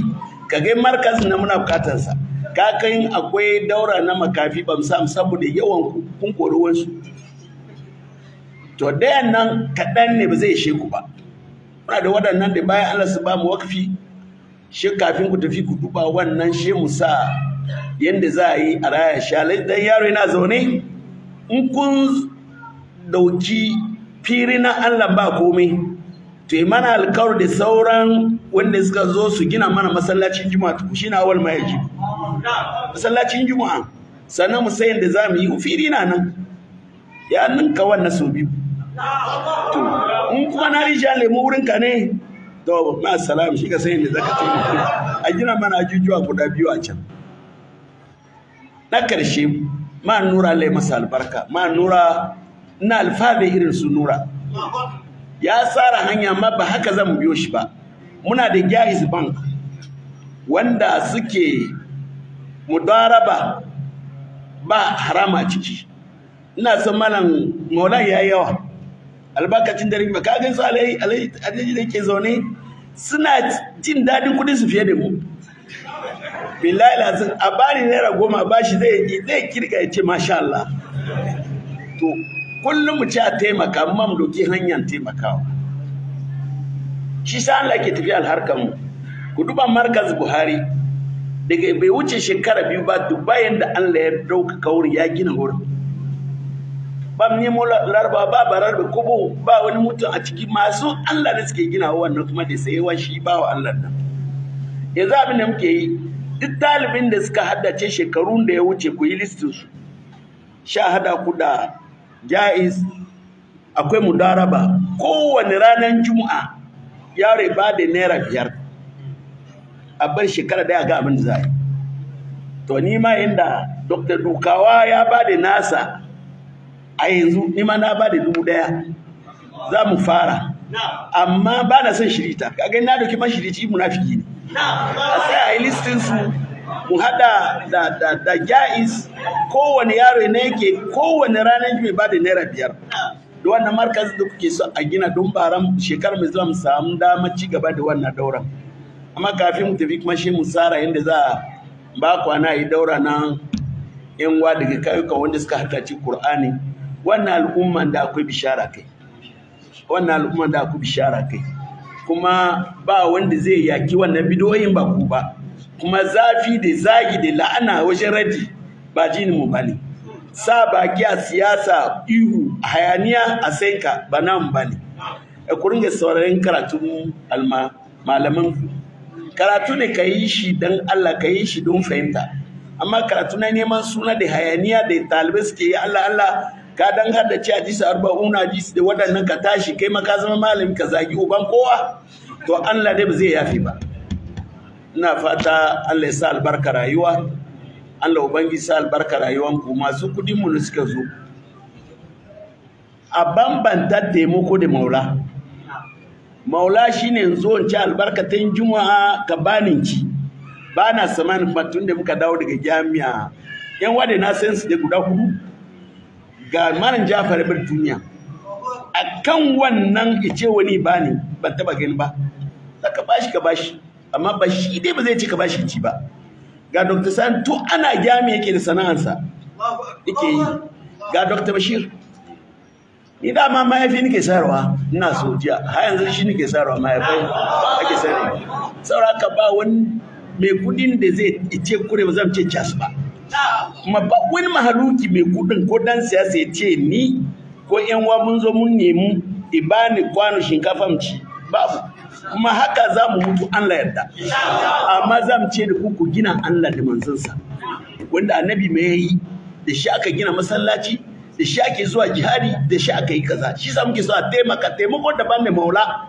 ka gai markazin na muna bukatar sa kakan akwai daura na makafi ba mu saboda yawan kun kori wasu to dayan nan kaɗan ne ba zai sheku ba muna da waɗannan da bayan Allah su ba mu wakfi shi kafin ku tafi ku duba wannan shi mu sa yanda za a yi a raya shalai dan yaro yana zaune in kun dauki firi na Allah ba komai to yi mana alkawar da sauran wanda suka zo su gina mana masallacin juma'a tuku shi na awal mayaji masallacin juma'a sannan mu sai da za mu yi firi na nan ya ninka wannan sau biyu to in kuma na rijiya lemu wurin ka ne to ma salam shi ka sai ne zaka taimaka a gina mana ajujuwa guda biyu a can na karshe ma nura lai masa albarka ma nura na alfabe irin su nura ya tsara hanya amma ba haka zan biyo shi ba muna da Jaiz Bank wanda suke mudaraba ba harama ciki ina son malam Maulana ya yawa albarkacin da rigima ka gan su alaji da ke zaune suna jin daɗin kuɗin su fiye da mu billahi lazin a bani naira goma ba shi zai zai kirga ya ce masha Allah to kullum mu ci a taimaka amma mu doki hanyar taimakawa shi sa Allah ke tafi alharkar mu ku duba markaz Buhari daga bai wuce shekara biyu ba duk bayan da Allah ya dauka kauri ya gina horo ba nemo laraba ba barar da kubo ba wani mutum a ciki masu Allah da suke gina wannan kuma da sai wa shi ba wa Allah nan za abin da muke yi duk talibin da suka haddace shekarun da ya wuce ku yi listin su sha hada ku da jaiz akwai mudaraba kowane ranar juma'a yaro ba da naira biyar a bar shekara daya ga abin da za yi to ni ma inda dr dukawa ya ba da nasa a yanzu nima na ba da dubu daya za mu fara amma ba na son shirita gani na doki man shirici munafiki ne a sai a yi listin su mu hada da da da jais kowane yaro ne yake kowane ranar jima'i ba da naira biyar da wannan markazin da kuke so a gina don baran shekarar mai zuwa mu samu dama ci gaba da wannan dauran amma kafin mu tafi kuma shi mu tsara yadda za a ba kwana yi daura na yan daga kayuka wanda suka halarci Kur'ani. wannan al'umman da akwai bishara kai wannan al'umman da akwai bishara kai kuma ba wanda zai yaki wannan bidoyin ba ku ba kuma zafi da zagi da la'ana wajen radi ba jinin mu bane sa baki a siyasa ihu hayaniya a saika ba ne. bane eh, e ku ringa karatun alma malaman ku karatu ne ka yi shi don Allah ka yi shi don fahimta amma karatu na neman suna da hayaniya da talibai suke yi Allah Allah ka dan haddace hadisi arba'una jisa da waɗannan ka tashi kai ma ka zama malami ka zagi uban kowa to Allah dai ba zai yafi ba ina fata Allah ya sa albarka rayuwa Allah ubangi sa albarka rayuwan ku masu kudin mu suka zo a bambanta taimako da maula maula shine yanzu in ci albarkatan juma'a ka banin ci ba na saman batun da muka dawo daga jami'a yan wade na san da guda hudu ga malam Jafar bir' duniya akan wannan ice wani bani ban taba gani ba ba bashi ka bashi amma ba shi dai ba zai ce ka bashi ci ba ga Dr. San to ana gyami yake da sana'arsa yake yi ga Dr. Bashir ni da ma mahaifi nake sayarwa ina so jiya har yanzu shi nake sayarwa mahaifai ake sayarwa saboda haka ba wani mai kudin da zai ice kure ba zan ce cas ba kuma ba wani mahaluki mai kudin ko dan siyasa ya ce ni ko yan wa mun zo mun nemi ibani kwano shinkafa mu ci babu kuma haka za mu mutu Allah yarda amma za mu ce da ku ku gina Allah da sa wanda annabi mai yayi da shi aka gina masallaci da shi ake zuwa jihadi da shi aka yi kaza shi sa muke so a taimaka taimako daban da maula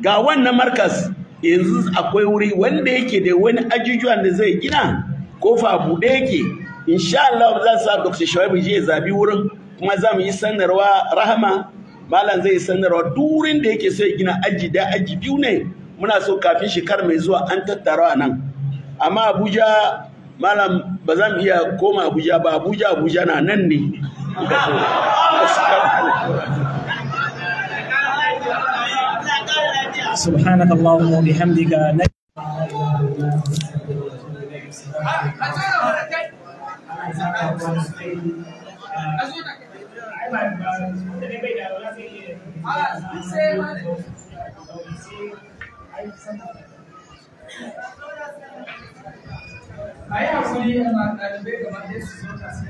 ga wannan markas yanzu akwai wuri wanda yake da wani ajujuwan da zai gina kofa buɗe yake insha Allah za su Dr. Shawaibu je zabi wurin kuma za mu yi sanarwa rahama malam zai sanarwa durin da yake so ya gina aji da aji biyu ne muna so kafin shekar mai zuwa an tattara a nan amma Abuja malam ba za mu iya koma Abuja ba Abuja Abuja na nan ne Aí a folha na LB, que é uma decisão da Serra,